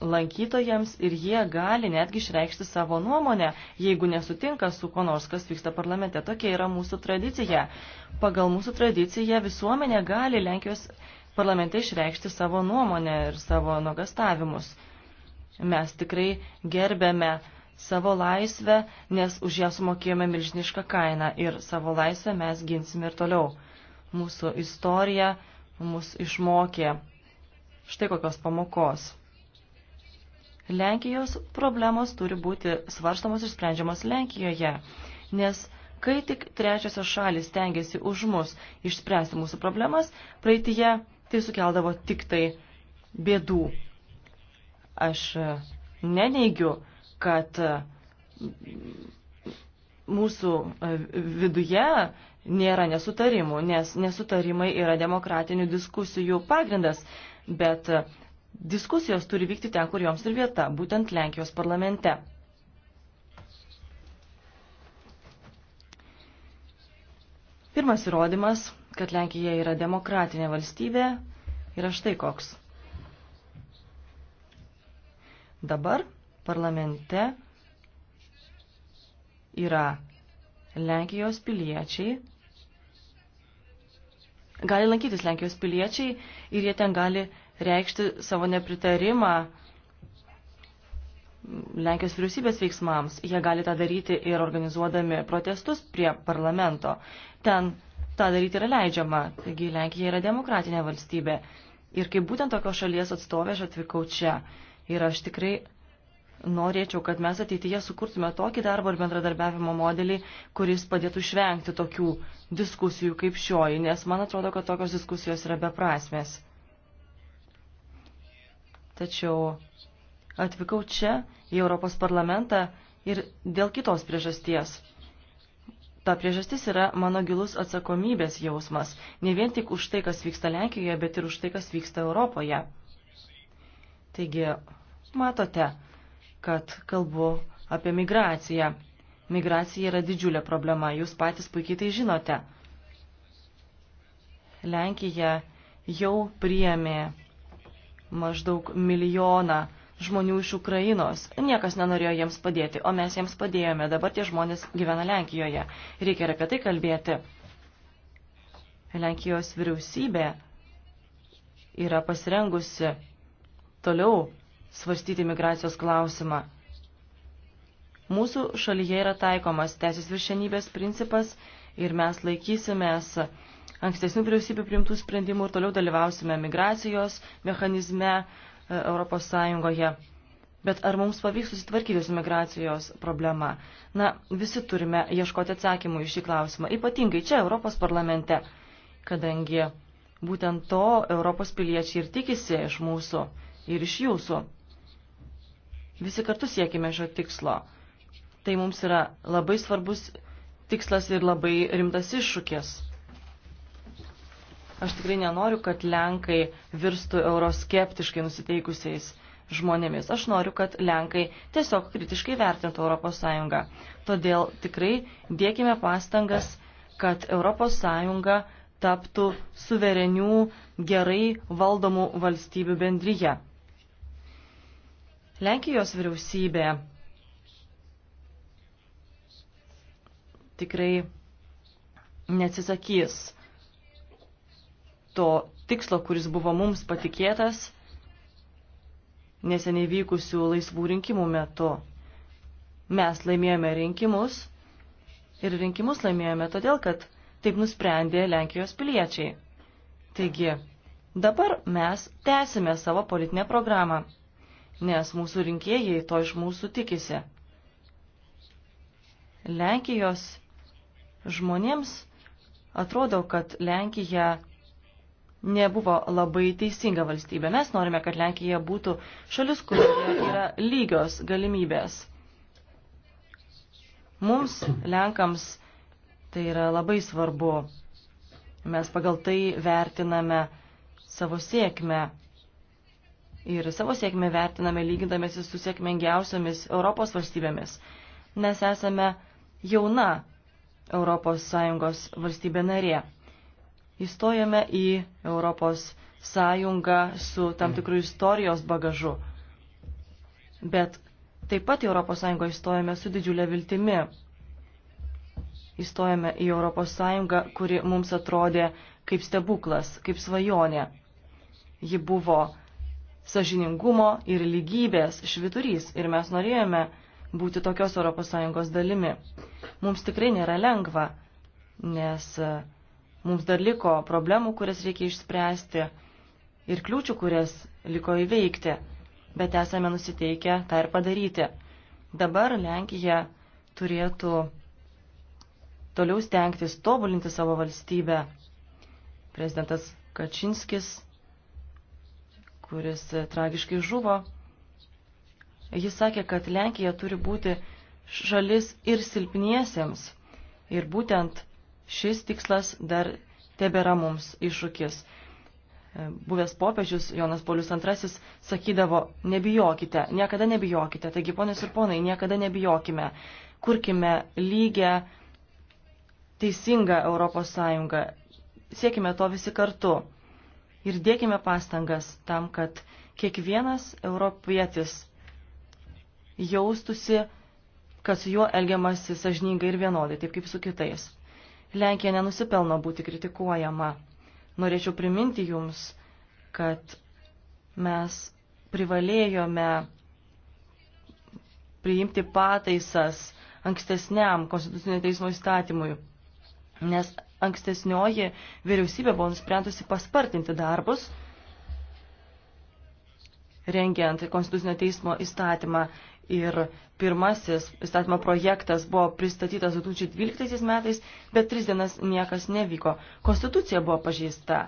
lankytojams ir jie gali netgi išreikšti savo nuomonę, jeigu nesutinka su ko nors, kas vyksta parlamente. Tokia yra mūsų tradicija. Pagal mūsų tradiciją visuomenė gali Lenkijos parlamente išreikšti savo nuomonę ir savo nuogastavimus. Mes tikrai gerbėme savo laisvę, nes už ją sumokėjome milžinišką kainą ir savo laisvę mes ginsime ir toliau. Mūsų istorija mus išmokė štai kokios pamokos. Lenkijos problemos turi būti svarstamos ir sprendžiamos Lenkijoje, nes kai tik trečiosios šalis tengiasi už mus išspręsti mūsų problemas, praeitie tai sukeldavo tik tai bėdų. Aš neneigiu, kad mūsų viduje nėra nesutarimų, nes nesutarimai yra demokratinių diskusijų pagrindas, bet diskusijos turi vykti ten, kur joms ir vieta, būtent Lenkijos parlamente. Pirmas įrodymas kad Lenkija yra demokratinė valstybė, yra štai koks. Dabar parlamente yra Lenkijos piliečiai, gali lankytis Lenkijos piliečiai ir jie ten gali reikšti savo nepritarimą Lenkijos vyriausybės veiksmams. Jie gali tą daryti ir organizuodami protestus prie parlamento. Ten tą daryti yra leidžiama. Taigi Lenkija yra demokratinė valstybė. Ir kaip būtent tokios šalies atstovė aš atvykau čia. Ir aš tikrai norėčiau, kad mes ateityje sukurtume tokį darbo ir bendradarbiavimo modelį, kuris padėtų išvengti tokių diskusijų kaip šioji, nes man atrodo, kad tokios diskusijos yra beprasmės. Tačiau atvykau čia į Europos parlamentą ir dėl kitos priežasties. Ta priežastis yra mano gilus atsakomybės jausmas, ne vien tik už tai, kas vyksta Lenkijoje, bet ir už tai, kas vyksta Europoje. Taigi, matote, kad kalbu apie migraciją. Migracija yra didžiulė problema, jūs patys puikiai tai žinote. Lenkija jau priėmė maždaug milijoną žmonių iš Ukrainos. Niekas nenorėjo jiems padėti, o mes jiems padėjome. Dabar tie žmonės gyvena Lenkijoje. Reikia ir apie tai kalbėti. Lenkijos vyriausybė yra pasirengusi toliau svarstyti migracijos klausimą. Mūsų šalyje yra taikomas teisės viršenybės principas ir mes laikysimės ankstesnių vyriausybių priimtų sprendimų ir toliau dalyvausime migracijos mechanizme, Europos Sąjungoje. Bet ar mums pavyks susitvarkyti su migracijos problema? Na, visi turime ieškoti atsakymų iš šį klausimą, ypatingai čia Europos parlamente, kadangi būtent to Europos piliečiai ir tikisi iš mūsų ir iš jūsų. Visi kartu siekime šio tikslo. Tai mums yra labai svarbus tikslas ir labai rimtas iššūkis. Aš tikrai nenoriu, kad Lenkai virstų euroskeptiškai nusiteikusiais žmonėmis. Aš noriu, kad Lenkai tiesiog kritiškai vertintų ES. Todėl tikrai dėkime pastangas, kad ES taptų suverenių, gerai valdomų valstybių bendryje. Lenkijos vyriausybė tikrai neatsisakys to tikslo, kuris buvo mums patikėtas neseniai vykusių laisvų rinkimų metu. Mes laimėjome rinkimus ir rinkimus laimėjome todėl, kad taip nusprendė Lenkijos piliečiai. Taigi, dabar mes tęsime savo politinę programą, nes mūsų rinkėjai to iš mūsų tikisi. Lenkijos žmonėms atrodo, kad Lenkija nebuvo labai teisinga valstybė. Mes norime, kad Lenkija būtų šalis, kurioje yra lygios galimybės. Mums, Lenkams, tai yra labai svarbu. Mes pagal tai vertiname savo sėkmę. Ir savo sėkmę vertiname lygindamėsi su sėkmingiausiamis Europos valstybėmis. Mes esame jauna Europos Sąjungos valstybė narė. Įstojame į Europos sąjungą su tam tikrų istorijos bagažu, bet taip pat į Europos sąjungą įstojame su didžiulė viltimi. Įstojame į Europos sąjungą, kuri mums atrodė kaip stebuklas, kaip svajonė. Ji buvo sažiningumo ir lygybės šviturys ir mes norėjome būti tokios Europos sąjungos dalimi. Mums tikrai nėra lengva, nes uh, Mums dar liko problemų, kurias reikia išspręsti ir kliūčių, kurias liko įveikti, bet esame nusiteikę tą ir padaryti. Dabar Lenkija turėtų toliau stengtis tobulinti savo valstybę. Prezidentas Kačinskis, kuris tragiškai žuvo, jis sakė, kad Lenkija turi būti šalis ir silpniesiems. Ir būtent Šis tikslas dar tebėra mums iššūkis. E, buvęs popiežius Jonas Paulius II sakydavo, nebijokite, niekada nebijokite. Taigi, ponės ir ponai, niekada nebijokime. Kurkime lygę, teisingą Europos Sąjungą. Siekime to visi kartu. Ir dėkime pastangas tam, kad kiekvienas europietis jaustusi, kad su juo elgiamasi sažiningai ir vienodai, taip kaip su kitais. Lenkija nenusipelno būti kritikuojama. Norėčiau priminti jums, kad mes privalėjome priimti pataisas ankstesniam konstitucinio teismo įstatymui, nes ankstesnioji vyriausybė buvo nusprendusi paspartinti darbus, rengiant konstitucinio teismo įstatymą Ir pirmasis įstatymo projektas buvo pristatytas 2012 metais, bet tris dienas niekas nevyko. Konstitucija buvo pažeista.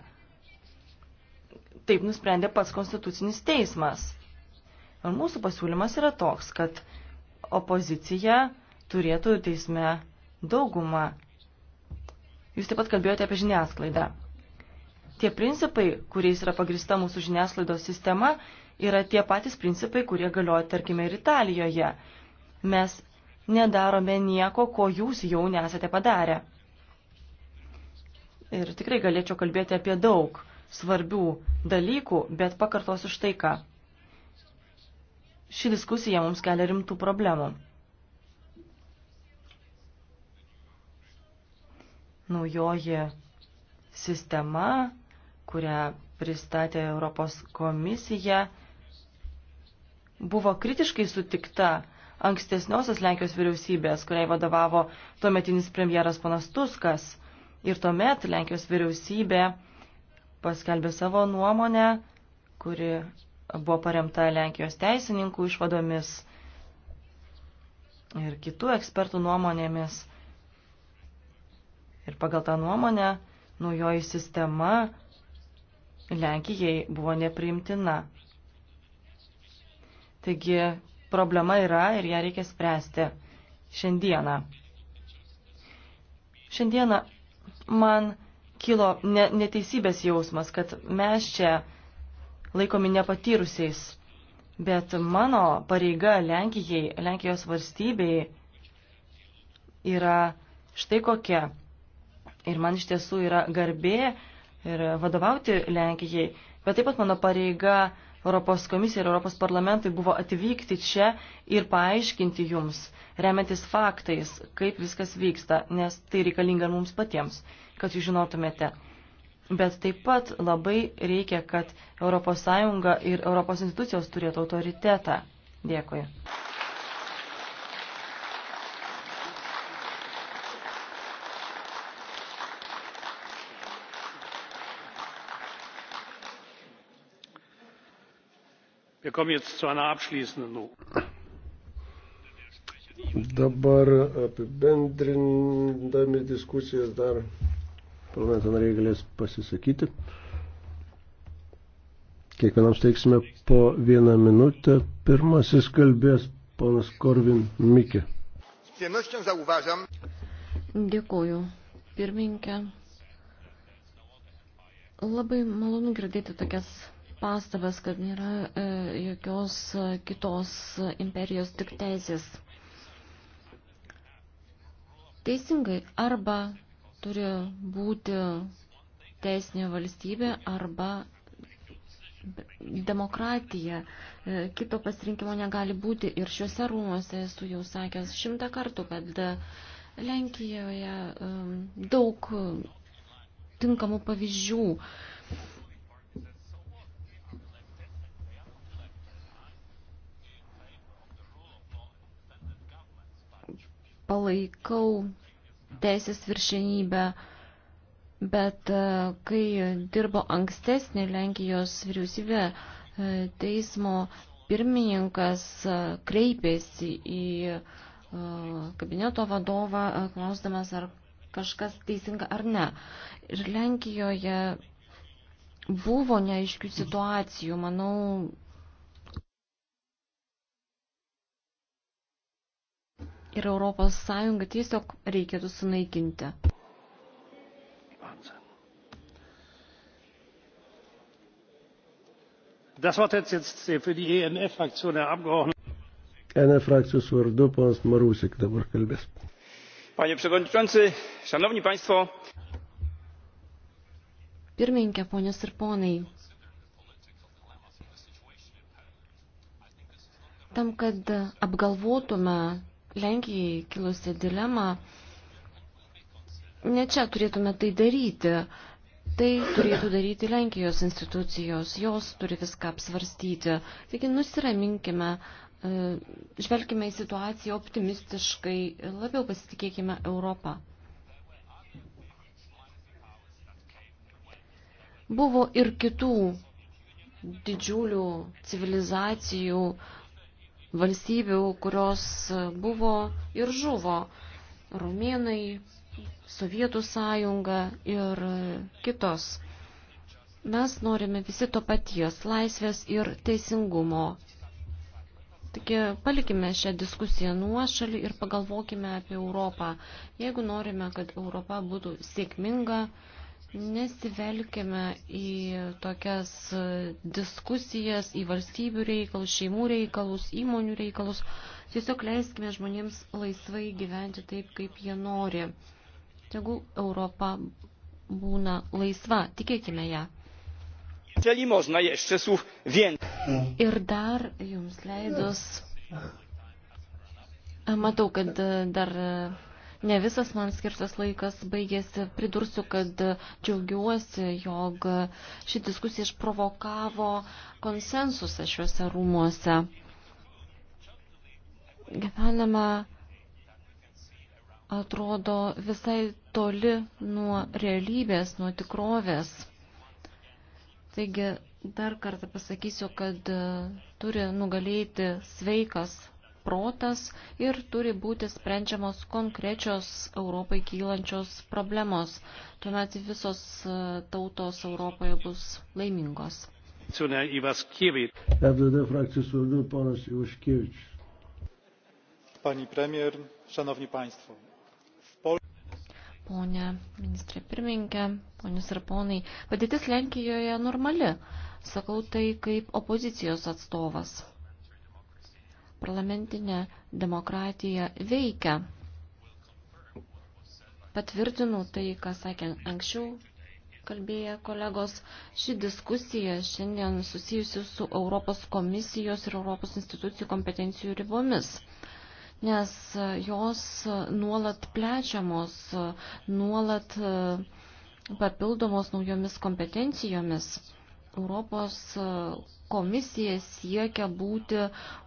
Taip nusprendė pats konstitucinis teismas. Ir mūsų pasiūlymas yra toks, kad opozicija turėtų teisme daugumą. Jūs taip pat kalbėjote apie žiniasklaidą. Tie principai, kuriais yra pagrista mūsų žiniasklaidos sistema, yra tie patys principai, kurie galioja, tarkime, ir Italijoje. Mes nedarome nieko, ko jūs jau nesate padarę. Ir tikrai galėčiau kalbėti apie daug svarbių dalykų, bet pakartosiu štai ką. Ši diskusija mums kelia rimtų problemų. Naujoji sistema, kurią pristatė Europos komisija, buvo kritiškai sutikta ankstesniosios Lenkijos vyriausybės, kuriai vadovavo tuometinis premjeras ponas Tuskas. Ir tuomet Lenkijos vyriausybė paskelbė savo nuomonę, kuri buvo paremta Lenkijos teisininkų išvadomis ir kitų ekspertų nuomonėmis. Ir pagal tą nuomonę naujoji sistema Lenkijai buvo nepriimtina. Taigi problema yra ir ją reikia spręsti šiandieną. Šiandieną man kilo ne, neteisybės jausmas, kad mes čia laikomi nepatyrusiais, bet mano pareiga Lenkijai, Lenkijos valstybei yra štai kokia. Ir man iš tiesų yra garbė ir vadovauti Lenkijai, bet taip pat mano pareiga Europos komisijai ir Europos parlamentui buvo atvykti čia ir paaiškinti jums, remiantis faktais, kaip viskas vyksta, nes tai reikalinga mums patiems, kad jūs žinotumėte. Bet taip pat labai reikia, kad ES ir ES institucijos turėtų autoritetą. Dėkui. Wir kommen jetzt zu einer abschließenden Note. Dabar apibendrindami diskusijas dar parlamento nariai galės pasisakyti. Kiekvienam steiksime po vieną minutę. Pirmasis kalbės ponas Korvin Mikė. Dėkuoju, pirmininkė. Labai malonu girdėti tokias pastabas, kad nėra e, jokios kitos imperijos, tik teisės. Teisingai, arba turi būti teisinė valstybė, arba demokratija. E, kito pasirinkimo negali būti. Ir šiuose rūmose esu jau sakęs šimtą kartų, kad Lenkijoje e, daug tinkamų pavyzdžių palaikau teisės viršenybę, bet e, kai dirbo ankstesnė Lenkijos vyriausybė, e, teismo pirmininkas e, kreipėsi į kabineto vadovą, klausdamas, ar kažkas teisinga ar ne. Ir Lenkijoje buvo neaiškių situacijų, manau, ir Europos Sąjungą tiesiog reikėtų sunaikinti. Das Wort hat jetzt für die ENF-Fraktion der Abgeordnete. ENF frakcijos vardu ponas Marusik dabar kalbės. Panie Przewodniczący, Szanowni Państwo. Pirmininkė, ponios ir ponai. Tam, kad apgalvotume Lenkijai kilusią dilemą, ne čia turėtume tai daryti. Tai turėtų daryti Lenkijos institucijos, jos turi viską apsvarstyti. Taigi nusiraminkime, e, žvelgime į situaciją optimistiškai, labiau pasitikėkime Europą. Buvo ir kitų didžiulių civilizacijų, valstybių, kurios buvo ir žuvo. Rumėnai, Sovietų sąjunga ir kitos. Mes norime visi to paties - laisvės ir teisingumo. Taigi palikime šią diskusiją nuošalį ir pagalvokime apie Europą. Jeigu norime, kad Europa būtų sėkminga, Nesivelkime į tokias diskusijas, į valstybių reikalus, šeimų reikalus, įmonių reikalus. Tiesiog leiskime žmonėms laisvai gyventi taip, kaip jie nori. Tegu Europa būna laisva, tikėkime ją. Ir dar jums leidus, matau, kad dar Ne visas man skirtas laikas baigėsi. Pridursiu, kad džiaugiuosi, jog ši diskusija išprovokavo konsensusą šiuose rūmuose. Gyvename, atrodo, visai toli nuo realybės, nuo tikrovės. Taigi, dar kartą pasakysiu, kad turi nugalėti sveikas protas ir turi būti sprendžiamos konkrečios Europai kylančios problemos. Tuomet visos e, tautos Europoje bus laimingos. FDD frakcijos vardu ponas Ivaškievičius. Pani premier, šanovni państwo. Pone ministrė pirmininkė, ponius ir ponai, padėtis Lenkijoje normali. Sakau tai kaip opozicijos atstovas parlamentinė demokratija veikia. Patvirtinu tai, ką sakė anksčiau kalbėję kolegos, ši diskusija šiandien susijusi su Europos komisijos ir Europos institucijų kompetencijų ribomis, nes jos nuolat plečiamos, nuolat papildomos naujomis kompetencijomis. Europos e, komisija siekia būti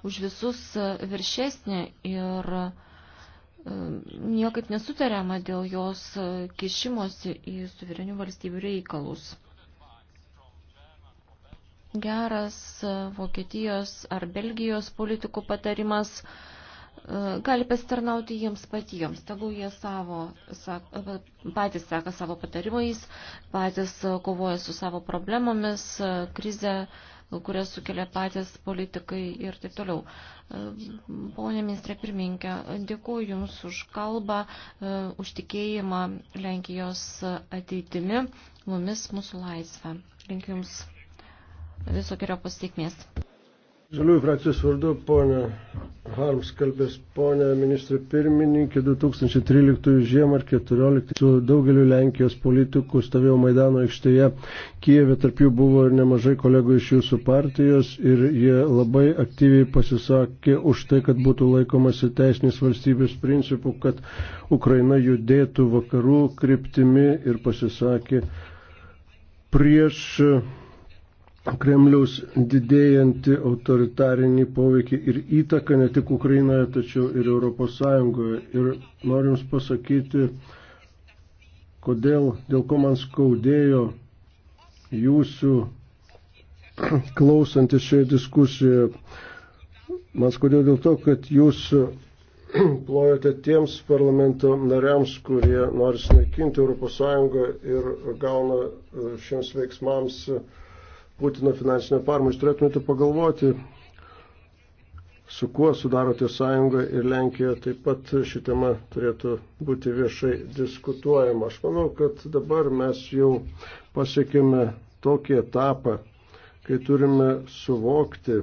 už visus e, viršesnė ir e, niekaip nesutariama dėl jos kišimosi į suverenių valstybių reikalus. Geras Vokietijos ar Belgijos politikų patarimas gali pasitarnauti jiems patiems. Tegul jie savo, sak, patys seka savo patarimais, patys kovoja su savo problemomis, krize, kurias sukelia patys politikai ir taip toliau. Pone ministrė pirminkė, dėkuoju Jums už kalbą, už tikėjimą Lenkijos ateitimi, mumis mūsų laisvę. Linkiu Jums visokio pasiekmės. Žaliųjų frakcijos vardu, ponė Harms kalbės, ponė ministrė pirmininkė, 2013 žiemą ar 14 su daugeliu Lenkijos politikų stovėjo Maidano aikštėje Kijeve, tarp jų buvo ir nemažai kolegų iš jūsų partijos ir jie labai aktyviai pasisakė už tai, kad būtų laikomasi teisinės valstybės principų, kad Ukraina judėtų vakarų kryptimi ir pasisakė prieš Kremliaus didėjantį autoritarinį poveikį ir įtaką ne tik Ukrainoje, tačiau ir Europos Sąjungoje. Ir noriu Jums pasakyti, kodėl, dėl ko man skaudėjo Jūsų *clears throat* klausantis šioje diskusijoje. Man skaudėjo dėl to, kad Jūs *clears throat* plojote tiems parlamento nariams, kurie nori sunaikinti Europos Sąjungą ir gauna e, šiems veiksmams būtiną finansinę paramą. Jūs turėtumėte pagalvoti, su kuo sudarote sąjungą ir Lenkijoje taip pat ši tema turėtų būti viešai diskutuojama. Aš manau, kad dabar mes jau pasiekime tokį etapą, kai turime suvokti,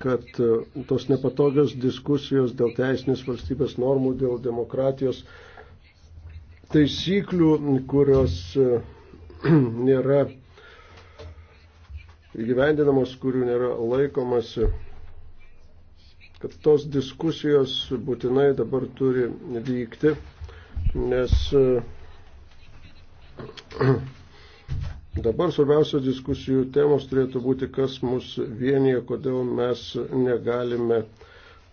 kad e, tos nepatogios diskusijos dėl teisinės valstybės normų, dėl demokratijos taisyklių, kurios e, *clears throat* nėra įgyvendinamos, kurių nėra laikomasi, kad tos diskusijos būtinai dabar turi vykti, nes *clears throat* dabar svarbiausios diskusijų temos turėtų būti, kas mus vienyje, kodėl mes negalime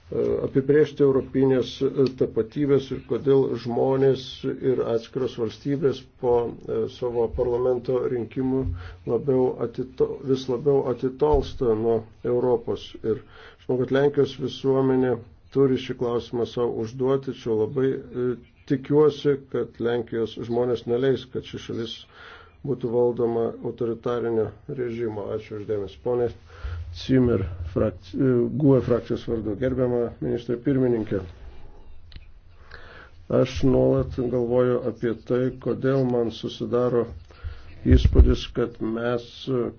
E, apibrėžti europinės e, tapatybės ir kodėl žmonės ir atskiros valstybės po e, savo parlamento rinkimų labiau atito, vis labiau atitolsta nuo Europos. Ir žinau, kad Lenkijos visuomenė turi šį klausimą savo užduoti, čia labai tikiuosi, kad Lenkijos žmonės neleis, kad ši šalis būtų valdoma autoritarinio režimo. Ačiū uždėmesi, ponės. Cimer frakci... E, GUE frakcijos vardu. Gerbiama ministrė pirmininkė, aš nuolat galvoju apie tai, kodėl man susidaro įspūdis, kad mes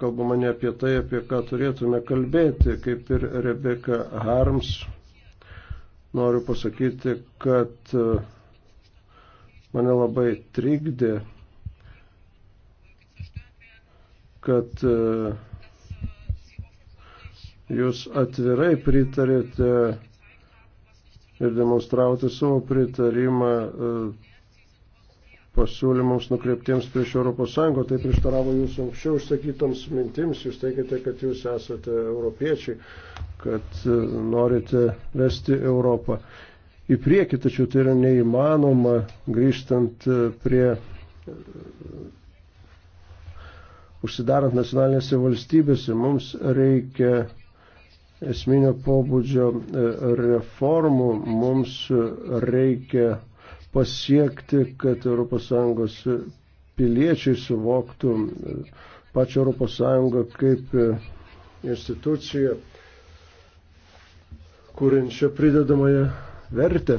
kalbame ne apie tai, apie ką turėtume kalbėti, kaip ir Rebeka Harms. Noriu pasakyti, kad e, mane labai trikdė, kad uh, jūs atvirai pritarėte ir demonstravote savo pritarimą e, pasiūlymams nukreiptiems prieš Europos Sąjungą, tai prieštaravo jūsų anksčiau užsakytoms mintims, jūs teikite, kad jūs esate europiečiai, kad e, norite vesti Europą į priekį, tačiau tai yra neįmanoma grįžtant e, prie užsidarant nacionalinėse valstybėse, mums reikia esminio pobūdžio e, reformų mums reikia pasiekti, kad ES piliečiai suvoktų e, pačią ES kaip e, instituciją, kūrinčią pridedamąją vertę.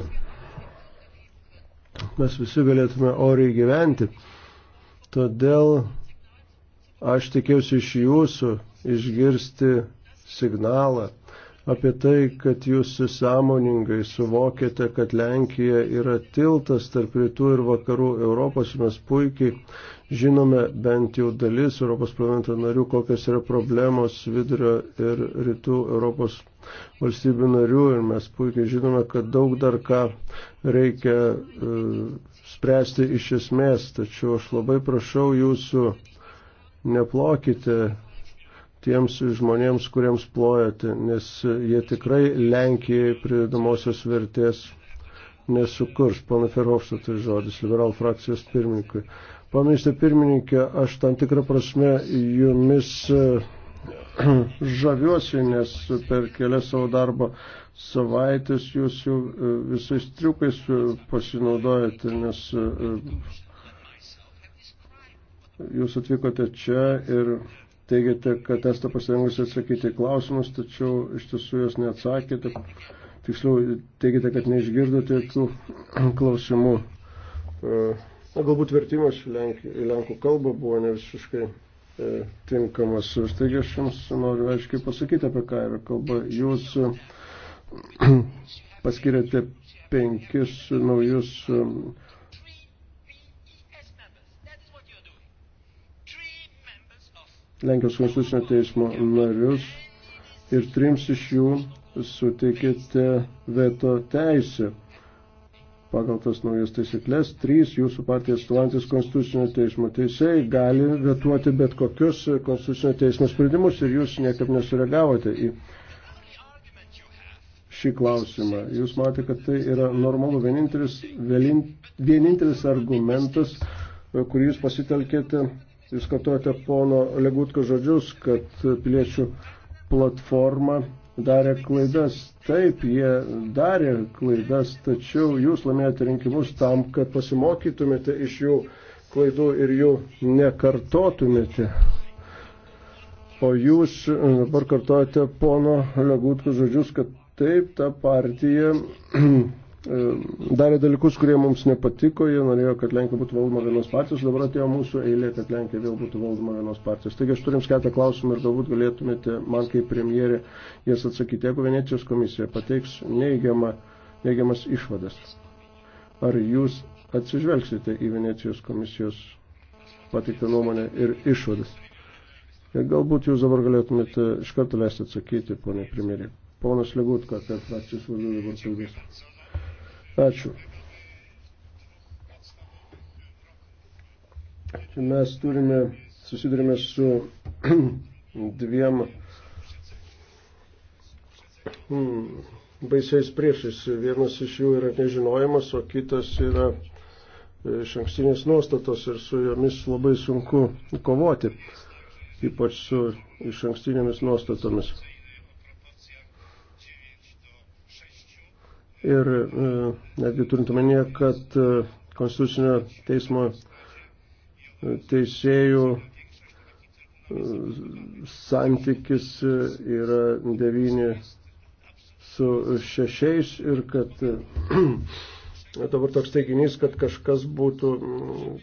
Mes visi galėtume oriai gyventi. Todėl aš tikėjausi iš jūsų išgirsti signalą apie tai, kad jūs sąmoningai suvokėte, kad Lenkija yra tiltas tarp rytų ir vakarų Europos. Mes puikiai žinome bent jau dalis Europos parlamento narių, kokios yra problemos vidurio ir rytų Europos valstybių narių ir mes puikiai žinome, kad daug dar ką reikia e, spręsti iš esmės. Tačiau aš labai prašau jūsų neplokite tiems žmonėms, kuriems plojate, nes jie tikrai Lenkijai pridamosios vertės nesukurs. Pana Ferhofšta, tai žodis, liberal frakcijos pirmininkui. Pamėstė pirmininkė, aš tam tikrą prasme jumis eh, *clears throat* žaviuosi, nes per kelias savo darbo savaitės jūs jau eh, visais triukais eh, pasinaudojate, nes jūs atvykote čia ir Teigiate, kad esate pasirengusi atsakyti klausimus, tačiau iš tiesų jos neatsakėte. Tiksliau, teigiate, kad neišgirdote jokių *clears throat* klausimų. E, na, galbūt vertimas į lenkų, į lenkų kalbą buvo ne visiškai e, tinkamas. Taigi aš jums noriu aiškiai pasakyti, apie ką yra kalba. Jūs e, *clears throat* paskiriate penkis naujus e, Lenkijos konstitucinio teismo narius ir trims iš jų suteikėte veto teisę. Pagal tas naujas taisyklės, trys jūsų partijos atstovantis konstitucinio teismo teisėjai gali vetuoti bet kokius konstitucinio teismo sprendimus ir jūs niekaip nesureagavote į šį klausimą. Jūs matėte, kad tai yra normalu. Vienintelis, vienintelis argumentas, kurį jūs pasitelkėte Jūs kartuojate pono Legutko žodžius, kad piliečių platforma darė klaidas. Taip, jie darė klaidas, tačiau jūs laimėjote rinkimus tam, kad pasimokytumėte iš jų klaidų ir jų nekartotumėte. O jūs dabar kartuojate pono Legutko žodžius, kad taip, ta partija E, darė dalykus, kurie mums nepatiko, jie norėjo, kad Lenkija būtų valdoma vienos partijos, dabar atėjo mūsų eilė, kad Lenkija vėl būtų valdoma vienos partijos. Taigi aš turim keletą klausimų ir galbūt galėtumėte man kaip premjerė jas atsakyti, jeigu Venecijos komisija pateiks neigiamą, neigiamas išvadas. Ar jūs atsižvelgsite į Venecijos komisijos pateiktą nuomonę ir išvadas? Ir galbūt jūs dabar galėtumėte iš karto leisti atsakyti, ponė premjerė. Ponas Legutka, kad frakcijos vadovas dabar kalbės. Ačiū. Čia mes turime, susidurime su *clears throat* dviem hmm, baisiais priešais. Vienas iš jų yra nežinojimas, o kitas yra e, iš ankstinės nuostatos ir su jomis labai sunku kovoti, ypač su iš ankstinėmis nuostatomis. ir e, netgi turint omenyje, kad e, Konstitucinio teismo e, teisėjų santykis yra 9 su 6 ir kad *clears throat* dabar toks teiginys, kad kažkas, būtų,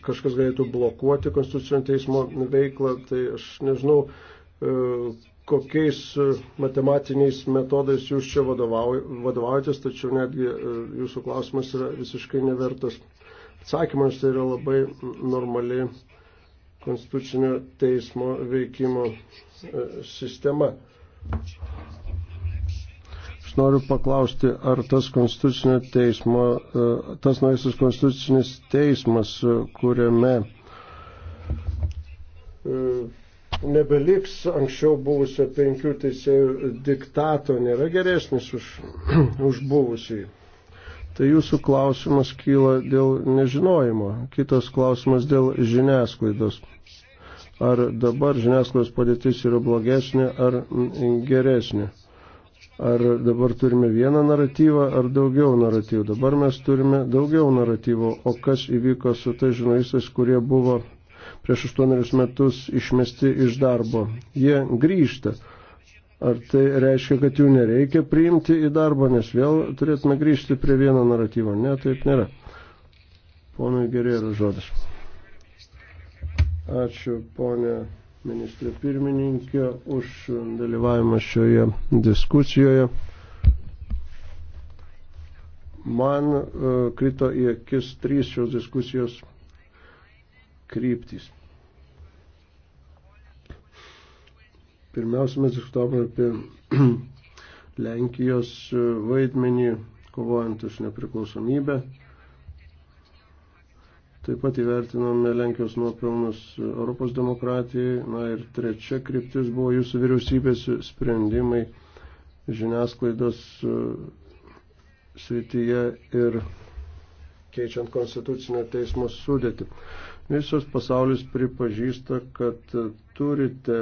kažkas galėtų blokuoti Konstitucinio teismo veiklą, tai aš nežinau, kokiais e, matematiniais metodais jūs čia vadovaujatės, tačiau netgi e, jūsų klausimas yra visiškai nevertas. Atsakymas tai yra labai normali konstitucinio teismo veikimo e, sistema. Aš noriu paklausti, ar tas konstitucinio teismo, tas naujasis konstitucinis teismas, kuriame nebeliks anksčiau buvusio penkių teisėjų diktato, nėra geresnis už, *clears throat* už buvusį. Tai jūsų klausimas kyla dėl nežinojimo, kitas klausimas dėl žiniasklaidos. Ar dabar žiniasklaidos padėtis yra blogesnė ar geresnė? Ar dabar turime vieną naratyvą ar daugiau naratyvų? Dabar mes turime daugiau naratyvų, o kas įvyko su tai žurnalistais, kurie buvo prieš 8 metus išmesti iš darbo. Jie grįžta. Ar tai reiškia, kad jų nereikia priimti į darbą, nes vėl turėtume grįžti prie vieno naratyvo? Ne, taip nėra. Ponui Gerėro žodis. Ačiū, ponė ministrė pirmininkė, už dalyvavimą šioje diskusijoje man e, krito į akis trys šios diskusijos kryptys. Pirmiausia, mes diskutavome apie *clears throat* Lenkijos e, vaidmenį, kovojant už nepriklausomybę. Taip pat įvertinome Lenkijos nuopelnus Europos demokratijai. Na ir trečia kryptis buvo jūsų vyriausybės sprendimai žiniasklaidos e, srityje ir keičiant konstitucinio teismo sudėtį. Visos pasaulis pripažįsta, kad turite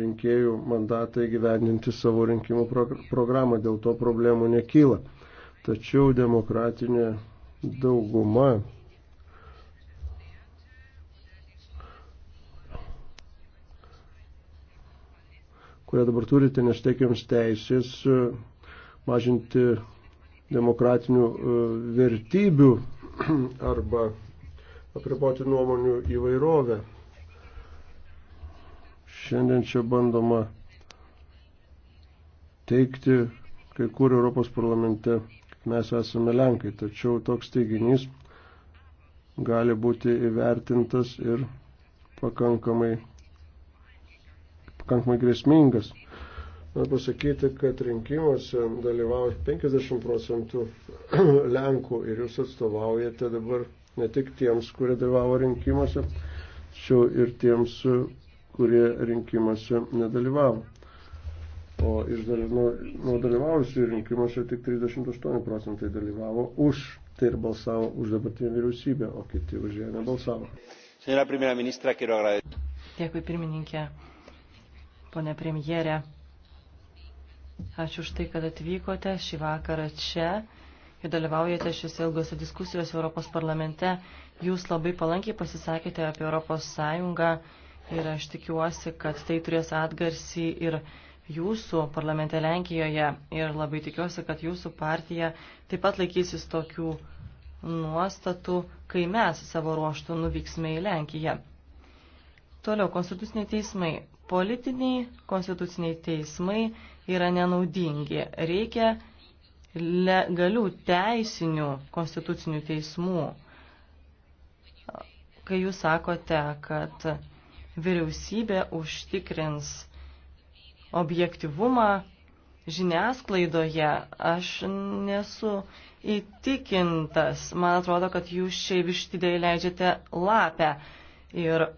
rinkėjų mandatą įgyvendinti savo rinkimų programą, dėl to problemų nekyla. Tačiau demokratinė dauguma kurią dabar turite, nes teikiams teisės e, mažinti demokratinių e, vertybių *clears throat* arba apriboti nuomonių įvairovę. Šiandien čia bandoma teikti kai kur Europos parlamente, kad mes esame Lenkai, tačiau toks teiginys gali būti įvertintas ir pakankamai, pakankamai grėsmingas. Noriu pasakyti, kad rinkimuose dalyvauja 50 procentų *clears throat* Lenkų ir jūs atstovaujate dabar ne tik tiems, kurie dalyvavo rinkimuose, tačiau ir tiems, kurie rinkimuose nedalyvavo. O iš nu, dalyvavusių rinkimuose tik 38 procentai dalyvavo už tai ir balsavo už dabartinę vyriausybę, o kiti už ją nebalsavo. Dėkui pirmininkė, ponė premjerė. Ačiū už tai, kad atvykote šį vakarą čia kai dalyvaujate šiuose ilgose diskusijose Europos parlamente. Jūs labai palankiai pasisakėte apie Europos Sąjungą ir aš tikiuosi, kad tai turės atgarsį ir jūsų parlamente Lenkijoje ir labai tikiuosi, kad jūsų partija taip pat laikysis tokių nuostatų, kai mes savo ruoštų nuvyksime į Lenkiją. Toliau, konstituciniai teismai. Politiniai konstituciniai teismai yra nenaudingi. Reikia legalių teisinių konstitucinių teismų, kai jūs sakote, kad vyriausybė užtikrins objektivumą žiniasklaidoje, aš nesu įtikintas. Man atrodo, kad jūs čia vištidėje leidžiate lapę ir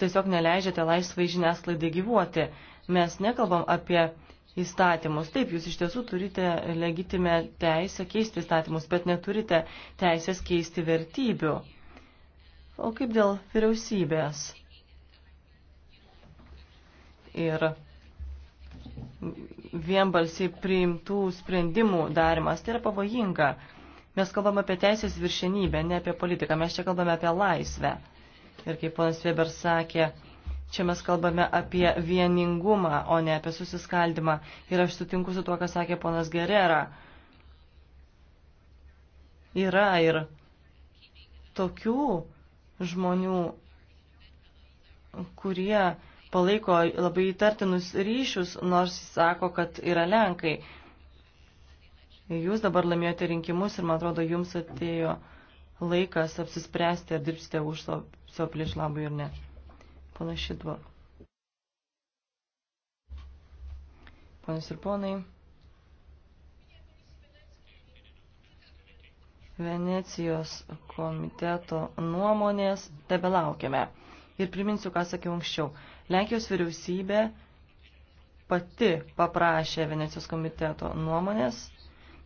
tiesiog neleidžiate laisvai žiniasklaidai gyvuoti. Mes nekalbam apie įstatymus. Taip, jūs iš tiesų turite legitimę teisę keisti įstatymus, bet neturite teisės keisti vertybių. O kaip dėl vyriausybės? Ir vienbalsiai priimtų sprendimų darimas, tai yra pavojinga. Mes kalbam apie teisės viršenybę, ne apie politiką. Mes čia kalbame apie laisvę. Ir kaip ponas Weber sakė, Čia mes kalbame apie vieningumą, o ne apie susiskaldimą. Ir aš sutinku su tuo, ką sakė ponas Gerera. Yra ir tokių žmonių, kurie palaiko labai įtartinus ryšius, nors sako, kad yra Lenkai. Jūs dabar laimėjote rinkimus ir, man atrodo, jums atėjo laikas apsispręsti, ar dirbsite už savo, savo prieš labai ir ne. Pana Šidvor. Panas ir ponai. Venecijos komiteto nuomonės tebelaukiame. Ir priminsiu, ką sakiau anksčiau. Lenkijos vyriausybė pati paprašė Venecijos komiteto nuomonės,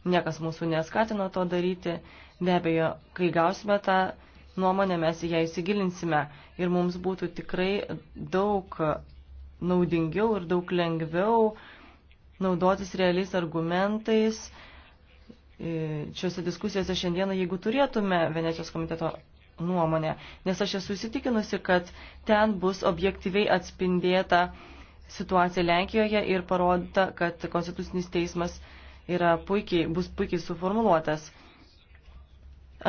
niekas mūsų neskatino to daryti. Be abejo, kai gausime tą nuomonę, mes į ją įsigilinsime ir mums būtų tikrai daug naudingiau ir daug lengviau naudotis realiais argumentais e, šiuose diskusijose šiandieną, jeigu turėtume Venecijos komiteto nuomonę, nes aš esu įsitikinusi, kad ten bus objektyviai atspindėta situacija Lenkijoje ir parodyta, kad Konstitucinis teismas yra puikiai, bus puikiai suformuluotas.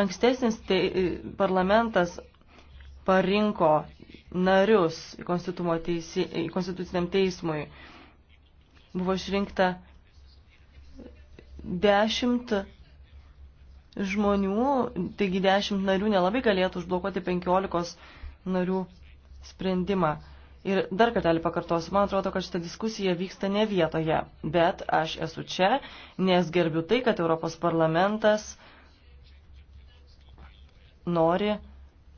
Ankstesnis te, e, parlamentas parinko narius teisi, konstituciniam teismui. Buvo išrinkta dešimt žmonių, taigi dešimt narių nelabai galėtų užblokuoti penkiolikos narių sprendimą. Ir dar kartelį pakartosiu, man atrodo, kad šita diskusija vyksta ne vietoje, bet aš esu čia, nes gerbiu tai, kad Europos parlamentas nori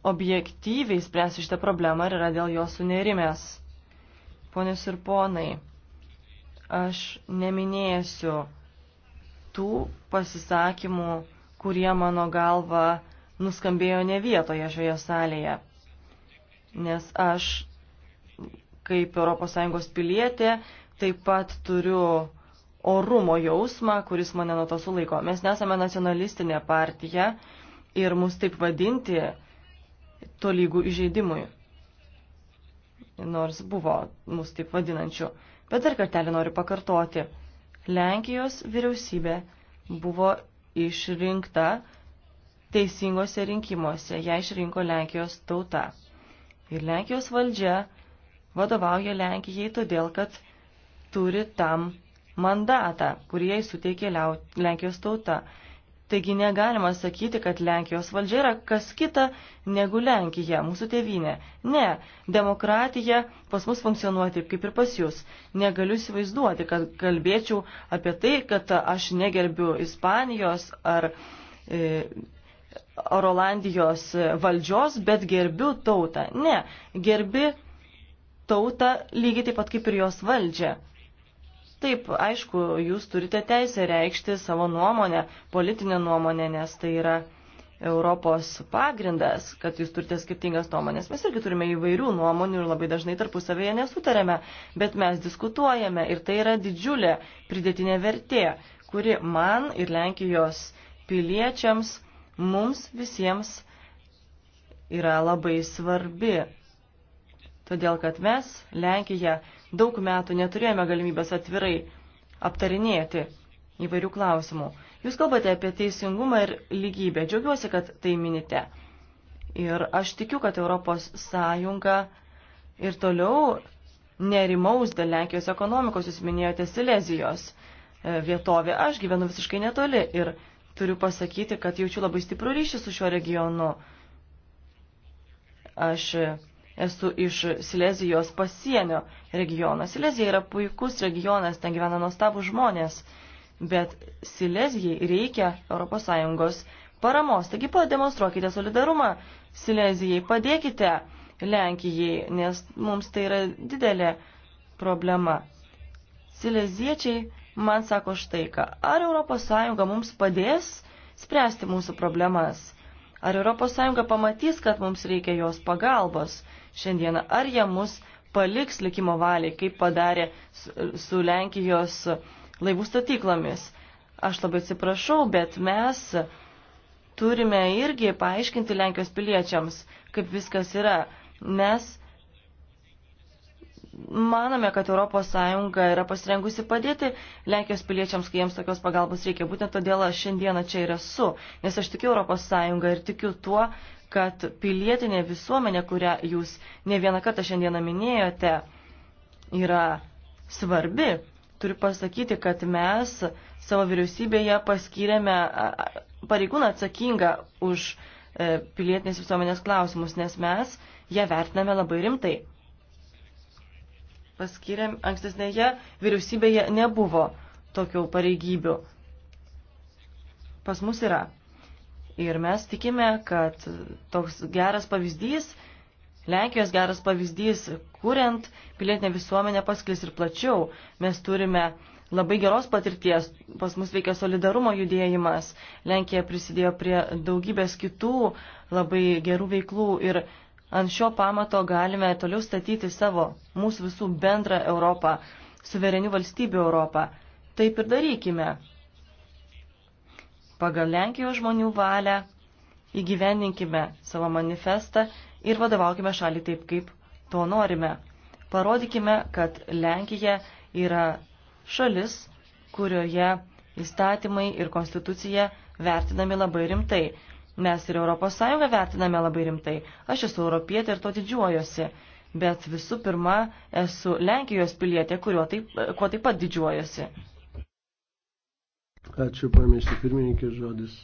objektyviai spręs šitą problemą ir yra dėl jo sunerimęs. Ponius ir ponai, aš neminėsiu tų pasisakymų, kurie mano galva nuskambėjo ne vietoje šioje salėje, nes aš kaip ES pilietė taip pat turiu orumo jausmą, kuris mane nuo to sulaiko. Mes nesame nacionalistinė partija ir mus taip vadinti tolygų įžeidimui. Nors buvo mus taip vadinančių. Bet dar kartelį noriu pakartoti. Lenkijos vyriausybė buvo išrinkta teisingose rinkimuose. Ją išrinko Lenkijos tauta. Ir Lenkijos valdžia vadovauja Lenkijai todėl, kad turi tam mandatą, kurį jai suteikė Lenkijos tauta. Taigi negalima sakyti, kad Lenkijos valdžia yra kas kita negu Lenkija, mūsų tėvynė. Ne, demokratija pas mus funkcionuoja taip kaip ir pas jūs. Negaliu įsivaizduoti, kad kalbėčiau apie tai, kad aš negerbiu Ispanijos ar. E, ar Olandijos valdžios, bet gerbiu tautą. Ne, gerbi tautą lygiai taip pat kaip ir jos valdžią. Taip, aišku, jūs turite teisę reikšti savo nuomonę, politinę nuomonę, nes tai yra Europos pagrindas, kad jūs turite skirtingas nuomonės. Mes irgi turime įvairių nuomonių ir labai dažnai tarpusavėje nesutarėme, bet mes diskutuojame ir tai yra didžiulė pridėtinė vertė, kuri man ir Lenkijos piliečiams, mums visiems yra labai svarbi. Todėl, kad mes, Lenkija, daug metų neturėjome galimybės atvirai aptarinėti įvairių klausimų. Jūs kalbate apie teisingumą ir lygybę. Džiaugiuosi, kad tai minite. Ir aš tikiu, kad Europos Sąjunga ir toliau nerimaus dėl Lenkijos ekonomikos, jūs minėjote Silezijos e, vietovė. Aš gyvenu visiškai netoli ir turiu pasakyti, kad jaučiu labai stiprų ryšį su šiuo regionu. Aš esu iš Silezijos pasienio regiono. Silezija yra puikus regionas, ten gyvena nuostabų žmonės, bet Silezijai reikia ES paramos. Taigi pademonstruokite solidarumą Silezijai, padėkite Lenkijai, nes mums tai yra didelė problema. Sileziečiai man sako štai ką, ar ES mums padės spręsti mūsų problemas? Ar ES pamatys, kad mums reikia jos pagalbos? šiandieną, ar jie mus paliks likimo valiai, kaip padarė su Lenkijos laivų statyklomis. Aš labai atsiprašau, bet mes turime irgi paaiškinti Lenkijos piliečiams, kaip viskas yra. Mes manome, kad ES yra pasirengusi padėti Lenkijos piliečiams, kai jiems tokios pagalbos reikia. Būtent todėl aš šiandieną čia ir esu, nes aš tikiu ES ir tikiu tuo, kad pilietinė visuomenė, kurią jūs ne vieną kartą šiandieną minėjote, yra svarbi. Turiu pasakyti, kad mes savo vyriausybėje paskyrėme pareigūną atsakingą už e, pilietinės visuomenės klausimus, nes mes ją vertiname labai rimtai paskiriam ankstesnėje vyriausybėje nebuvo tokių pareigybių. Pas mus yra. Ir mes tikime, kad toks geras pavyzdys, Lenkijos geras pavyzdys, kuriant pilietinę visuomenę pasklis ir plačiau. Mes turime labai geros patirties, pas mus veikia solidarumo judėjimas, Lenkija prisidėjo prie daugybės kitų labai gerų veiklų ir Ant šio pamato galime toliau statyti savo, mūsų visų bendrą Europą, suverenių valstybių Europą. Taip ir darykime. Pagal Lenkijos žmonių valią įgyvendinkime savo manifestą ir vadovaukime šalį taip, kaip to norime. Parodykime, kad Lenkija yra šalis, kurioje įstatymai ir konstitucija vertinami labai rimtai. Mes ir ES vertiname labai rimtai. Aš esu europietė ir to didžiuojosi. Bet visų pirma, esu Lenkijos pilietė, taip, kuo taip pat didžiuojosi. Ačiū, pamėsiu pirmininkė žodis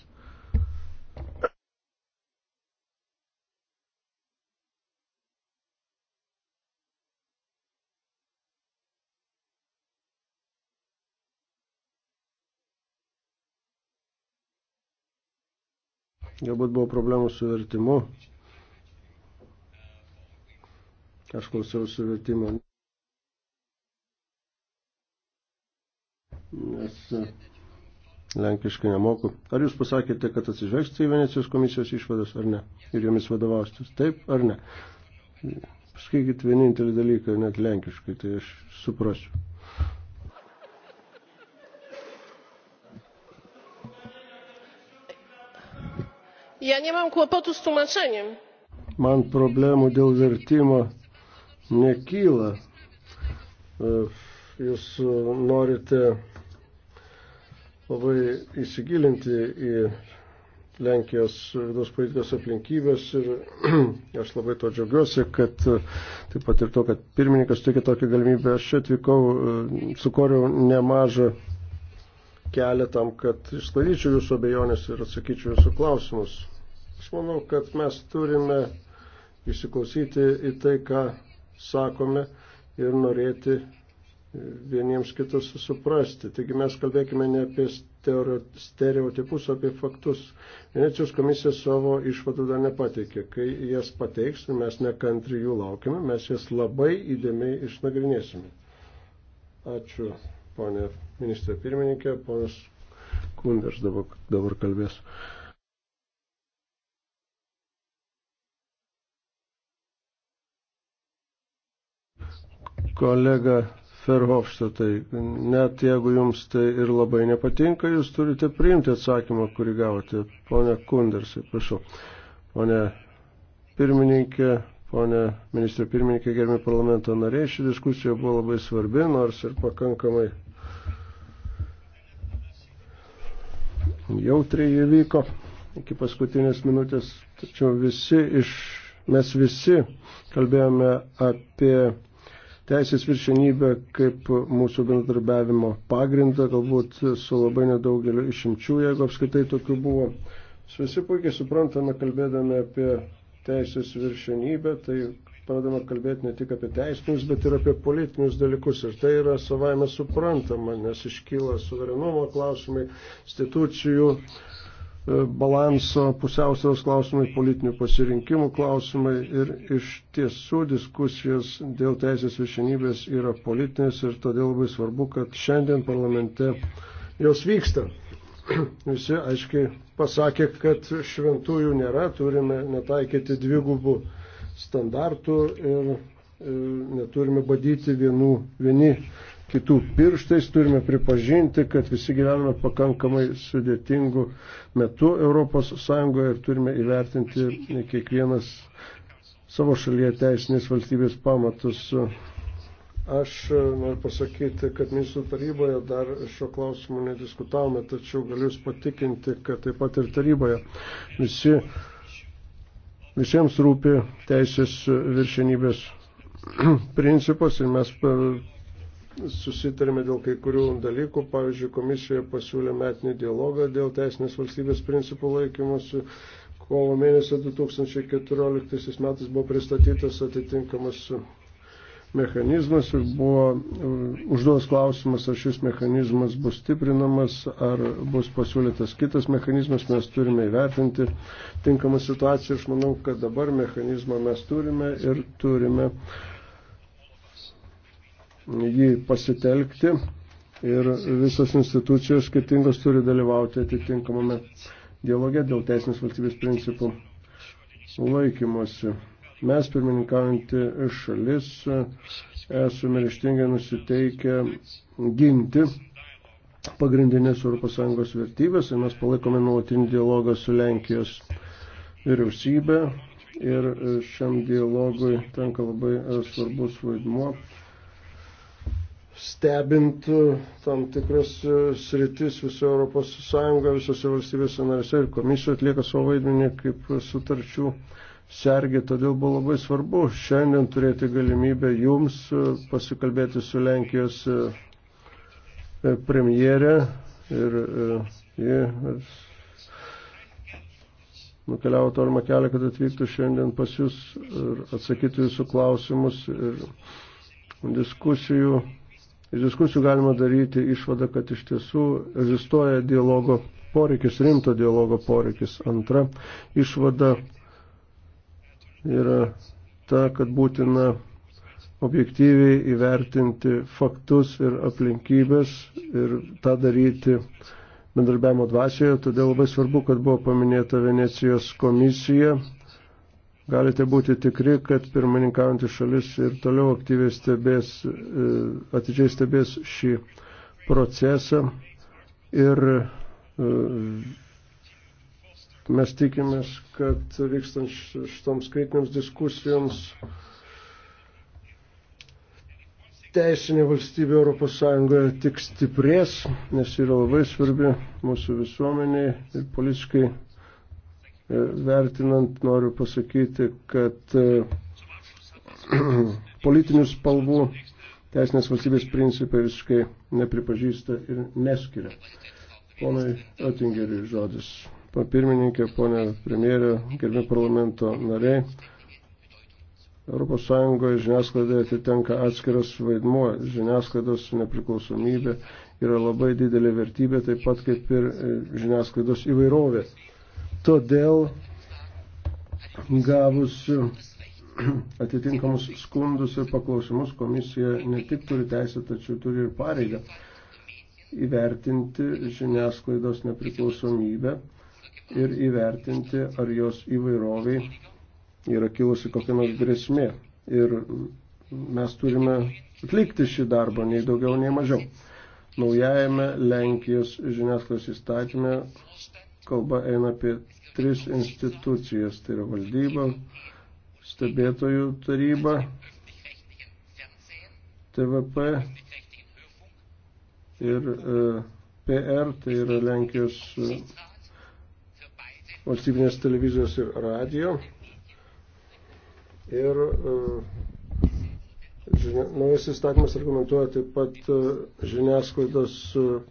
Galbūt buvo problemų su vertimu. Aš klausiausi vertimo. Nes e, lenkiškai nemoku. Ar jūs pasakėte, kad atsižvelgsite į Venecijos komisijos išvadas ar ne? Ir jomis vadovausitės? Taip ar ne? Pasakykit vienintelį dalyką, net lenkiškai, tai aš suprasiu. Ja nie mam kłopotu z tłumaczeniem. Man problemų dėl vertimo nekyla. E, jūs e, norite labai įsigilinti į Lenkijos vidaus politikos aplinkybės ir *clears throat* aš labai to džiaugiuosi, kad e, taip pat ir to, kad pirmininkas turi tokią galimybę, aš čia atvykau, sukoriau nemažą kelią tam, kad išsklaidyčiau jūsų abejonės ir atsakyčiau jūsų klausimus. Aš manau, kad mes turime įsiklausyti į tai, ką sakome ir norėti vieniems kitus suprasti. Taigi mes kalbėkime ne apie stereotipus, apie faktus. Venecijos komisija savo išvadų dar nepateikė. Kai jas pateiks, mes nekantri jų laukime, mes jas labai įdėmiai išnagrinėsime. Ačiū, ponė ministrė pirmininkė, ponas Kunders dabar, dabar kalbės. kolega Ferhofštatai, net jeigu jums tai ir labai nepatinka, jūs turite priimti atsakymą, kurį gavote. Pone Kundersai, prašau. Pone pirmininkė, Pone ministrė pirmininkė, gerbimi parlamento nariai, ši diskusija buvo labai svarbi, nors ir pakankamai jautriai įvyko iki paskutinės minutės, tačiau visi iš, mes visi kalbėjome apie teisės viršenybę kaip mūsų bendradarbiavimo pagrindą, galbūt su labai nedaugeliu išimčių, jeigu apskaitai tokių buvo. Mes visi puikiai suprantame, kalbėdami apie teisės viršenybę, tai pradame kalbėti ne tik apie teisinius, bet ir apie politinius dalykus. Ir tai yra savaime suprantama, nes iškyla suverenumo klausimai, institucijų E, balanso pusiausvėros klausimai, politinių pasirinkimų klausimai ir iš tiesų diskusijos dėl teisės viršenybės yra politinės ir todėl labai svarbu, kad šiandien parlamente jos vyksta. *clears throat* Visi aiškiai pasakė, kad šventųjų nėra, turime netaikyti dvigubų standartų ir e, neturime badyti vienų, vieni kitų pirštais, turime pripažinti, kad visi gyvename pakankamai sudėtingų metų ES ir turime įvertinti kiekvienas savo šalyje teisinės valstybės pamatus. Aš noriu pasakyti, kad ministrų taryboje dar šio klausimu nediskutavome, tačiau galiu jūs patikinti, kad taip pat ir taryboje visi, visiems rūpi teisės viršenybės *clears throat* principas ir mes susitarėme dėl kai kurių dalykų. Pavyzdžiui, komisija pasiūlė metinį dialogą dėl teisinės valstybės principų laikymosi. Kovo mėnesio 2014 metais buvo pristatytas atitinkamas mechanizmas ir buvo e, užduos klausimas, ar šis mechanizmas bus stiprinamas, ar bus pasiūlytas kitas mechanizmas, mes turime įvertinti tinkamą situaciją. Aš manau, kad dabar mechanizmą mes turime ir turime uh, jį pasitelkti ir visos institucijos skirtingos turi dalyvauti atitinkamame dialoge dėl teisinės valstybės principų laikymosi. Mes, pirmininkaujantį šalis, esame ryštingai nusiteikę ginti pagrindinės ES vertybės ir mes palaikome nuolatinį dialogą su Lenkijos vyriausybė ir šiam dialogui tenka labai svarbus vaidmuo stebint e, tam tikras e, sritis viso Europos Sąjunga, visose valstybėse narėse ir komisija atlieka savo vaidmenį kaip sutarčių sergė. Todėl buvo labai svarbu šiandien turėti galimybę jums e, pasikalbėti su Lenkijos premjerė ir ji nukeliavo tolimą kelią, kad atvyktų šiandien pas jūs ir atsakytų jūsų klausimus ir diskusijų Iš diskusijų galima daryti išvadą, kad iš tiesų egzistuoja dialogo poreikis, rimto dialogo poreikis. Antra išvada yra ta, kad būtina objektyviai įvertinti faktus ir aplinkybės ir tą daryti bendarbiavimo dvasioje. Todėl labai svarbu, kad buvo paminėta Venecijos komisija galite būti tikri, kad pirmininkaujantis šalis ir toliau aktyviai stebės, e, atidžiai stebės šį procesą ir e, mes tikimės, kad vykstant šitoms skaitiniams diskusijoms teisinė valstybė Europos Sąjungoje tik stiprės, nes yra labai svarbi mūsų visuomeniai ir politiškai E, vertinant noriu pasakyti, kad e, *clears throat* politinių spalvų teisinės valstybės principai visiškai nepripažįsta ir neskiria. Ponai Otingeriui žodis. Papirmininkė, ponė premjerė, gerbė parlamento nariai. ES žiniasklaidai atitenka atskiras vaidmuo. Žiniasklaidos nepriklausomybė yra labai didelė vertybė, taip pat kaip ir e, žiniasklaidos įvairovė. Todėl gavus atitinkamus skundus ir paklausimus komisija ne tik turi teisę, tačiau turi ir pareigą įvertinti žiniasklaidos nepriklausomybę ir įvertinti, ar jos įvairoviai yra kilusi kokia nors grėsmė. Ir mes turime atlikti šį darbą, nei daugiau, nei mažiau. Naujajame Lenkijos žiniasklaidos įstatymė kalba eina apie tris institucijas, tai yra valdyba, stebėtojų taryba, TVP ir e, PR, tai yra Lenkijos e, valstybinės televizijos ir radio. Ir e, naujas įstatymas argumentuoja taip pat žiniasklaidos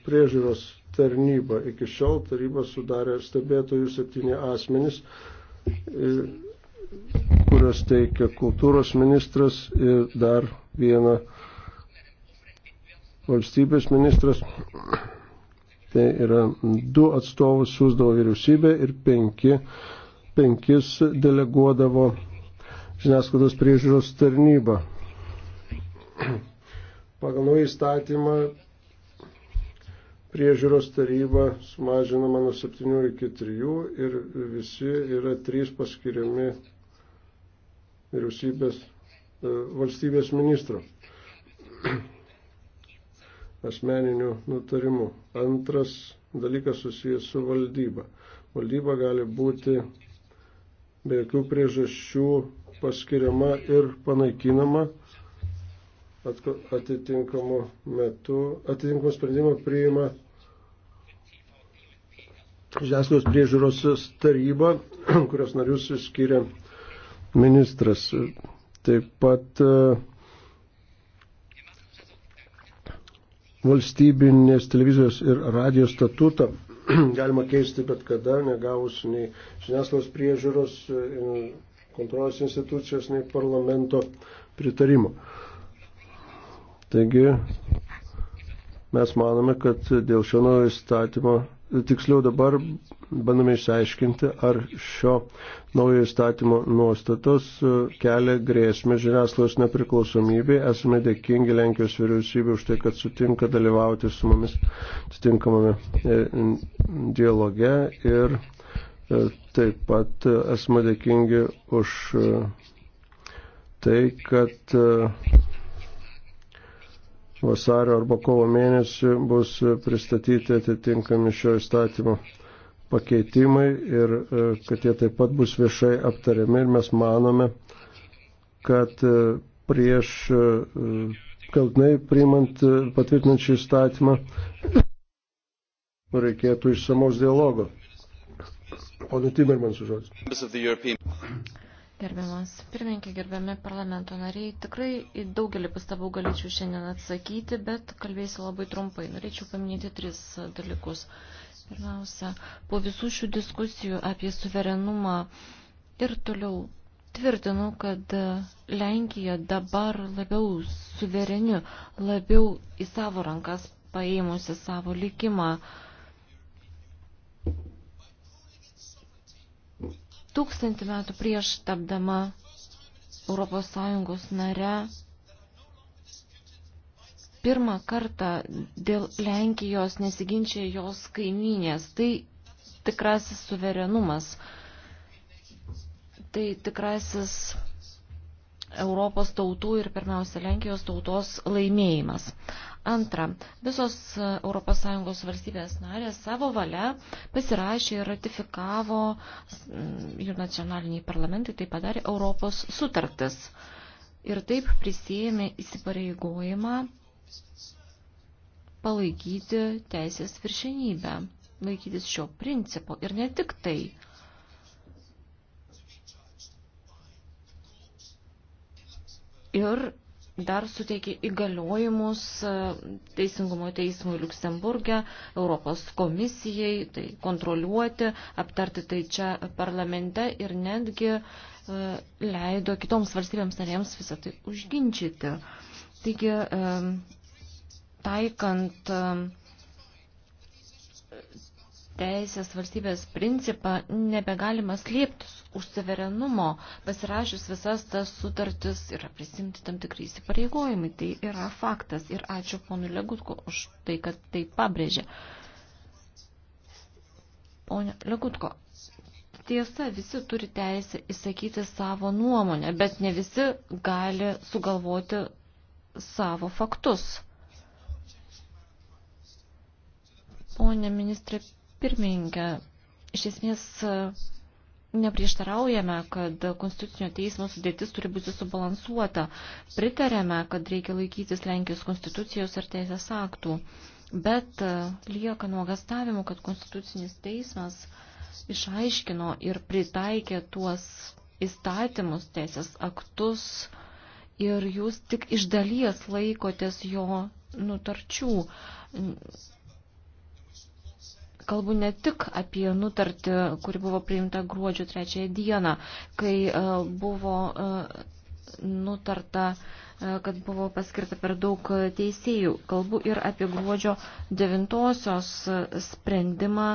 priežiūros tarnybą. Iki šiol tarybą sudarė stebėtojų septyni asmenys, kurios teikia kultūros ministras ir dar viena valstybės ministras. Tai yra du atstovus siūsdavo vyriausybė ir penki, penkis deleguodavo žiniasklaidos priežiūros tarnyba. Pagal naują įstatymą priežiūros taryba sumažinama nuo 7 iki 3 ir visi yra 3 paskiriami vyriausybės e, valstybės ministro *clears throat* asmeninių nutarimų. Antras dalykas susijęs su valdyba. Valdyba gali būti be jokių priežasčių paskiriama ir panaikinama atitinkamu metu, atitinkamų sprendimų priima žiniasklaidos priežiūros taryba, *clears throat* kurios narius skiria ministras. Taip pat e, valstybinės televizijos ir radijos statutą *clears throat* galima keisti bet kada, negavus nei žiniasklaidos priežiūros e, kontrolės institucijos, nei parlamento pritarimo. Taigi mes manome, kad dėl šio naujo įstatymo, tiksliau dabar bandome išsiaiškinti, ar šio naujo įstatymo nuostatos e, kelia grėsmę žiniasklaidos nepriklausomybei. Esame dėkingi Lenkijos vyriausybė už tai, kad sutinka dalyvauti su mumis atitinkamame e, dialoge ir e, taip pat esame dėkingi už tai, kad vasario arba kovo mėnesį bus pristatyti atitinkami šio įstatymo pakeitimai ir e, kad jie taip pat bus viešai aptariami ir mes manome, kad e, prieš e, kaltinai priimant patvirtinant šį įstatymą reikėtų išsamaus dialogo. Pono Timermansų žodis. Gerbiamas pirmininkė, gerbiami parlamento nariai, tikrai į daugelį pastabų galėčiau šiandien atsakyti, bet kalbėsiu labai trumpai. Norėčiau paminėti tris dalykus. Pirmiausia, po visų šių diskusijų apie suverenumą ir toliau tvirtinu, kad Lenkija dabar labiau suvereniu, labiau į savo rankas paėmusi savo likimą. Uh, tūkstantį metų prieš tapdama Europos Sąjungos nare pirmą kartą dėl Lenkijos nesiginčia jos kaimynės. Tai tikrasis suverenumas. Tai tikrasis Europos tautų ir pirmiausia Lenkijos tautos laimėjimas. Antra, visos ES valstybės narės savo valia pasirašė ir ratifikavo mm, jų nacionaliniai parlamentai, tai padarė Europos sutartis. Ir taip prisijėmė įsipareigojimą palaikyti teisės viršenybę, laikytis šio principo ir ne tik tai ir dar suteikė įgaliojimus e, Teisingumo teismui Luksemburgė, Europos komisijai, tai kontroliuoti, aptarti tai čia parlamente ir netgi e, leido kitoms valstybėms narėms visą tai užginčyti. Taigi, e, taikant teisės valstybės principą nebegalima slėptis už suverenumo, pasirašius visas tas sutartis yra prisimti tam tikrai įsipareigojimai. Tai yra faktas ir ačiū ponui Legutko už tai, kad tai pabrėžė. Pone Legutko, tiesa, visi turi teisę įsakyti savo nuomonę, bet ne visi gali sugalvoti savo faktus. Pone ministrė Pirmininkė, iš esmės neprieštaraujame, kad Konstitucinio teismo sudėtis turi būti subalansuota. Pritarėme, kad reikia laikytis Lenkijos konstitucijos ir teisės aktų. Bet e, lieka nuogastavimų, kad Konstitucinis teismas išaiškino ir pritaikė tuos įstatymus, teisės aktus ir jūs tik iš dalies laikotės jo nutarčių kalbu ne tik apie nutartį, kuri buvo priimta gruodžio trečiąją dieną, kai e, buvo e, nutarta, e, kad buvo paskirta per daug teisėjų. Kalbu ir apie gruodžio devintosios sprendimą,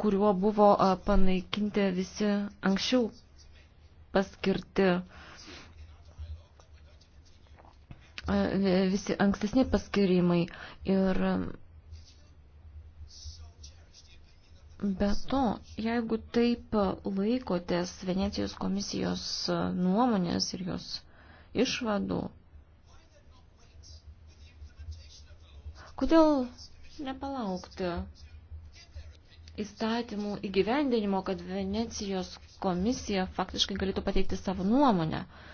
kuriuo buvo panaikinti visi anksčiau paskirti visi ankstesni paskirimai ir Be to, jeigu taip laikotės Venecijos komisijos nuomonės ir jos išvadų, kodėl nepalaukti įstatymų įgyvendinimo, kad Venecijos komisija faktiškai galėtų pateikti savo nuomonę? Uh,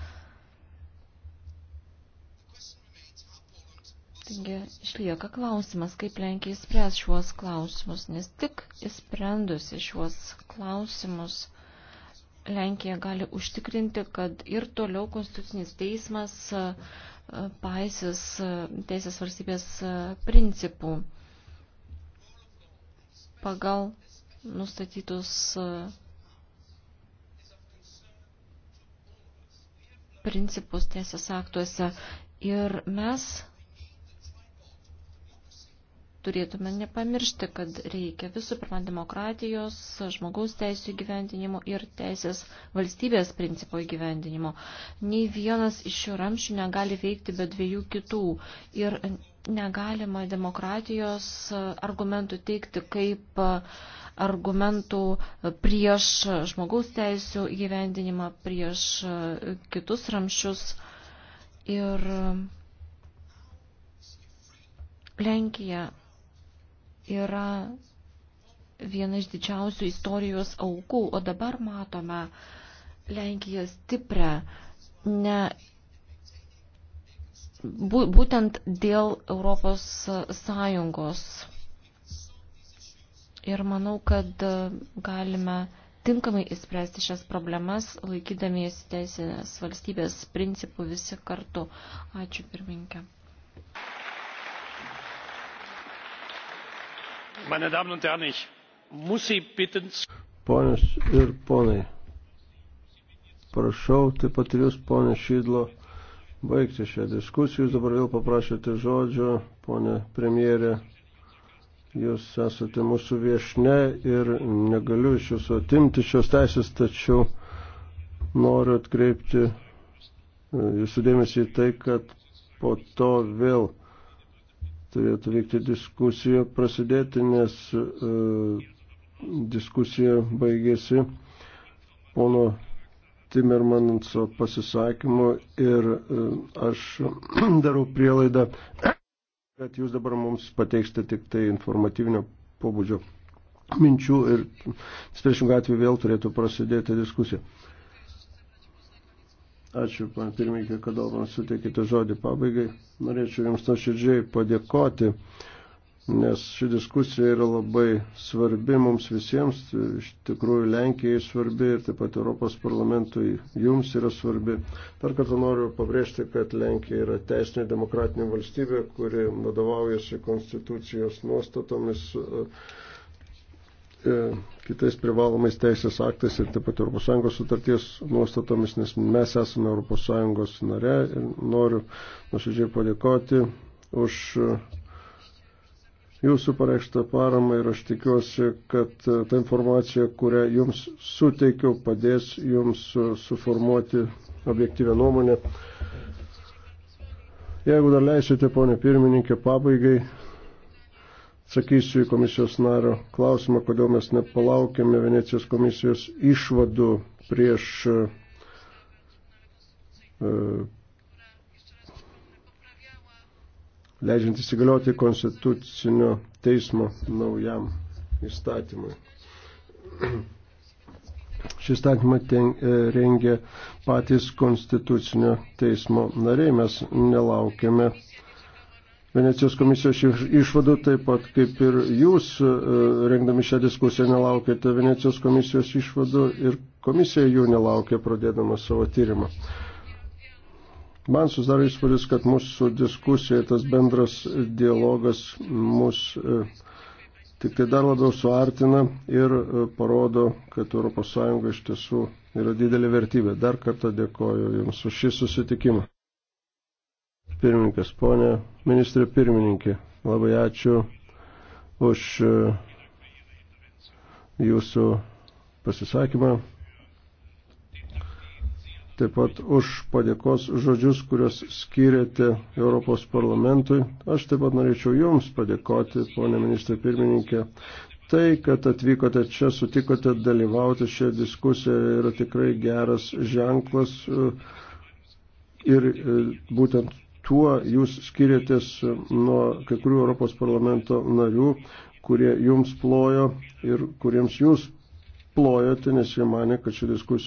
Taigi išlieka klausimas, kaip Lenkija įspręs šiuos klausimus, nes tik įsprendusi šiuos klausimus Lenkija gali užtikrinti, kad ir toliau Konstitucinis teismas paisys teisės valstybės principų pagal nustatytus principus teisės aktuose. Ir mes turėtume nepamiršti, kad reikia visų pirma demokratijos, žmogaus teisų įgyvendinimo ir teisės valstybės principo įgyvendinimo. Nei vienas iš šių ramšių negali veikti be dviejų kitų ir negalima demokratijos argumentų teikti kaip argumentų prieš žmogaus teisų įgyvendinimą, prieš kitus ramšius. Ir Lenkija yra viena iš didžiausių istorijos aukų, o dabar matome Lenkiją stiprią, ne būtent dėl Europos Sąjungos. Ir manau, kad galime tinkamai įspręsti šias problemas, laikydamiesi teisinės valstybės principų visi kartu. Ačiū pirminkė. meine damen und herren ich muss sie bitten ponios ir ponai prašau taip pat ir jūs pone šidlo baigti šią diskusiją jūs dabar vėl paprašėte žodžio pone premjere jūs esate mūsų viešne ir negaliu iš jūsų atimti šios teisės tačiau noriu atkreipti e, jūsų dėmesį į tai kad po to vėl turėtų vykti diskusija prasidėti, nes e, diskusija baigėsi pono Timermanso pasisakymu ir e, aš *clears throat* darau prielaidą, kad jūs dabar mums pateiksite tik tai informatyvinio pobūdžio minčių ir priešingą atveju vėl turėtų prasidėti diskusija. Ačiū, pan pirmininkė, kad man suteikite žodį pabaigai. Norėčiau Jums nuoširdžiai padėkoti, nes ši diskusija yra labai svarbi mums visiems, iš tikrųjų Lenkijai svarbi ir taip pat Europos parlamentui Jums yra svarbi. Dar kartą noriu pabrėžti, kad Lenkija yra teisinė demokratinė valstybė, kuri vadovaujasi konstitucijos nuostatomis. Uh, E, kitais privalomais teisės aktais ir taip pat ES sutarties nuostatomis, nes mes esame ES nare ir noriu nuoširdžiai padėkoti už e, jūsų pareikštą paramą ir aš tikiuosi, kad e, ta informacija, kurią jums suteikiau, padės jums suformuoti objektyvę nuomonę. Jeigu dar leisite, ponė pirmininkė, pabaigai Sakysiu į komisijos nario klausimą, kodėl mes nepalaukėme Venecijos komisijos išvadų prieš e, leidžiant įsigalioti konstitucinio teismo naujam įstatymui. *clears throat* Šį įstatymą e, rengia patys konstitucinio teismo nariai. Mes nelaukėme Venecijos komisijos išvadų, taip pat kaip ir jūs, e, rengdami šią diskusiją, nelaukėte Venecijos komisijos išvadų ir komisija jų nelaukė pradėdama savo tyrimą. Man susidaro įspūdis, kad mūsų diskusija, tas bendras dialogas mus e, tik tai dar labiau suartina ir e, parodo, kad ES iš tiesų yra didelė vertybė. Dar kartą dėkoju Jums už šį susitikimą. Pirmininkas, ponė ministrė pirmininkė. Labai ačiū už e, jūsų pasisakymą. Taip pat už padėkos žodžius, kuriuos skiriate Europos parlamentui. Aš taip pat norėčiau Jums padėkoti, ponė ministrė pirmininkė. Tai, kad atvykote čia, sutikote dalyvauti šią diskusiją, yra tikrai geras ženklas e, ir e, būtent tuo jūs skiriatės e, nuo kai kurių Europos parlamento narių, kurie jums plojo ir kuriems jūs plojate, nes jie mane, kad ši diskusija.